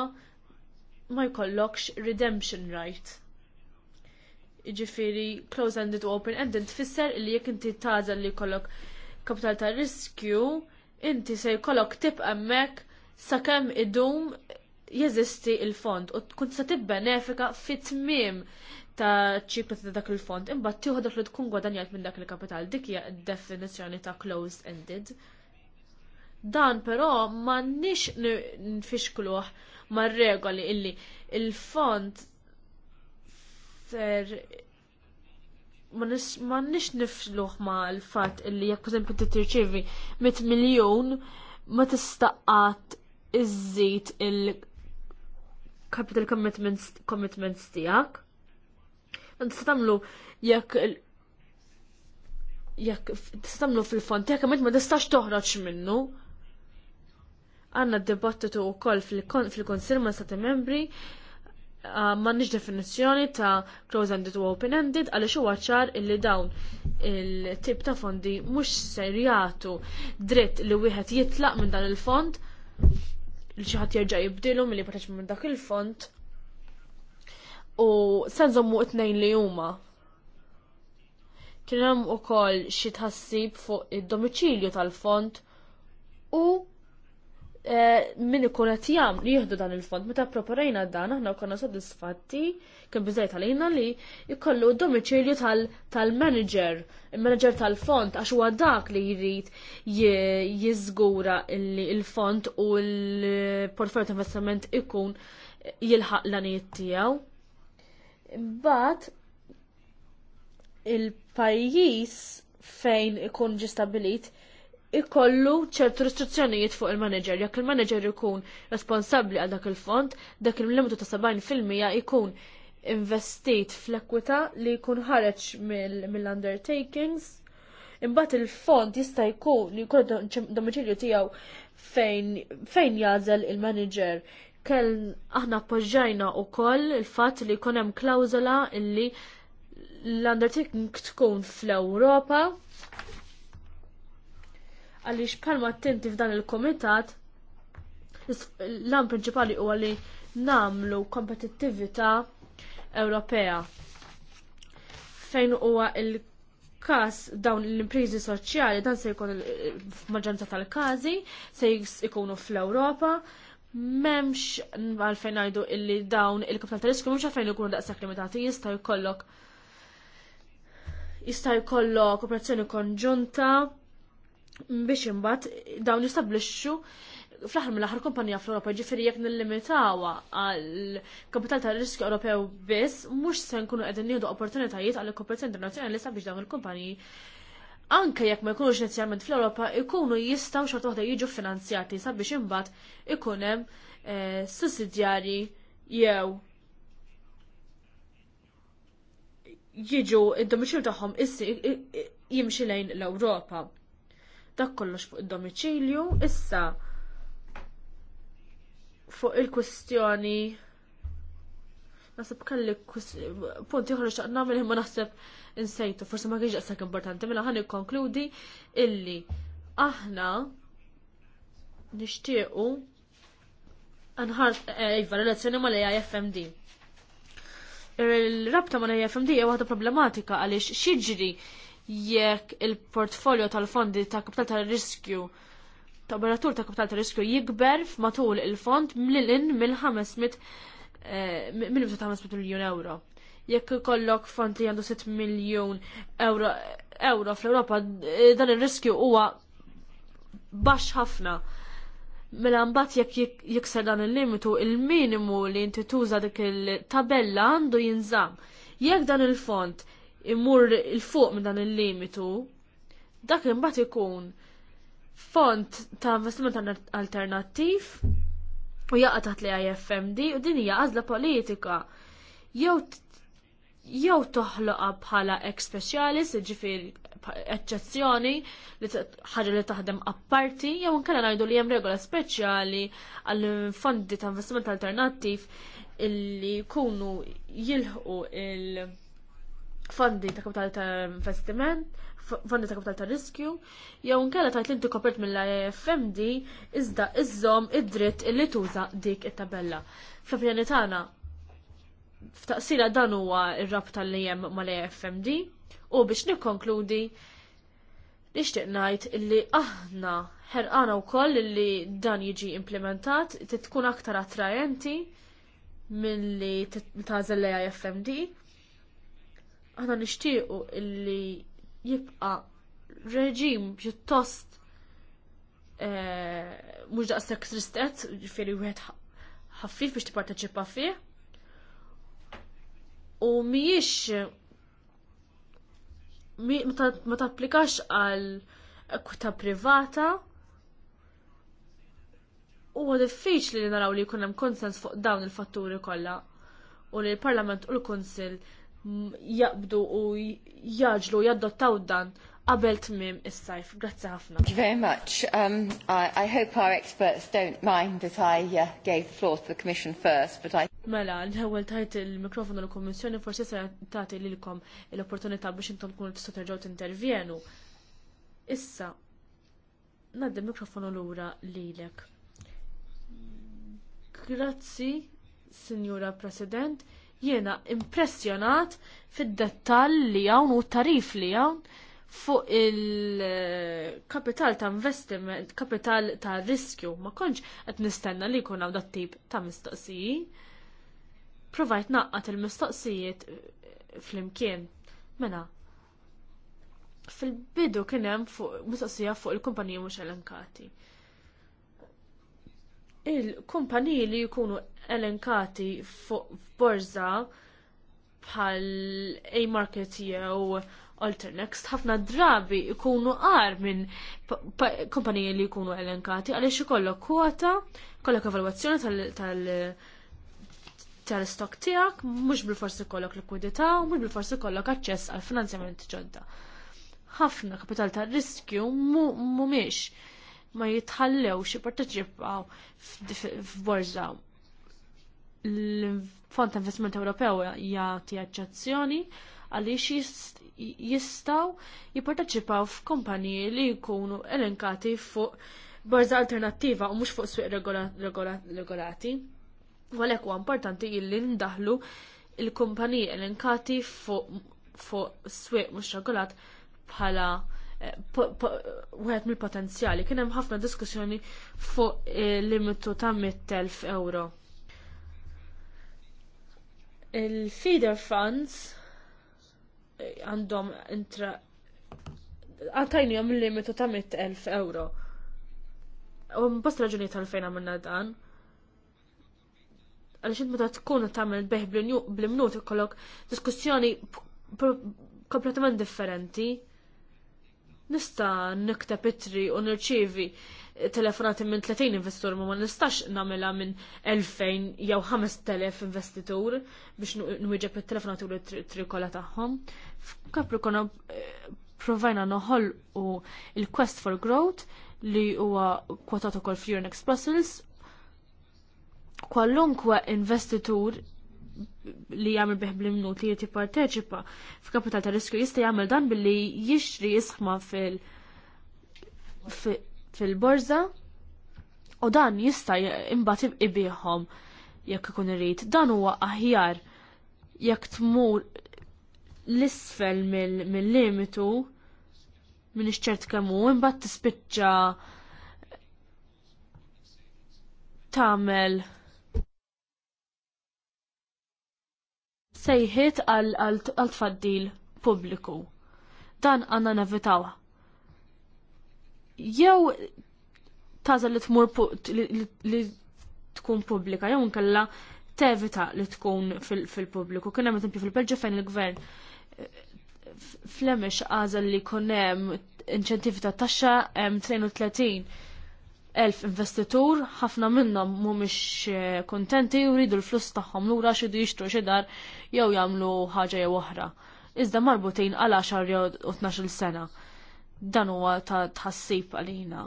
ma jkollokx redemption right. Jiġifieri close-ended u open-ended tfisser li jekk inti tażel li jkollok kapital ta' riskju, inti se jkollok tip hemmhekk sakemm idum jeżisti il-fond u tkun se tibbenefika fit-tmiem ta' ċip ta' dak il-fond, imbagħad tieħu dak li tkun gwadanjat minn dak il-kapital. Dik hija d-definizzjoni ta' closed-ended. Dan però m'għandniex nfixkluh mar-regoli illi il-fond ser ma nix nifluħ ma l-fat illi jekk eżempju tirċivi 100 miljon ma tistaqat iżżid il capital commitments, commitments tijak. Tista' tagħmlu jekk jekk tista' tagħmlu fil-fond tiegħek imma ma tistax toħroġ minnu. Għandna u wkoll fil-Konsil ma' stati membri m'għandniex definizzjoni ta' close-ended u open-ended għaliex huwa ċar illi dawn il-tip ta' fondi mhux serjatu dritt li wieħed jitlaq minn dan il-fond li xi ħadd jerġa' jibdilhom li jipproteġ minn dak il-font. U se mu t-tnejn li huma. Kien hemm ukoll xi tħassib fuq id-domiċilju tal-font u Eh, min ikun qed jagħmlu li jieħdu dan il-fond. Meta proporajna dan aħna konna sodisfatti kien biżejt għalina li jkollu domiċilju tal-manager, il-manager tal-fond għax huwa dak li jrid jiżgura il-fond u l-portfolio investiment ikun jilħaq l għanijiet tiegħu. Imbagħad il-pajjiż fejn ikun ġistabilit ikollu ċertu restrizzjonijiet fuq il-manager. Jekk il-manager ikun responsabbli għal dak il-fond, dak il-limitu ta' 70% ikun investit fl-ekwita li jkun ħareġ mill-undertakings. Imbagħad il-fond jista' jkun li jkun domiċilju tiegħu fejn fejn jażel il-manager. Kell aħna appoġġajna wkoll il-fatt li jkun hemm klawżola li l-undertaking tkun fl-Ewropa għaliex palma attenti f'dan il-komitat l-għam principali huwa li namlu kompetittività Ewropea fejn huwa il-kas dawn l-imprizi soċjali dan se jkun f'maġġoranza tal-każi se jkunu fl-Ewropa m'hemmx għalfejn ngħidu illi dawn il-kapital tal-riskju mhux għalfejn ikunu daqshekk limitati jistaw jkollok jista' jkollok operazzjoni konġunta biex imbagħad dawn jistabblixxu fl-aħħar mill-aħħar kumpanija fl-Ewropa ġifieri jekk nillimitawha għal kapital ta' riskju Ewropew biss mhux se nkunu qegħdin nieħdu opportunitajiet għal kompetenza internazzjonali sabiex dawn il-kumpaniji anke jekk ma jkunux inizjalment fl-Ewropa ikunu jistgħu xorta waħda jiġu finanzjati sabiex imbagħad ikun hemm eh, sussidjarji jew jiġu id-domiċil tagħhom issi jimxi lejn l-Ewropa dak kollox fuq id-domiċilju, issa fuq il-kwistjoni Nasib kalli punti uħra xaq namil imma naħseb insejtu, forse ma kienx għasak importanti, mela ħani konkludi illi aħna nishtiqu għanħar ejva eh, relazzjoni ma l FMD. Il-rabta ma l FMD hija waħda problematika għaliex xiġri jekk il-portfolio tal-fondi ta' kapital ta' riskju ta' operatur ta' kapital ta' riskju jikber f'matul il-fond mill-in mill-500 500 miljon euro. Jekk kollok fond li għandu 6 miljon euro, euro fl-Europa, eh, dan il-riskju huwa baxx ħafna. Mela mbagħad jekk jikser dan il-limitu, il-minimu li inti tuża dik il-tabella għandu jinżamm. Jekk dan il-fond imur il-fuq minn dan il-limitu, dak imbagħad ikun font ta' investiment alternattiv u jaqa' taħt li IFMD u din hija għażla politika. Jew jew toħloqha bħala ek specialis, ġifieri eċċezzjoni li ħaġa li taħdem apparti, jew nkella ngħidu li hemm regola speċjali għal fondi ta' investiment alternattiv illi jkunu jilħqu il- fondi ta' kapital ta' investiment, fondi ta' kapital ta' riskju, jew nkella tajt l-inti kopert mill-IFMD iżda iżom id-dritt illi tuża dik it-tabella. F'opinjoni tagħna f'taqsira dan huwa r-rabta li hemm mal-IFMD u biex nikkonkludi nixtieq ngħid illi aħna ħerqana wkoll li dan jiġi implementat tkun aktar attrajenti milli tażel l-IFMD aħna nixtiequ illi jibqa' reġim pjuttost eh, mhux daqshekk ġifiri u wieħed ħaffif biex tipparteċipa fih. U mhijiex ma tapplikax għal ekwita privata u diffiċli li naraw li jkun hemm konsens fuq dawn il-fatturi kollha u li l-Parlament u l-Kunsill jaqbdu u jaġlu jaddottaw dan qabel tmim is-sajf. Grazzi ħafna. Thank you very much. Um, I, I hope our experts don't mind that I uh, gave the floor to the Commission first, but I... Mela, l-ewwel tajt il-mikrofonu l-Kummissjoni forsi se tagħti lilkom l-opportunità biex intom t tistgħu t-intervjenu. Issa, mikrofonu l-mikrofonu lura lilek. Grazzi, Signora President Jiena impressjonat fid-dettall li hawn u tarif li hawn fuq il-kapital ta' investiment, kapital ta' riskju. Ma konċ qed nistenna li jkun hawn dat tip ta' mistoqsiji. Provajt naqqat il-mistoqsijiet fl-imkien. Mena, fil-bidu kien hemm fuq mistoqsija fuq il-kumpaniji mhux elenkati il-kumpaniji li jkunu elenkati fuq borza bħal A-Market jew Alternext ħafna drabi jkunu għar minn kumpaniji li jkunu elenkati għaliex ikollok kwota, kollok evalwazzjoni tal- tal-stock tiegħek, mhux bil-forsi kollok likwidità u mhux bil-forsi kollok aċċess għal finanzjament ġodda. Ħafna kapital ta' riskju mhumiex ma jitħallew jitħallewx f-borza. L-Fond ta' Investiment Ewropew jagħti eċċezzjoni għaliex jistaw jipparteċipaw f'kumpaniji li jkunu elenkati fuq borza alternattiva u mhux fuq swieq regolati. U għalhekk huwa importanti jillin ndaħlu il-kumpaniji elenkati fuq fuq swieq mhux regolat bħala wieħed mill-potenzjali. Kien hemm ħafna diskussjoni fuq il eh, limitu ta' 100,000 euro. Il-feeder funds eh, għandhom intra il limitu ta' 100,000 euro. U mbost raġuni tal-fejn għamilna dan. Għalix int meta tkun tagħmel beħ bl-imnut ikollok diskussjoni kompletament differenti. Nista nikteb itri u nirċievi telefonati minn 30 investor ma nistax namela minn 2000 jew 5000 investitur biex nwieġeb it-telefonati u l-trikola tagħhom. kona eh, provajna noħol u il-Quest for Growth li huwa kwotat ukoll fl Euronext Brussels kwallunkwe investitur li jagħmel bih bl-imnut li jrid jipparteċipa f'kapital ta' riskju jista' jagħmel dan billi jixtri jisħma fil fil-borza u dan jista' imbagħad ibihom jekk ikun irid. Dan huwa aħjar jekk tmur l-isfel mill-limitu minn ixċert kemm hu imbagħad tispiċċa tagħmel sejħiet għal tfaddil pubbliku. Dan għanna nevitaw. Jew taza li tmur li tkun pubblika, jew nkella tevita li tkun fil-pubbliku. Kien hemm fil-Belġu fejn il-gvern eh, Flemish għażel li konem inċentivi ta' taxxa 32 elf investitur, ħafna minnhom mhumiex eh, kontenti u jridu l-flus tagħhom lura xidu jixtru xidar dar jew jagħmlu ħaġa jew oħra. Iżda marbutin għal 10 jew 12 sena. Dan huwa ta' tħassib għalina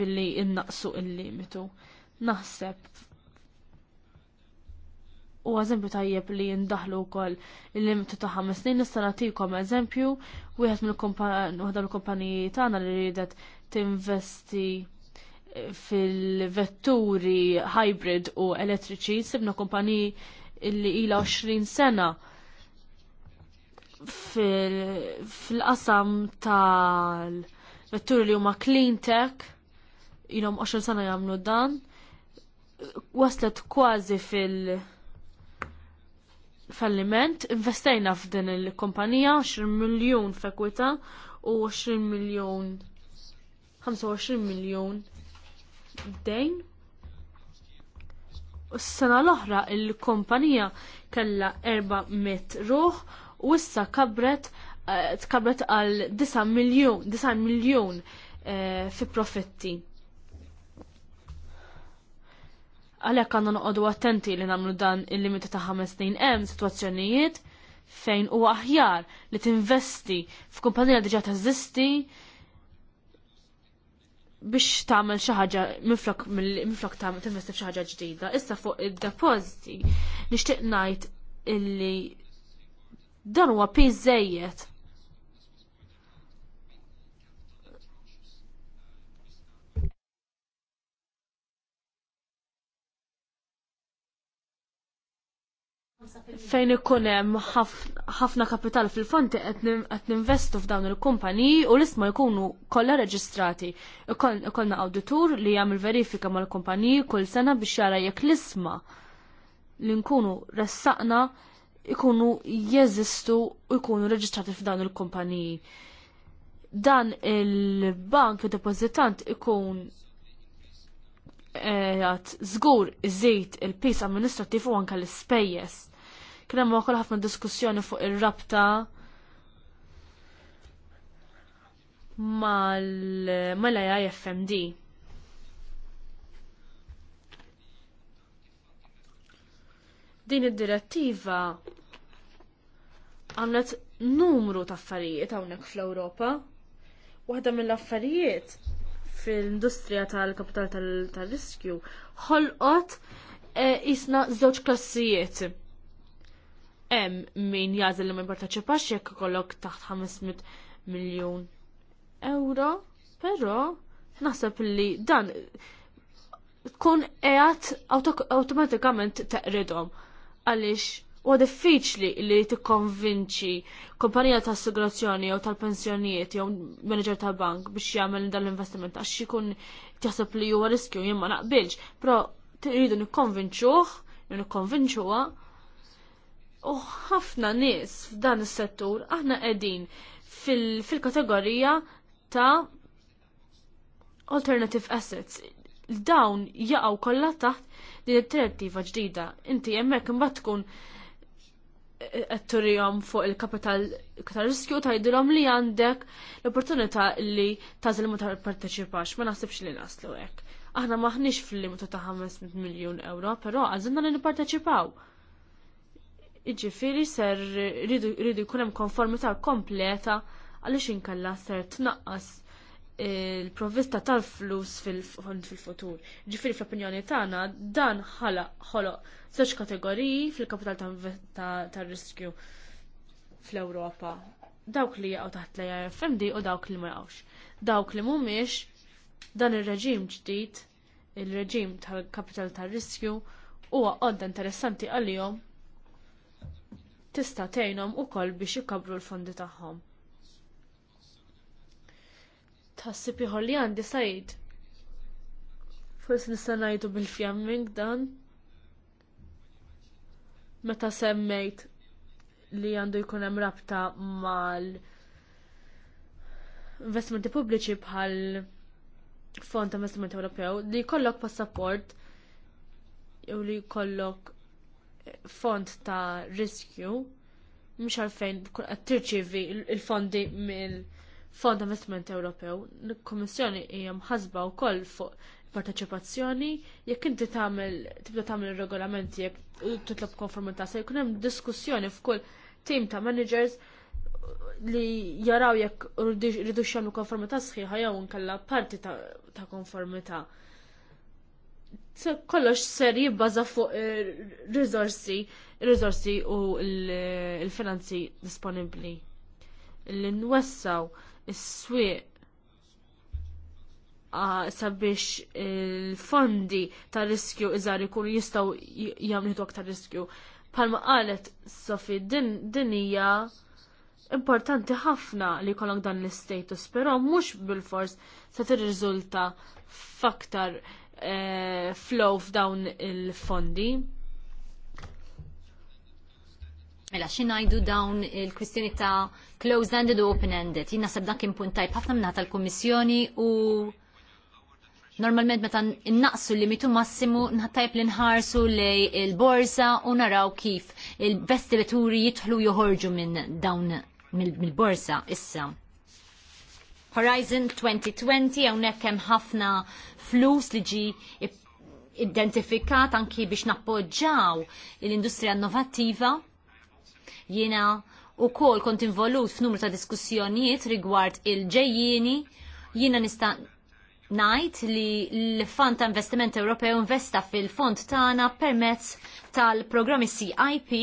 billi innaqsu il-limitu. Naħseb u għazempju tajjeb li jindaħlu wkoll il-limitu ta' ħames snin nista' nagħtikom eżempju wieħed mill-kumpaniji tagħna li ridet tinvesti fil-vetturi hybrid u elettriċi sibna kumpani illi ila 20 sena fil-qasam tal-vetturi li huma clean tech ilhom 20 sena jagħmlu dan waslet kważi fil- falliment, investejna f'din il-kompanija 20 miljon f'ekwita u 20 miljon 25 miljon dejn. U s-sena l-oħra il-kumpanija kella 400 ruħ u issa kabret eh, tkabret għal 9 miljon, 9 miljon eh, fi profitti. Għalhekk għandna noqogħdu attenti li nagħmlu dan il-limiti ta' ħames snin hemm sitwazzjonijiet fejn huwa aħjar li tinvesti f'kumpanija diġà teżisti biex tagħmel xi ħaġa minflok minflok tagħmel tinvesti f'xi ħaġa ġdida. Issa fuq id-depożiti nixtieq ngħid illi dan huwa piż fejn ikun hemm ħafna kapital fil-fonti qed ninvestu f'dawn il-kumpaniji u l ma jkunu kollha reġistrati. Ikollna awditur li jagħmel verifika mal-kumpaniji kull sena biex jara jekk l-isma li nkunu ressaqna ikunu jeżistu u jkunu reġistrati f'dawn il-kumpaniji. Dan il-bank depozitant ikun eh, zgur iżejt il-pis amministrativ u anka l-spejjes kena ma ukoll ħafna diskussjoni fuq ir-rabta mal-IFMD. Din id-direttiva għamlet numru ta' affarijiet hawnhekk fl-Ewropa. Waħda mill-affarijiet fil-industrija tal-kapital tal-riskju ħolqot eh, isna żewġ klassijiet hemm min jażel li ma jipparteċipax jekk ikollok taħt 500 miljun euro, però naħseb li dan tkun qiegħed awtomatikament teqridhom għaliex huwa diffiċli li tikkonvinċi kumpanija ta' assigurazzjoni jew tal-pensjonijiet jew manager ta' bank biex jagħmel dan l-investiment għax ikun jaħseb li huwa riskju jien ma naqbilx, però tridu nikkonvinċuh, nikkonvinċuha U ħafna nies f'dan is-settur aħna qegħdin fil-kategorija fil ta' alternative assets. Dawn jaqgħu kollha taħt din id-direttiva ġdida. Inti hemmhekk imbagħad tkun eh, qed turihom fuq il-kapital ta' riskju tgħidilhom li għandek l-opportunità li tażel ma tipparteċipax, ma naħsibx li naslu hekk. Aħna maħniex fil-limitu ta' 500 miljun euro, però għażilna li nipparteċipaw. Iġifiri ser ridu jkun hemm konformità kompleta għaliex inkella ser tnaqqas il-provvista tal-flus fil-futur. Ġifiri fl-opinjoni tagħna dan ħala ħoloq żewġ kategoriji fil-kapital tar-riskju fl-Ewropa. Dawk li jgħu taħt l-IRFMD u dawk li ma jaqgħux. Dawk li mhumiex dan ir-reġim ġdid, il-reġim tal-kapital tar-riskju huwa għodda interessanti għalihom tista' tgħinhom ukoll biex ikabru l-fondi tagħhom. Taħsib ieħor li għandi sajid. Forsi nista' ngħidu bil-fjamming dan. Meta semmejt li għandu jkun hemm rabta mal investimenti pubbliċi bħal fond ta' investimenti Ewropew li jkollok passaport jew li jkollok fond ta' riskju mhux għalfejn qed tirċievi l fondi mill-Fond Investiment Ewropew. Il-Kummissjoni hija mħasba wkoll fuq parteċipazzjoni jekk inti tagħmel tibda tagħmel ir-regolamenti jekk titlob konformità se jkun hemm diskussjoni f'kull tim ta' managers li jaraw jekk rridu xjamlu konformità sħiħa jew nkella parti ta' konformità kollox ser jibbaza fuq ir eh, rizorsi u l-finanzi disponibli. L-nwessaw is-swieq sabiex il-fondi ta' riskju iżar ikunu jistaw jagħmlu ta' riskju. Palma qalet Sofi din hija importanti ħafna li jkollok dan l-istatus, però mhux bil-fors se tirriżulta f'aktar Eh, flow f'dawn il-fondi. Mela, xinajdu dawn il-kwistjoni ta' closed-ended u open-ended. Jina sab dak impuntajb ħafna minna tal-Kommissjoni u normalment meta innaqsu l-limitu massimu nħattajb li nħarsu lej il-borsa u naraw kif il-vestilaturi jitħlu joħorġu minn dawn mill-borsa issa. Horizon 2020 hawnhekk hemm ħafna flus li ġi identifikat anki biex nappoġġaw l-industrija innovattiva. Jiena wkoll kont involut f'numru ta' diskussjonijiet rigward il-ġejjini. Jiena nista' ngħid li l-Fond ta' Investiment Ewropew investa fil-fond tagħna permezz tal-programmi CIP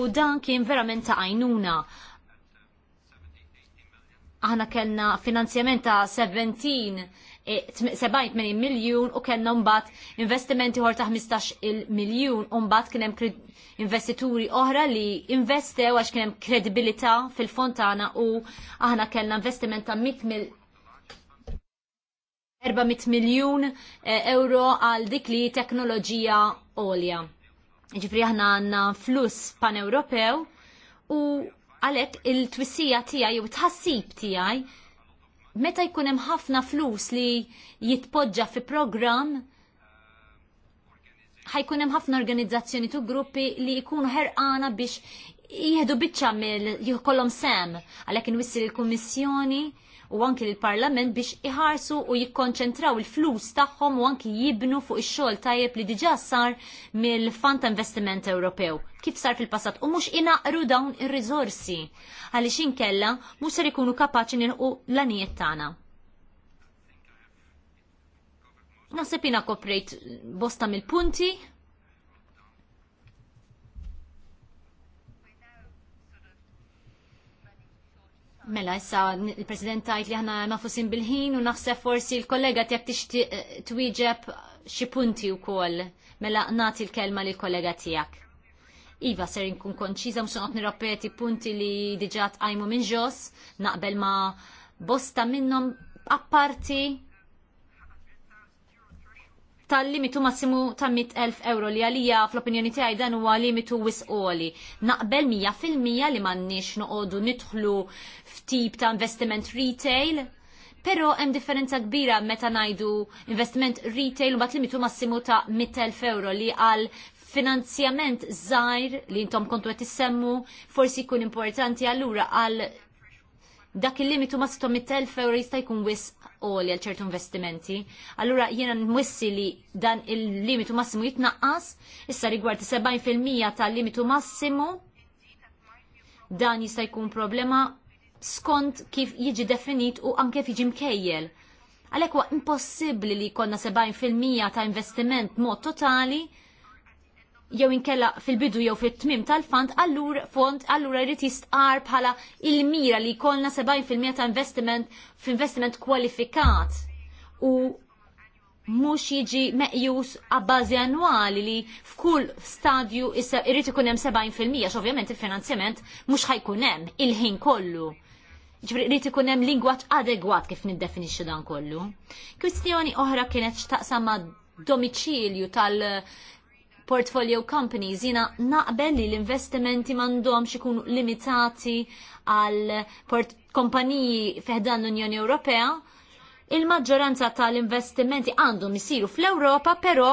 u dan kien verament ta' għajnuna aħna kellna finanzjament ta' 70 70 eh, miljun u kellna mbagħad investimenti ħor ta' 15 miljun u mbagħad kien hemm investituri oħra li investew għax kien hemm kredibilità fil-fontana u aħna kellna investiment ta' 100 mil 400 miljun eh, euro għal dik li teknoloġija olja. Ġifri aħna għanna flus pan-Ewropew u għalek il-twissija tijaj u tħassib tijaj meta jkun hemm ħafna flus li jitpoġġa fi program ħajkun hemm ħafna organizzazzjoni tu gruppi li jkunu ħerqana biex jieħdu biċċa mill jkollhom sem għalhekk inwissi l-kummissjoni u anki l-Parlament biex iħarsu u jikkonċentraw il-flus tagħhom u anki jibnu fuq ix-xogħol tajjeb li diġà sar mill-Fond Investiment Ewropew kif sar fil-passat u mhux inaqru dawn ir-riżorsi għaliex inkella mhux ser ikunu kapaċi nilqu l-anijiet tagħna. Naħseb jina koprejt bosta mill-punti Mela, issa il-President tajt li ħana nafusin bil-ħin u naħseb forsi l-kollega tijak tixtieq eh, twieġeb xi punti wkoll. Mela, nagħti l-kelma lill kollega tiegħek. Iva, ser nkun konċiża mux noqt nirrapeti punti li diġà tqajmu minn ġos, naqbel ma bosta minnhom apparti tal-limitu massimu ta' 100.000 euro li għalija fl-opinjoni tiegħi dan huwa limitu wisqoli. Naqbel 100% li m'għandniex noqogħdu nidħlu f'tip ta' investiment retail, però hemm differenza kbira meta ngħidu investiment retail u bat limitu massimu ta' 100.000 euro li għal finanzjament żgħir li intom kontu qed issemmu forsi jkun importanti allura għal dak il-limitu ma' 600.000 euro jista' jkun wis għoli għal ċertu investimenti. Allura jiena wissi li dan il-limitu massimu jitnaqqas, issa rigward 70% tal-limitu massimu, dan jista' jkun problema skont kif jiġi definit u anke kif jiġi mkejjel. Għalhekk huwa impossibbli li jkollna 70% ta' investiment mod totali jew inkella fil-bidu jew fit-tmim tal-fond, allur fond allura jrid jistqar bħala il-mira li jkollna 70% ta' investiment f'investiment kwalifikat u mhux jiġi meqjus għabbażi annwali li f'kull stadju irrid ikun hemm 70% x'ovvjament il-finanzjament mhux ħajkun hemm il-ħin kollu. Ġifri irrid ikun hemm lingwaġġ adegwat kif niddefinixxu dan kollu. Kwistjoni oħra kienet x'taqsam ma' domiċilju tal- portfolio companies jina naqbel li l-investimenti mandom xikun limitati għal kompaniji feħdan l-Unjoni Ewropea. Il-maġġoranza tal-investimenti għandhom jisiru fl-Ewropa, pero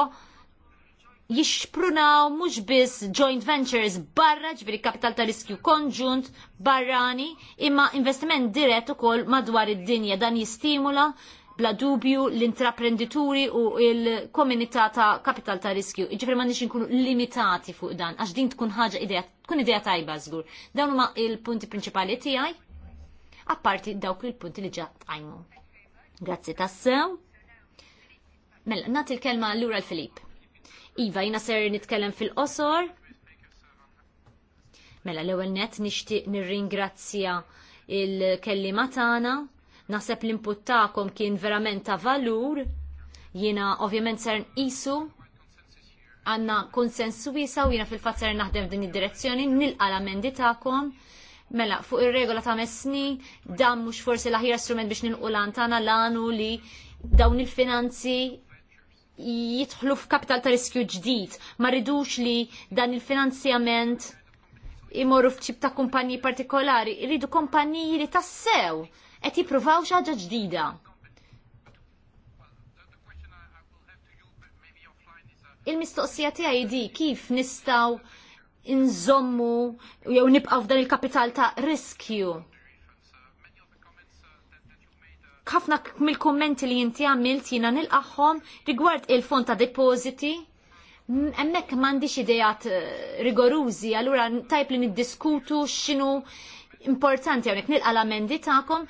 jixprunaw mhux biss joint ventures barra ġviri kapital ta' riskju konġunt barrani imma investiment dirett ukoll madwar id-dinja dan jistimula bla dubju l-intraprendituri u l-komunità ta' kapital ta' riskju. Iġifri ma nix nkunu limitati fuq dan, għax din tkun ħaġa idea, tkun idea tajba żgur. Dawn huma il-punti prinċipali tiegħi, apparti dawk il-punti li ġa tajmu. Grazzi tassew. Mela, nagħti l-kelma l-ura l-Filip. Iva, jina ser nitkellem fil-qosor. Mela, l ewwel net nixtieq nirringrazzja il-kellima tagħna Naħseb l-input tagħkom kien verament ta' valur, jiena ovvjament ser nqisu għandna konsens wiesa u jiena fil fat ser naħdem f'din id-direzzjoni, nilqa l-amendi tagħkom. Mela, fuq ir-regola ta' mesni, dan mhux forsi l-aħjar strument biex nilqu lan tagħna lanu li dawn il-finanzi jidħlu f'kapital ta' riskju ġdid, ma rridux li dan il-finanzjament imorru f'ċib ta' kumpanji partikolari, irridu kumpanji li tassew qed jippruvaw xi ħaġa ġdida. Il-mistoqsija tiegħi di kif nistgħu nżommu jew nibqgħu f'dan il-kapital ta' riskju. Ħafna mill-kummenti li inti għamilt jiena nilqaħħom rigward il-fond ta' depositi emmek m'għandix idejat eh, rigorużi, allura tajb li niddiskutu x'inhu importanti hawnhekk nilqa' l-amendi tagħkom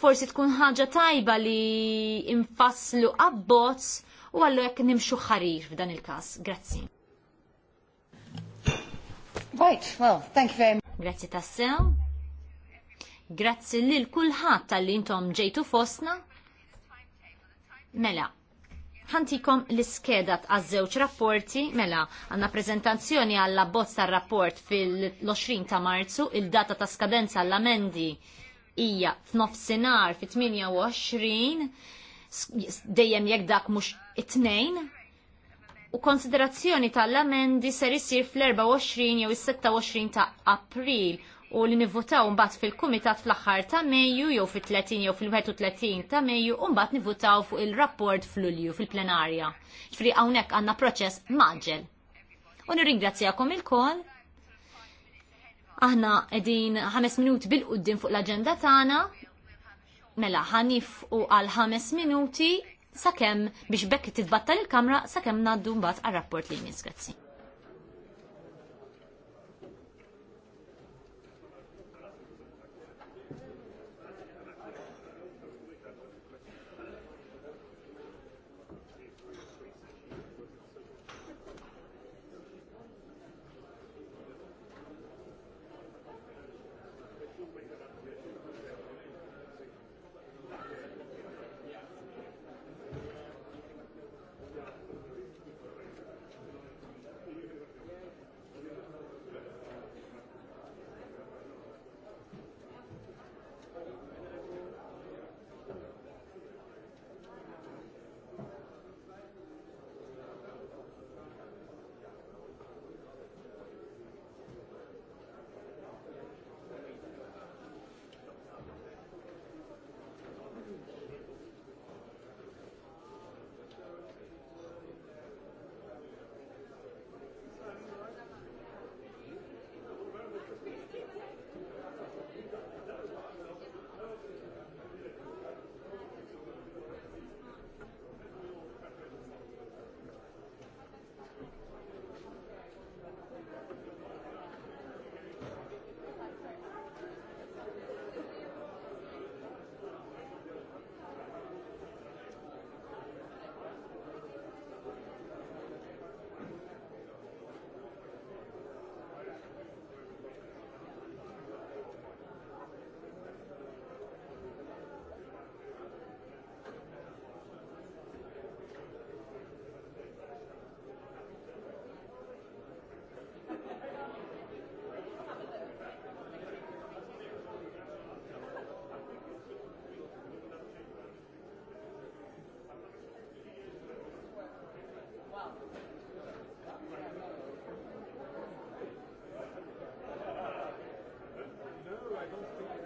forsi tkun ħaġa tajba li infasslu abbozz u għallu jekk nimxu ħarir f'dan il-każ. Grazzi. Right, well, thank you very much. Grazzi tassew. Grazzi lil kulħadd tal-li intom ġejtu fosna. Mela, ħantikom l-iskeda għaż-żewġ rapporti mela għanna prezentazzjoni għall bozz tar-rapport fil-20 ta' Marzu, il-data ta' skadenza l amendi hija f'nofsinhar fit-28 dejjem jekk dak mhux it-tnejn u konsiderazzjoni tal-amendi ser isir fl-24 jew is-26 ta' April u li nivvotaw mbagħad fil-kumitat fl-aħħar ta' Mejju jew fit-30 jew fil-31 ta' Mejju u mbagħad nivvotaw fuq il-rapport fl-Ulju fil-plenarja. Ġifri hawnhekk għandna proċess maġġel. U nirringrazzjakom il-kol. Aħna qegħdin ħames minuti bil-qudiem fuq l-aġenda tagħna. Mela ħanif u għal ħames minuti sakemm biex bekk titbattal il-kamra sakemm ngħaddu mbagħad għar-rapport li jmiss. Grazzi. I don't think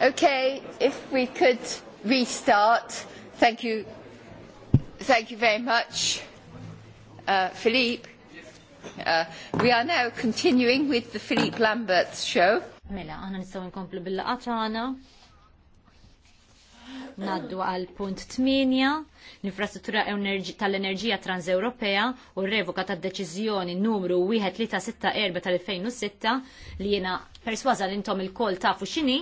Okay, if we could restart. Thank you. Thank you very much, uh, Philippe. Uh, we are now continuing with the Philippe Lambert show. Mela, għana nistaw nkomplu bil-laqat għana. Naddu għal punt 8, l-infrastruttura tal-enerġija transeuropea u r-revoka tad deċiżjoni numru 1364 tal-2006 li jena perswaza l-intom il-kol tafu xini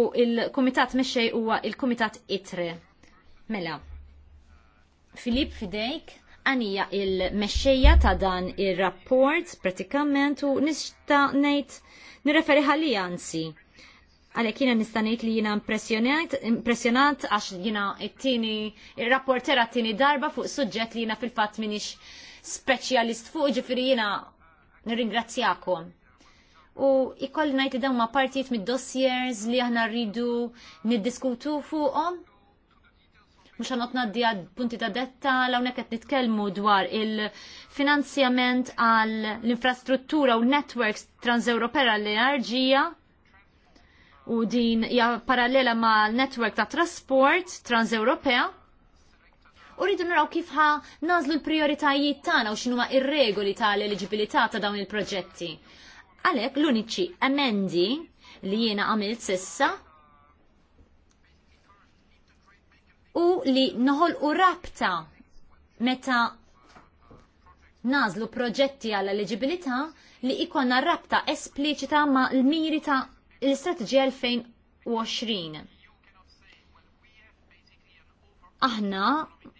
u il-Kumitat mexxej huwa il-Kumitat Itre. Mela, Filip Fidejk għanija il-mexxejja ta' dan il-rapport pratikament u nista' ngħid nirreferi ħalija anzi. Għalhekk jiena nista' ngħid li jina impressjonat għax jiena it tieni ir-rapportera t-tieni darba fuq suġġett li jiena fil-fatt minix speċjalist fuq ġifieri jiena nirringrazzjakom u ikolli najti dawn ma partijiet mid-dossiers li aħna rridu niddiskutu fuqhom. Mhux għanot naddi għad punti ta' detta, hawnhekk qed nitkellmu dwar il-finanzjament għal l-infrastruttura u networks transeuropea li enerġija u din hija parallela ma' network ta' trasport transeuropea. U rridu naraw kif ħa nażlu l-prioritajiet tagħna u x'inhuma ir-regoli tal-eliġibilità ta' dawn il-proġetti. Għalhekk l-uniċi emendi li jiena għamilt sissa u li noħol u rabta meta nażlu proġetti għall eligibilità li ikonna rabta espliċita ma' l-miri ta' l strategija 2020 aħna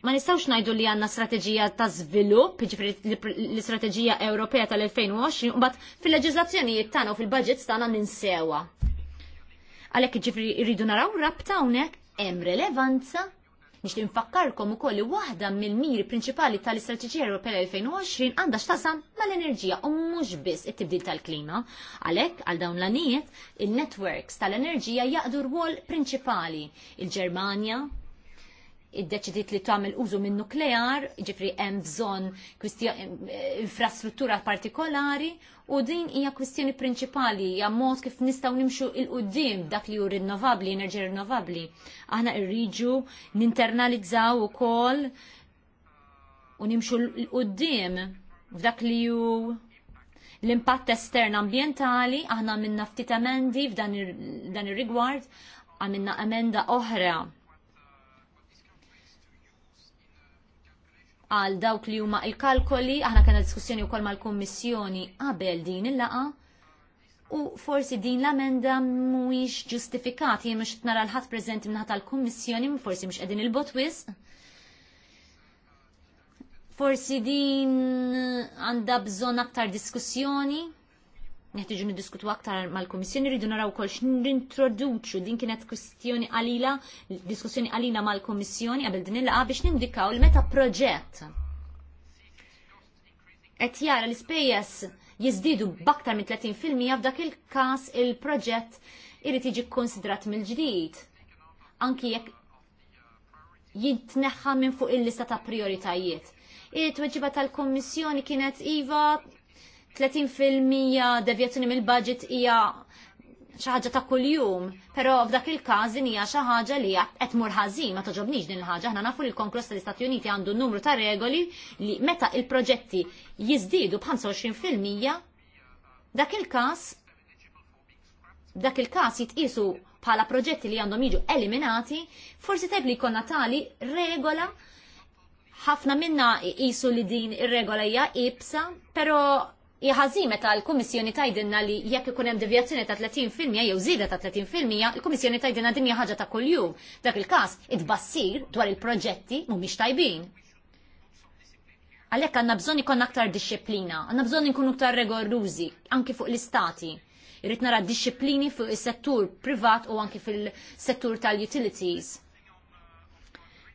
ma nistawx najdu li għanna strategija ta' svilupp, ġifri l strategija Ewropea tal-2020, mbagħad fil-leġiżlazzjonijiet tagħna u fil-budgets stana ninsewa. Għalhekk ġifri rridu naraw rabta hawnhekk hemm relevanza biex tinfakkarkom ukoll li waħda mill-miri prinċipali tal-Istrateġija Ewropea 2020 għandha x'tasam mal-enerġija u mhux biss it-tibdil tal-klima. Għalhekk għal dawn l-anijiet, il-networks tal-enerġija jaqdu rwol prinċipali. Il-Ġermanja, iddeċidiet li tagħmel użu minn nuklear, ġifri hemm bżonn eh, infrastruttura partikolari u din hija kwistjoni prinċipali hija mod kif nistgħu nimxu il qudiem dak li hu rinnovabbli, enerġi rinnovabbli. Aħna rriġu ninternalizzaw ukoll u nimxu l qudiem f'dak li hu l-impatt estern ambientali aħna minna ftit emendi f'dan ir-rigward għamilna emenda oħra għal dawk li huma il-kalkoli, aħna kena diskussjoni wkoll mal-Kummissjoni qabel din il-laqa. U forsi din l-amenda mhuwiex ġustifikati jien mhux nara l-ħadd preżenti minħat tal-Kummissjoni, forsi mhux qegħdin il-botwis. Forsi din għandha bżonn aktar diskussjoni, neħtiġu niddiskutu aktar mal-Komissjoni, rridu naraw kol x'nintroduċu din kienet kwestjoni qalila, diskussjoni qalila mal-Komissjoni qabel din il-laqa biex nindikaw il meta proġett. Qed jara l-ispejjeż jiżdiedu b'aktar minn 30% f'dak il-każ il-proġett irid jiġi konsidrat mill-ġdid. Anki jekk jintneħħa minn fuq il-lista ta' prioritajiet. It-tweġiba tal-Kommissjoni kienet iva 30% devjazzjoni mill-budget hija xi ħaġa ta' kuljum, però f'dak il-każ din hija xi ħaġa li qed mur ħażin ma toġobniex din il-ħaġa. Aħna nafu li l-Kongress tal-Istati Uniti għandu numru ta' regoli li meta il-proġetti jiżdiedu b'25% dak il-każ dak il-każ jitqisu bħala proġetti li għandhom jiġu eliminati, forsi tajb li jkollna tali regola ħafna minna jisu li din ir-regola hija ibsa, però ħażin meta l-Kummissjoni tajdinna li jekk ikun hemm devjazzjoni ta' 30% jew żieda ta' 30% il-Kummissjoni tajdinna din hija ħaġa ta' kuljum. Dak il-każ it-bassir dwar il-proġetti mhumiex tajbin. Għalhekk għandna bżonn ikun aktar disċiplina, għandna bżonn inkunu aktar rigorużi anki fuq l-istati. Irrid nara disċiplini fuq is-settur privat u anki fil-settur tal-utilities.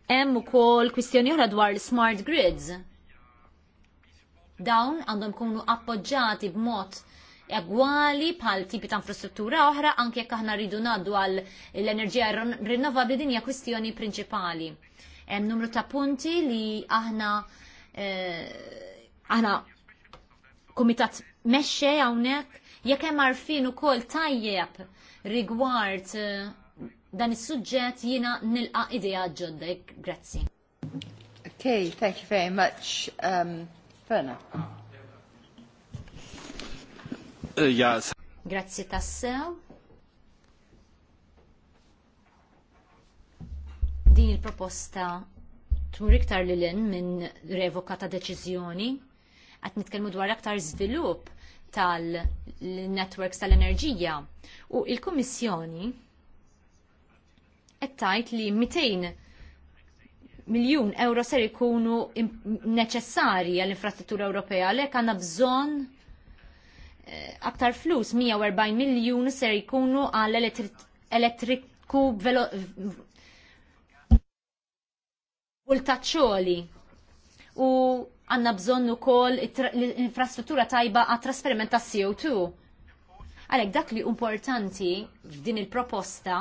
Hemm ukoll kwistjoni oħra dwar l-smart grids Dawn għandhom kunu appoġġati b'mod egwali bħal tipi ta' infrastruttura oħra anke jekk aħna rridu ngħaddu għal l-enerġija rinnovabbli din hija kwistjoni prinċipali. Hemm numru ta' punti li aħna eh, aħna kumitat mexxe hawnhekk jekk hemm għarfien ukoll tajjeb rigward eh, dan is-suġġett jiena nilqa' idea ġodda. Grazzi. Okay, thank you very much. Um... Pena. Eh, Grazzi tassew. Din il-proposta tmur iktar li l minn revoka ta' deċiżjoni, qed nitkellmu dwar aktar żvilupp tal-networks tal-enerġija u il-Kummissjoni għettajt li 200 miljun euro ser ikunu neċessari għall-infrastruttura Ewropea għalhekk għandna bżonn eh, aktar flus 140 miljun ser ikunu għall elettriku velo ultaċċoli u għanna bżonnu kol l-infrastruttura tajba għat trasferiment ta' CO2. Għalek dak li importanti f'din il-proposta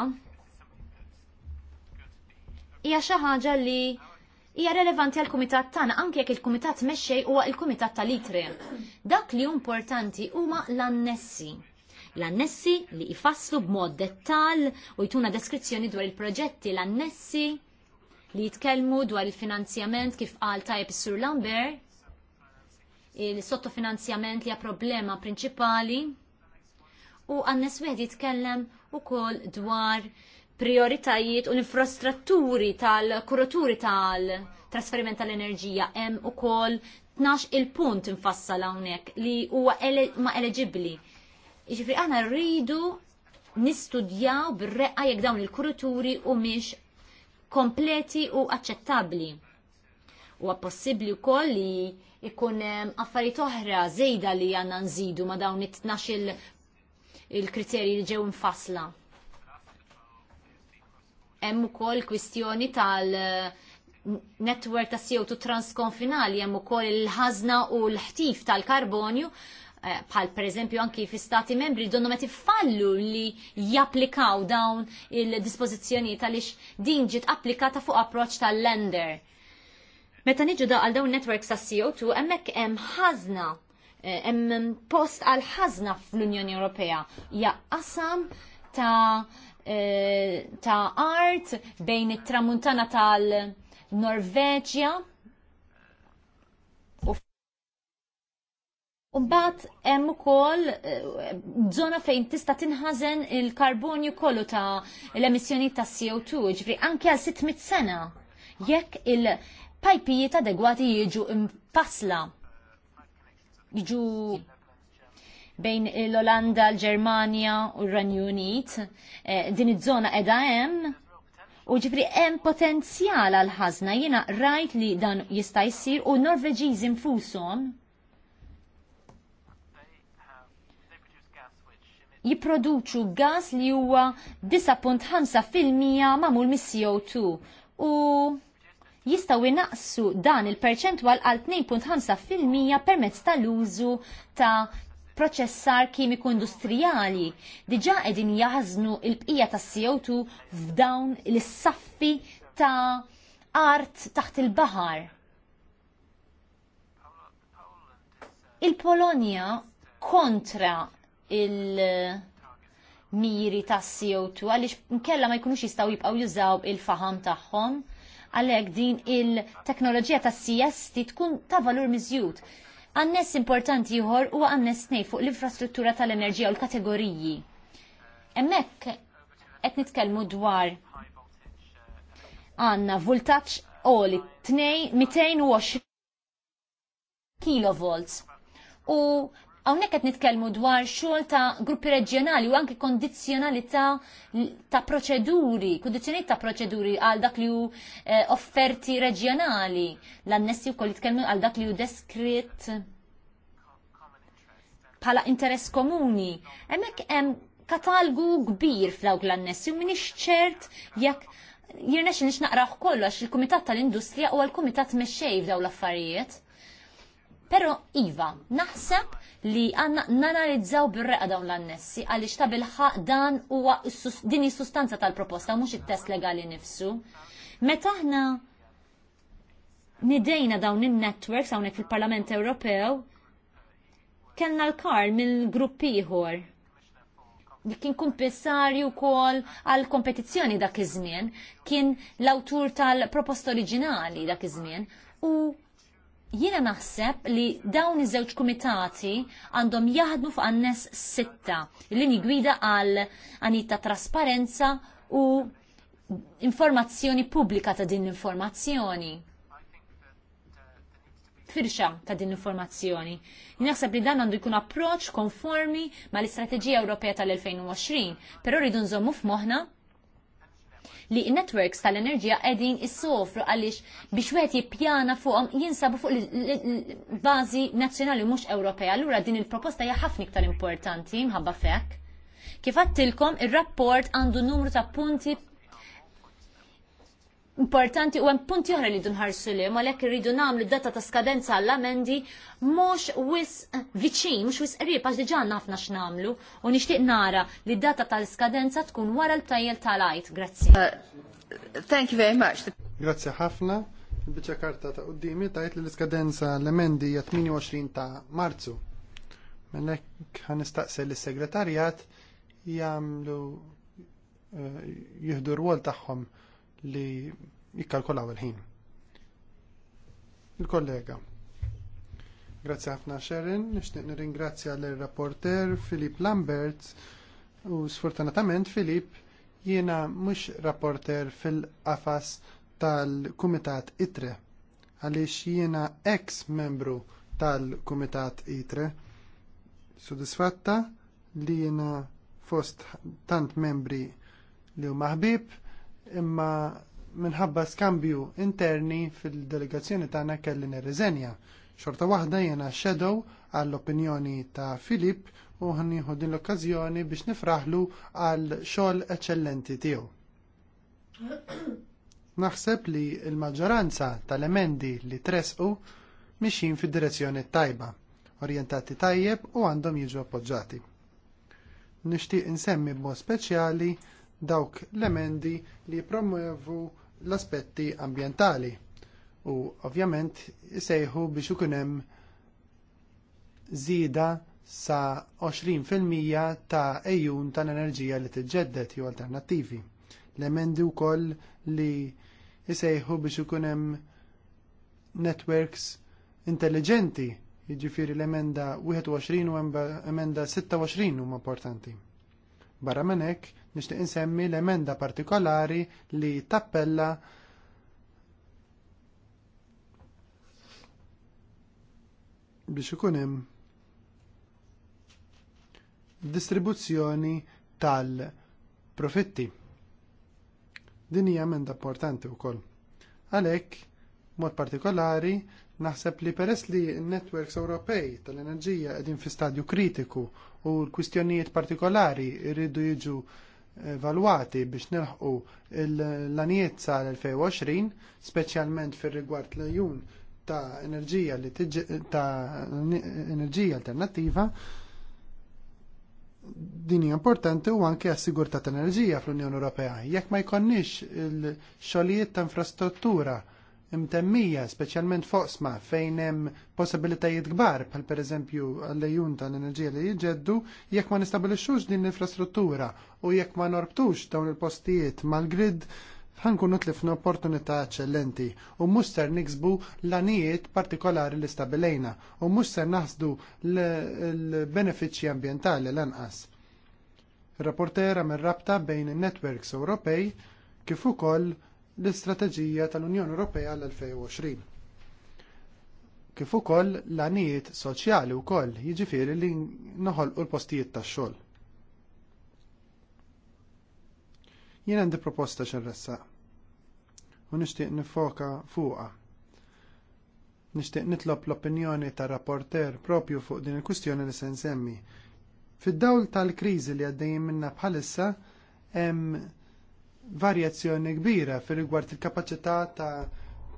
hija xi ħaġa li hija relevanti għal kumitat tagħna anke jekk il-kumitat mexxej huwa il-kumitat tal-itre. Dak li importanti huma l-annessi. L-annessi li jfasslu b'mod dettal u jtuna deskrizzjoni dwar il-proġetti l-annessi li jitkellmu dwar il-finanzjament kif qal tajb sur Lambert, il-sottofinanzjament li hija problema prinċipali u għannes wieħed jitkellem ukoll dwar prioritajiet u l-infrastrutturi tal-kuraturi tal-trasferiment tal-enerġija hemm ukoll 12 il-punt infassal hawnhekk li huwa ele ma eligibbli. Jiġifieri aħna rridu nistudjaw bir-reqqa jekk dawn il-kuraturi u miex kompleti u aċċettabbli. Huwa possibbli wkoll li ikun affarijiet oħra żejda li għandna nżidu ma dawn it-tnax il-kriterji li ġew infassla hemm ukoll kwistjoni tal eh, netwerk ta' CO2 transkonfinali hemm ukoll il-ħażna u l-ħtif tal-karbonju eh, bħal per eżempju anki fi stati membri donnu met fallu li japplikaw dawn il-dispozizjoni tal-ix din ġiet applikata fuq approċ tal-lender. Meta niġu da għal dawn networks ta' CO2, emmek hemm ħażna, eh, hemm post għal ħażna fl-Unjoni Ewropea. Ja qasam ta' ta' art bejn it-tramuntana tal-Norveġja. Umbat hemm ukoll żona eh, fejn tista' tinħażen il-karbonju kollu ta' l-emissjoni ta' CO2, ġifri anke għal 600 sena jekk il-pajpijiet adegwati jiġu impasla jiġu bejn l-Olanda, l-Germania u r-Renju Unit. Eh, din iż-żona edha hemm u ġifri hemm potenzjal għal ħażna jiena rajt li dan jista' jsir u Norveġiż infushom jipproduċu gas li huwa 9.5% magħmul mis CO2 u jistaw inaqsu dan il-perċentwal għal 2.5% permezz tal-użu ta' proċessar kimiku industrijali. Diġa edin jaħznu il-bqija ta' CO2 f'dawn l-saffi ta' art taħt il-bahar. Il-Polonja kontra il- miri ta' CO2 għaliex mkella ma jkunux jistgħu jibqgħu jużaw il-faham tagħhom għalhekk din il-teknoloġija ta' CST tkun ta' valur miżjud Għannes importanti jħor u għannes nej fuq l-infrastruttura tal-enerġija u l-kategoriji. Emmek qed nitkellmu dwar għanna voltaċ oli 220 kilovolts u Hawnhekk qed nitkellmu dwar xogħol ta' gruppi reġjonali u anki kondizzjonalità ta' proċeduri, kondizjoni ta' proċeduri għal dak li hu eh, offerti reġjonali. L-annessi wkoll jitkellmu għal dak li hu deskritt bħala interess komuni. Hemmhekk hemm katalgu kbir fl l-annessi u minix ċert jekk jirnex nix naqraħ kollox il-Kumitat tal-Industrija u għal kumitat mexxej daw l-affarijiet. Pero Iva, naħseb li għanna nanalizzaw bir-reqa dawn l-annessi għaliex bil bilħaq dan huwa din is-sustanza tal-proposta mhux it-test legali nifsu. Meta aħna nidejna dawn in-networks hawnhekk fil-Parlament Ewropew, kellna l-kar mill-grupp ieħor li kien kumpissarju kol għal kompetizzjoni dak iż-żmien, kien l-awtur tal-proposta oriġinali dak iż-żmien u Jiena naħseb li dawn iż-żewġ kumitati għandhom jaħdmu fuq annes sitta, l-lini gwida għal anita trasparenza u informazzjoni pubblika ta' din l-informazzjoni. Firxa ta' din l-informazzjoni. Naħseb li dan għandu jkun approċ konformi ma' l-Istrateġija Ewropea tal-2020, pero rridu nżommu f'moħna li networks tal-enerġija qegħdin issofru għaliex biex wieħed jippjana fuqhom jinsabu fuq bażi nazzjonali mhux Ewropea. Allura din il-proposta hija ħafna iktar importanti mħabba fek. Kif għattilkom, il-rapport għandu numru ta' punti importanti u hemm punti oħra li dunħarsu li ma lekk irridu nagħmlu data ta' skadenza għall amendi mhux wis viċin, mhux wis qrib għax diġà nafna x'namlu u nixtieq nara li data tal-skadenza tkun wara l-tajjel tal-għajt. Grazzi. Uh, thank you very much. Grazzi ħafna. Il-biċċa karta ta' qudiemi tajt li l-iskadenza l-emendi hija 28 ta' Marzu. Mellek ħanistaqsel is-segretarjat jagħmlu uh, jieħdu r-wol tagħhom li jikkalkolaw il-ħin. Il-kollega. Grazzi ħafna Sharon, nixtieq nirringrazzja l-rapporter Filip Lambert u sfortunatament Filip jiena mhux rapporter fil-qafas tal-Kumitat ITRE għaliex jiena ex membru tal-Kumitat ITRE sudisfatta li jiena fost tant membri li huma ħbib imma minħabba skambju interni fil-delegazzjoni tagħna kelli nirriżenja. Xorta waħda jena shadow għall-opinjoni ta' Filip u ħanniħu din l-okkazjoni biex nifraħlu għal xogħol eċċellenti tiegħu. Naħseb li l-maġġoranza tal-emendi li tresqu mixin fid-direzzjoni tajba, orjentati tajjeb u għandhom jiġu appoġġati. Nixtieq insemmi b'mod speċjali dawk l-emendi li jipromuevu l-aspetti ambjentali u ovvjament isejħu biex ikun hemm żieda sa 20% ta' ejjun tal-enerġija li tiġġedded jew alternattivi. L-emendi wkoll li jisejħu biex ikun hemm networks intelligenti jiġifieri l-emenda 21 u emenda 26 huma importanti. Barra minn hekk nixtieq insemmi l-emenda partikolari li tappella biex ikun hemm distribuzzjoni tal-profitti. Din hija emenda importanti wkoll. Għalhekk, mod partikolari, Naħseb li peress li n-networks Ewropej tal-enerġija qegħdin fi stadju kritiku u l-kwistjonijiet partikolari rridu jiġu valwati biex nilħqu l-anijiet sal-2020, speċjalment fir rigward l-jun ta' enerġija li ta' enerġija alternattiva, din hija importanti u anke għas-sigurtà ta' enerġija fl-Unjoni Ewropea. Jekk ma jkonniex il-xogħlijiet ta' infrastruttura imtemmija, speċjalment foqsma fejn hemm possibilitajiet kbar, bħal pereżempju għall-lejun tal-enerġija li jiġeddu, jekk ma nistabilixux din l-infrastruttura u jekk ma norbtux dawn il-postijiet mal-grid, ħankunu tlifna opportunità eccellenti u mhux ser niksbu l-anijiet partikolari li stabilejna u mhux ser naħsdu l-benefiċċji ambjentali lanqas. Rapportera mir rabta bejn in netwerks Ewropej kif ukoll l-Istrateġija tal-Unjoni Ewropea l-2020. Kif ukoll l-għanijiet soċjali wkoll jiġifieri li u l-postijiet tax-xogħol. Jien għandi proposta x'irressa u nixtieq nifoka fuqha. Nixtieq nitlob l-opinjoni tar rapporter propju fuq din il-kustjoni li se nsemmi. Fid-dawl tal-kriżi li għaddejjin minna bħalissa hemm varjazzjoni kbira fil rigward il-kapacità ta'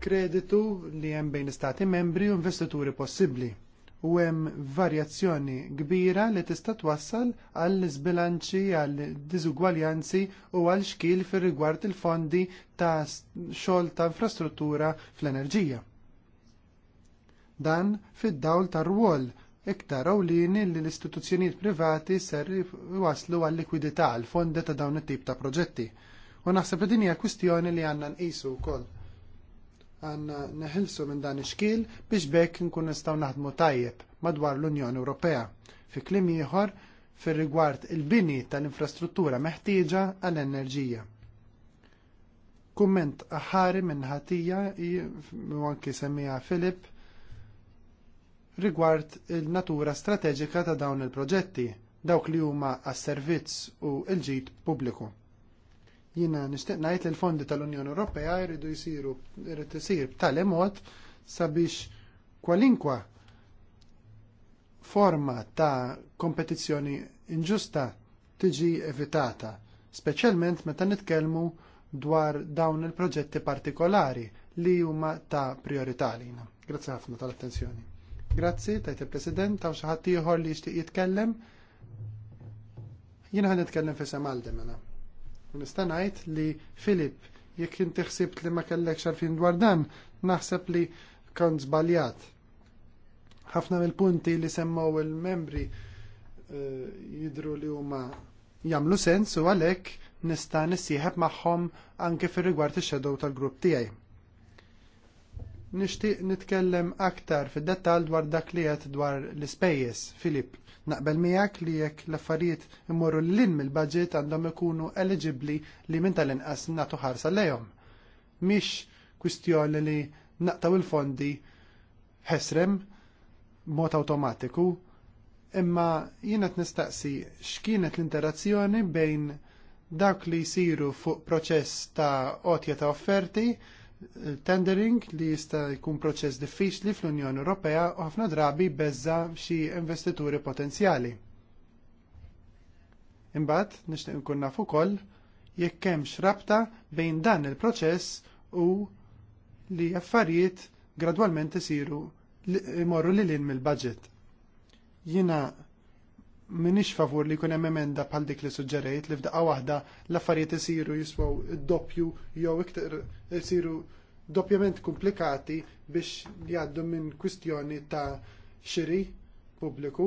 kreditu li hemm bejn istati membri u investituri possibbli. U hemm varjazzjoni kbira li tista' twassal għall sbilanċi għal diżugwaljanzi u għal xkil fir rigward il-fondi ta' xogħol ta' infrastruttura fl-enerġija. Dan fid-dawl tar-rwol iktar awlini li l-istituzzjonijiet privati ser waslu għal likwidità għal fondi ta' dawn it-tip ta' proġetti. U naħseb li din hija kwistjoni li għandna nqisu wkoll. Għandna neħilsu minn dan ix-xkil biex bekk nkun nistgħu naħdmu tajjeb madwar l-Unjoni Ewropea. Fi kliem ieħor fir-rigward il-bini tal-infrastruttura meħtieġa għall-enerġija. Kumment aħari minn ħatija anki semmija Filip rigward il-natura strateġika ta' dawn il-proġetti dawk li huma għas-servizz u l-ġid pubbliku. Jiena nixtieq ngħid li l-fondi tal-Unjoni Ewropea jridu jsiru jrid isir b'tali mod sabiex kwalinkwa forma ta' kompetizzjoni inġusta tiġi evitata, speċjalment meta nitkellmu dwar dawn il-proġetti partikolari li huma ta' priorità lina. Grazzi ħafna tal-attenzjoni. Grazzi, tajt il-President, taw xaħat ieħor li jixtieq jitkellem. Jina ħan nitkellem fissa mal-demena. Nista' ngħid li Filip, jekk inti ħsibt li ma kellek xarfin dwar dan, naħseb li kan żbaljat. Ħafna mill-punti li semmaw il-membri eh, jidru li huma jagħmlu sens u għalhekk nista' nissieħeb magħhom anke fir-rigward ix-shadow tal-grupp tiegħi nixtieq nitkellem aktar fid-dettall dwar dak li qed dwar l-ispejjeż, Filip. Naqbel miegħek li jekk l-affarijiet imorru lil mill-budget għandhom ikunu eligibbli li minn tal-inqas nagħtu ħarsa lejhom. Mhix kwistjoni li naqtaw il-fondi ħesrem b'mod awtomatiku, imma jiena nistaqsi x'kienet l-interazzjoni bejn dak li jsiru fuq proċess ta' qotja ta' offerti tendering li jista' jkun proċess diffiċli fl-Unjoni Ewropea u ħafna drabi beżza xi investituri potenzjali. Imbagħad nixtieq nkun naf ukoll jekk hemmx rabta bejn dan il-proċess u li affarijiet gradwalment isiru imorru li lin mill-budget. Jiena minix favur li jkun hemm emenda bħal dik li suġġerejt li f'daqqa waħda l-affarijiet isiru jiswaw doppju jew iktar isiru doppjament komplikati biex jgħaddu minn kwistjoni ta' xiri pubbliku.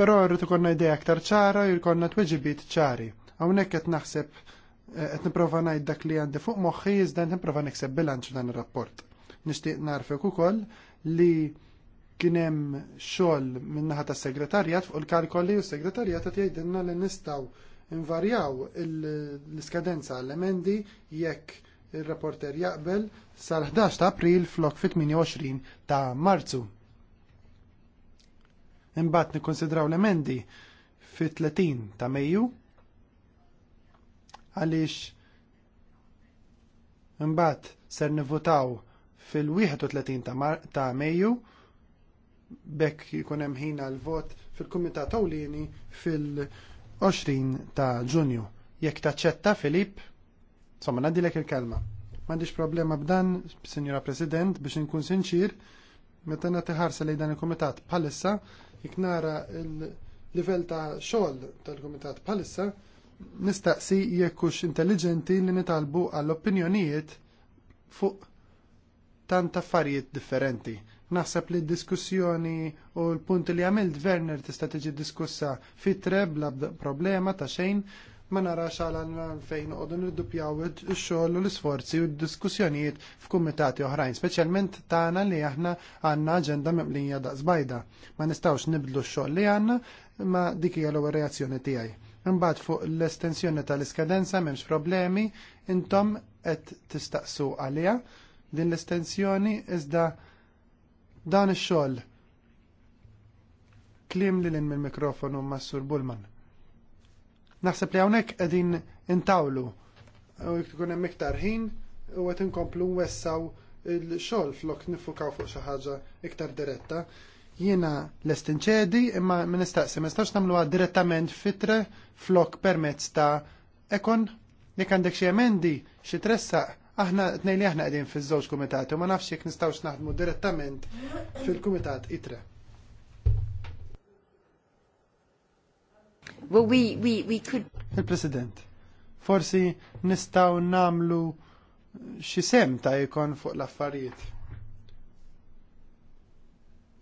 Però rrid konna idea aktar ċara u jkollna tweġibiet ċari. Hawnhekk qed naħseb eh, qed nipprova ngħid dak li għandi fuq moħħi iżda nipprova nikseb bilanċu dan ir-rapport. Nixtieq narfek ukoll li Kien hemm xogħol min-naħa tas-segretarjat fuq il-kalkoli u s-segretarjat qed jgħidilna li nistgħu invarjaw l-iskadenza għall-emendi jekk ir-rapporter jaqbel sal-11 ta' April flok fit-28 ta' Marzu. Imbagħad nikkonsidraw l-emendi fit-30 ta' Mejju għaliex imbagħad ser nivvotaw fil-31 ta' Mejju bekk jikun hemm ħin għal vot fil-Kumitat Tawlini fil-20 ta' Ġunju. Jekk taċċetta Filip, insomma nadilek il-kelma. M'għandix problema b'dan, Sinjora President, biex inkun sinċir, meta nagħti ħarsa lejn dan il-Kumitat bħalissa, jekk nara l-livell ta' xogħol tal-Kumitat bħalissa, nistaqsi jekk hux intelligenti li nitalbu għall-opinjonijiet fuq tant affarijiet differenti Naħseb li d diskussjoni u l-punt li għamilt Werner tista' tiġi diskussa fit trebla problema ta' xejn ma narax għal fejn għodu nirdupjaw il-xogħol u l-isforzi u d-diskussjonijiet f'kumitati oħrajn, speċjalment tagħna li aħna għandna aġenda da' daqsbajda. Ma nistgħux nibdlu x-xogħol li għandna, ma dik hija l-ewwel reazzjoni tiegħi. Imbagħad fuq l-estensjoni tal-iskadenza m'hemmx problemi, intom qed tistaqsu għalija din l-estensjoni iżda dan ix-xogħol. Klim li lin mill-mikrofonu ma' Sur Bullman. Naħseb li hawnhekk qegħdin intawlu u jkun hemm iktar ħin u qed inkomplu wessaw il-xogħol flok nifukaw fuq xi ħaġa iktar diretta. Jiena lest inċedi imma nistaqsi ma nistax nagħmluha direttament fitre flok permezz ta' ekon jekk għandek xi emendi xi tressaq Aħna tnejn aħna qegħdin fiż-żewġ komitati u ma nafx jekk nistawx naħdmu direttament fil-kumitat ITRE. Well, we, we, we could... Il-President, forsi nistaw namlu xi sem ta' jkun fuq l-affarijiet.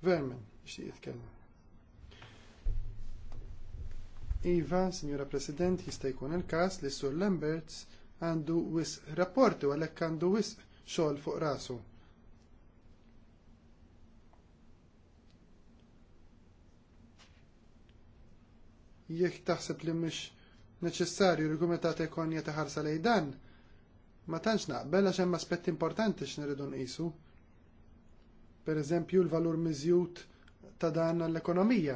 Vermin, xie jitkellem. Iva, Signora President, jista' jkun il-każ li Sur Lamberts għandu wisq rapporti u għalhekk għandu wisq xogħol fuq rasu. Jekk taħseb li mhix neċessarju li kumitat ikun jetaħarsa lejn dan, ma tantx naqbel għax hemm aspetti importanti x'niridu nqisu. Pereżempju l-valur miżjud ta' dan l-ekonomija.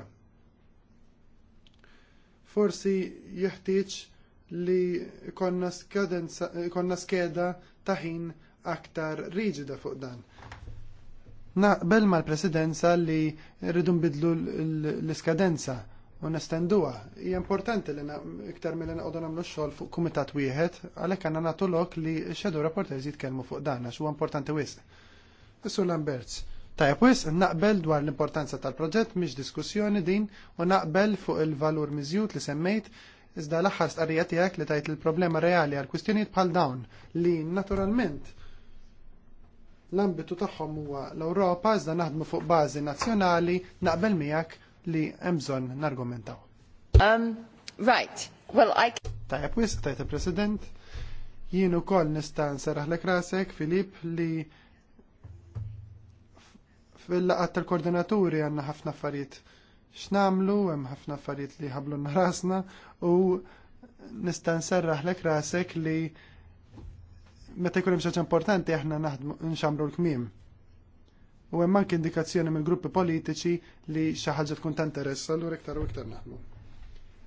Forsi jeħtieġ li konna skeda ta' ħin aktar riġida fuq dan. Naqbel mal-presidenza li rridu bidlu l-iskadenza u nestenduha. Hija importanti li iktar mill naqogħdu nagħmlu x-xogħol fuq kumitat wieħed għalhekk għandna nagħtu lok li x rapporterzi jitkelmu jitkellmu fuq dan għax huwa importanti wisq. Issu Lamberts. Tajab, wis, naqbel dwar l-importanza tal-proġett, miex diskussjoni din, u naqbel fuq il-valur miżjut li semmejt iżda l-aħħar stqarrija tiegħek li tajt il-problema reali għal kwistjonijiet bħal dawn li naturalment l-ambitu tagħhom huwa l-Ewropa iżda naħdmu fuq bażi nazzjonali naqbel miegħek li hemm bżonn nargumentaw. Um, right. Well, I Tajab wisq tajt il-President, jien ukoll nista' nserraħlek rasek Filip li fil-laqat tal-koordinaturi għandna ħafna affarijiet x'namlu hemm ħafna affarijiet li ħablu rasna u nista' nserraħlek rasek li meta jkun hemm xi importanti aħna naħdmu nxamru l-kmiem. U hemm anke indikazzjoni mill-gruppi politiċi li xi ħaġa tkun ta' interess allura iktar u iktar naħdmu.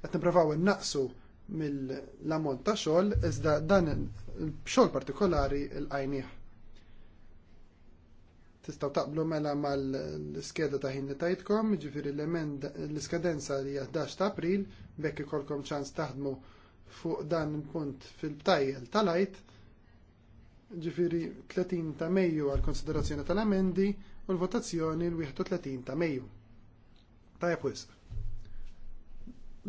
Qed nippruvaw innaqsu mill-ammont ta' xogħol iżda dan il-xogħol partikolari l-qajnieh. Tistaw taqblu mela mal-skeda ta' ħin li tajtkom, ġifiri l-skadenza li 11 ta' april, bekk ikolkom ċans taħdmu fuq dan il-punt fil-tajjel tal-ajt, ġifiri 30 ta' Mejju għal konsiderazzjoni tal-amendi u l-votazzjoni l-31 ta' Mejju. Tajja wisq.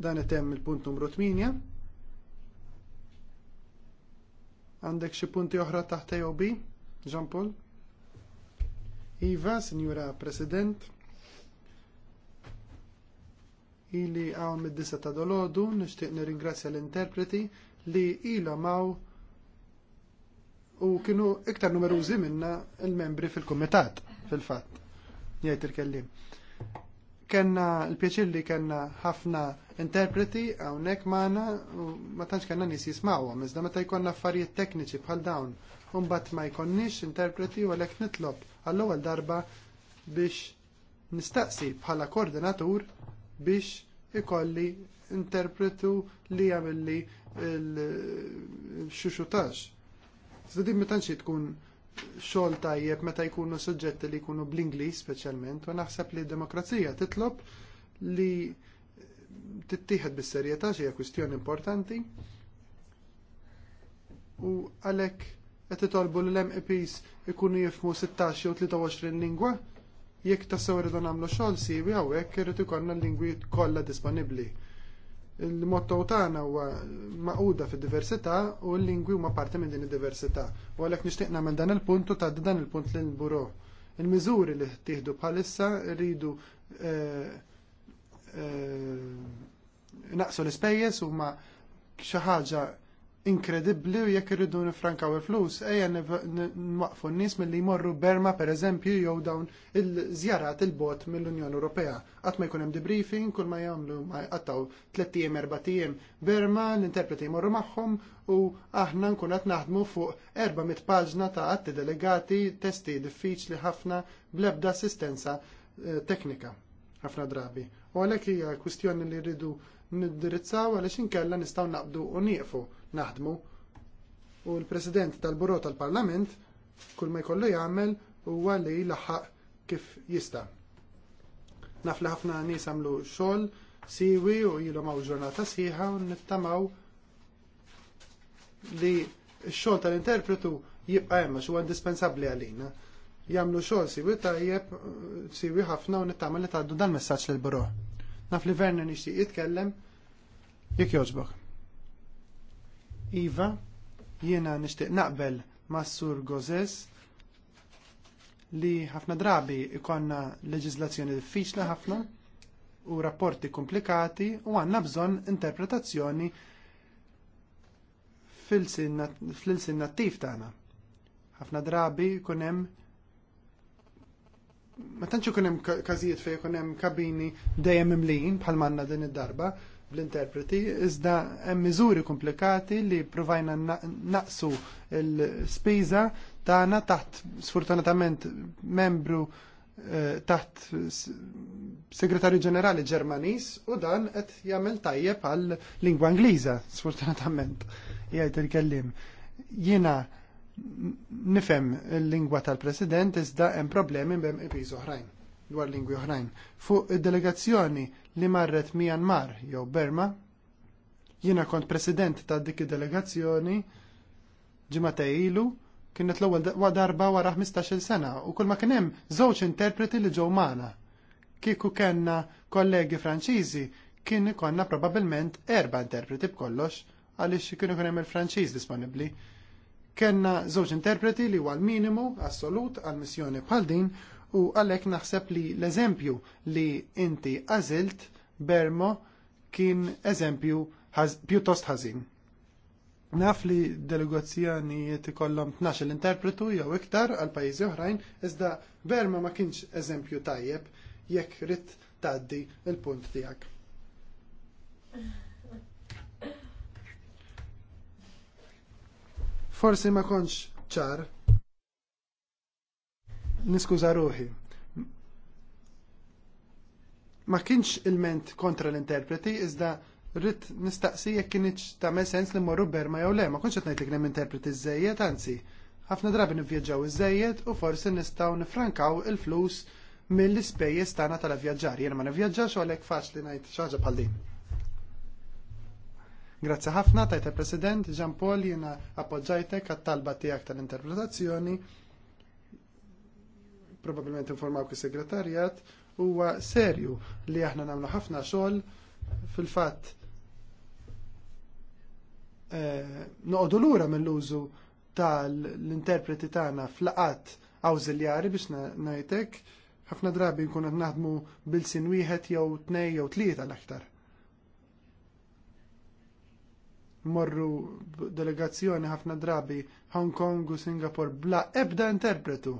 Dan item il-punt numru 8. Għandek xi punti oħra taħt AOB, Jean Paul? Iva, Signora President, ili għaw mid-disa ta' dolodu, nishtiq nir l-interpreti li ila maw u kienu iktar numerużi minna il-membri fil-komitat, fil-fat, njajt il-kellim. Kenna l-pjaċir li kenna ħafna interpreti għawnek maħna u ma tantx kanna nis jismawa, mizda meta jkonna affarijiet tekniċi bħal dawn, un bat ma jkonnix interpreti u għalek nitlob għall-ewwel darba biex nistaqsi bħala koordinatur biex ikolli interpretu li jagħmilli l-xuxutax. Zdi meta nxi tkun xogħol tajjeb meta jkunu suġġetti li jkunu bl-Ingliż speċjalment u naħseb li d-demokrazija titlob li tittieħed bis-serjetà xi kwistjoni importanti u għalhekk qed titolbu li l-MEPs ikunu jifmu 16 jew 23 lingwa? Jekk tassew irridu nagħmlu xogħol siwi hawnhekk irid ikollna l-lingwi kollha disponibbli. Il-motto tagħna huwa maquda fid-diversità u l-lingwi huma parti minn din id-diversità. U għalhekk nixtieq nagħmel dan il-punt u tgħaddi dan il-punt lil buro. Il-miżuri li ttieħdu bħalissa rridu eh, eh, naqsu l-ispejjeż huma xi ħaġa inkredibbli u jekk irridu nifrankaw il-flus, ejja nwaqfu n-nies milli jmorru Berma pereżempju jew dawn il-żjarat il-bot mill-Unjoni Ewropea. Qatt ma jkun hemm debriefing, kull ma jagħmlu ma jqattaw tliet 4 erba' Berma, l-interpreti jmorru magħhom u aħna nkun qed naħdmu fuq 400 paġna ta' għatti delegati, testi diffiċli ħafna bl-ebda assistenza eh, teknika ħafna drabi. U għalhekk hija kwistjoni li rridu niddirizzaw għaliex inkella nistgħu naqbdu u nieqfu naħdmu. U l-President tal-Buro tal-Parlament kull ma jkollu jagħmel huwa li jlaħħaq kif jista'. Naf li ħafna nies għamlu xogħol siwi u ilhom hawn ġurnata sħiħa u nittamaw li x-xogħol tal-interpretu jibqa' hemm għax huwa indispensabbli għalina. Jagħmlu xogħol siwi tajjeb, siwi ħafna u nittama li tgħaddu dan messaġġ lill buro Naf li Verna nixtieq jitkellem jekk jogħġbok. Iva, jiena nixtieq naqbel Massur sur Gozes li ħafna drabi ikonna leġiżlazzjoni diffiċli ħafna u rapporti komplikati u għanna bżon interpretazzjoni fil-sin nattiv tagħna. Ħafna drabi kunem hemm ma tantx ikun hemm każijiet fejn ikun hemm kabini dejjem imlijin bħal manna din id-darba bl-interpreti, iżda hemm miżuri komplikati li provajna naqsu l-spiża tagħna taħt sfortunatament membru eh, taħt segretarju ġenerali Ġermanis u dan qed jagħmel tajjeb għal lingwa Ingliża sfortunatament jgħid il-kellim. Jiena Nifhem il-lingwa tal-President iżda hemm problemi b'hemm oħrajn dwar lingwi oħrajn. Fuq id-delegazzjoni li marret Myanmar jew Berma, jiena kont president ta' dik id-delegazzjoni ġimata ilu kienet l-ewwel darba wara 15-il sena u kull ma kien hemm żewġ interpreti li ġew magħna. Kieku kellna kollegi Franċiżi kien ikollna probabbilment erba' interpreti b'kollox għaliex kienu kien hemm il-Franċiż disponibbli kena żewġ interpreti li huwa minimu assolut għal missjoni bħal din u għalhekk naħseb li l-eżempju li inti għażilt Bermo kien eżempju pjuttost ħażin. Naf li delegazzjonijiet ikollhom 12 interpretu jew iktar għal pajjiżi oħrajn, iżda Berma ma kienx eżempju tajjeb jekk rid tgħaddi il-punt tiegħek. Forsi ma konċ ċar. Niskuża ruħi. Ma kienx il-ment kontra l-interpreti, iżda rrit nistaqsi jekk kienx ta' sens li morru berma jew le, ma konċ qed li interpreti żejjed, anzi, ħafna drabi nivvjaġġaw iż-żejjed u forsi nistgħu nifrankaw il-flus mill-ispejjeż tagħna tal-avvjaġġar. Jien ma nivvjaġġax u għalhekk faċli ngħid xi ħaġa bħal din. Grazzi ħafna, tajta President, Jean Paul, jena appoġġajtek għat-talba tijak tal-interpretazzjoni, probabilment informaw kis segretarjat huwa serju li aħna namlu ħafna xogħol fil-fatt eh, noqogħdu lura mill-użu tal-interpreti tagħna flaqat awżiljari biex ngħidlek ħafna drabi nkun qed naħdmu bil-sin wieħed jew tnej jew tlieta l-aktar morru delegazzjoni ħafna drabi Hong Kong u Singapore bla ebda interpretu.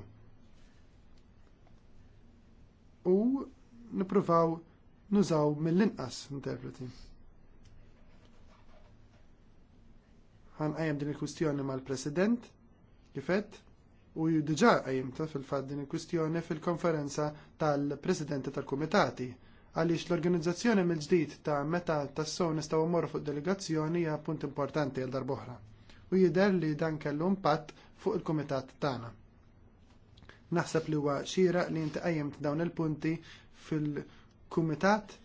U nipruvaw nużaw mill-inqas interpreti. Għan għajem din il-kustjoni mal-President, kifet, u diġa ta' fil-fat din il-kustjoni fil-konferenza tal-Presidenti tal-Kumitati. tal presidenti tal komitati tal presidenti tal kumitati għaliex l-organizzazzjoni mill-ġdid ta' meta tassew nistgħu mmorru fuq delegazzjoni hija punt importanti għal darb'oħra. U jidher li dan kellu impatt fuq il-kumitat tagħna. Naħseb li huwa xira li inti qajjem dawn il-punti fil-kumitat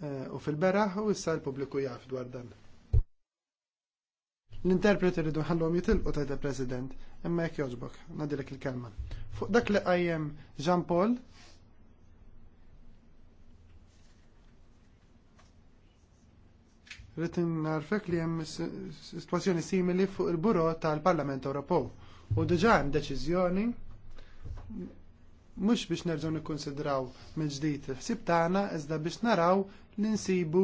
eh, u fil-beraħ u issa l-pubbliku jaf dwar dan. L-interpreti rridu ħallom jitilqu tajda President, imma jekk jogħġbok, nadilek il-kelma. Fuq dak li qajjem Jean Paul Rrit narfek li hemm situazzjoni simili fuq il-buro tal-Parlament Ewropew. U diġà hemm deċiżjoni mhux biex nerġgħu nikkonsidraw mill-ġdid ħsieb tagħna iżda biex naraw li nsibu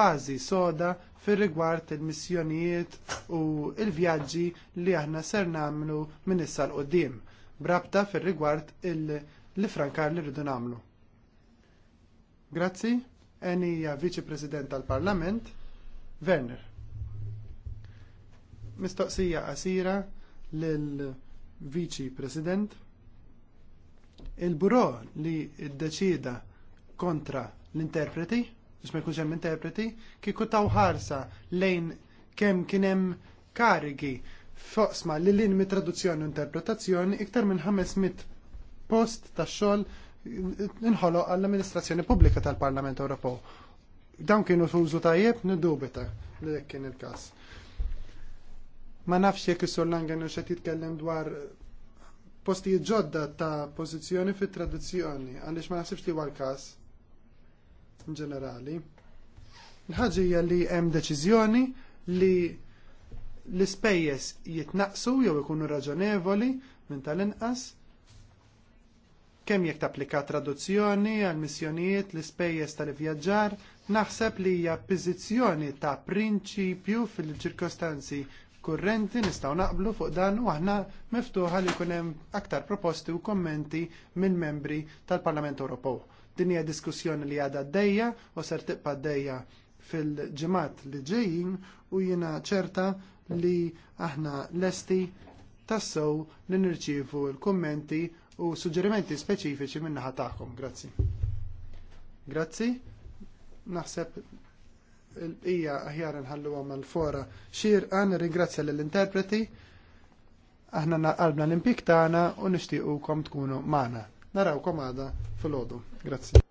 bażi soda fir-rigward il-missjonijiet u l-vjaġġi li aħna ser nagħmlu minn issa l-qudiem brabta fir-rigward il-frankar li rridu nagħmlu. Grazzi, Enija Viċi President tal-Parlament. Werner. Mistoqsija qasira lill-Viċi President. Il-buro li ddeċida kontra l-interpreti, biex ma jkunx hemm interpreti, kieku taw ħarsa lejn kemm kien hemm karigi foqsma li lin mit traduzzjoni u interpretazzjoni iktar minn 500 post tax xogħol inħoloq għall-amministrazzjoni pubblika tal-Parlament Ewropew dawn kienu tużu tajjeb nidubita li dak kien il-każ. Ma nafx jekk is-Sur Langen u xed jitkellem dwar postijiet ġodda ta' pożizzjoni fit-tradizzjoni għaliex ma naħsibx li huwa l-każ in ġenerali. L-ħaġija li hemm deċiżjoni li l-ispejjeż jitnaqsu jew ikunu raġonevoli minn tal-inqas kemm jekk tapplika traduzzjoni għal missjonijiet l-ispejjeż tal-ivvjaġġar Naħseb li hija pożizzjoni ta' prinċipju fil-ċirkostanzi kurrenti nistgħu naqblu fuq dan u aħna miftuħa li jkun hemm aktar proposti u kommenti mill membri tal-Parlament Ewropew. Din hija diskussjoni li għadha għaddejja u ser tibqa' d fil-ġimgħat li ġejjin u jiena ċerta li aħna lesti tassew li nirċievu l-kummenti u suġġerimenti speċifiċi min-naħa tagħkom. Grazzi. Grazzi naħseb il-bqija aħjar nħallu għam l-fora xirqan, ringrazzja l-interpreti, aħna naqalbna l-impik tagħna u kom tkunu maħna. Narawkom għada fil-ħodu. Grazzi.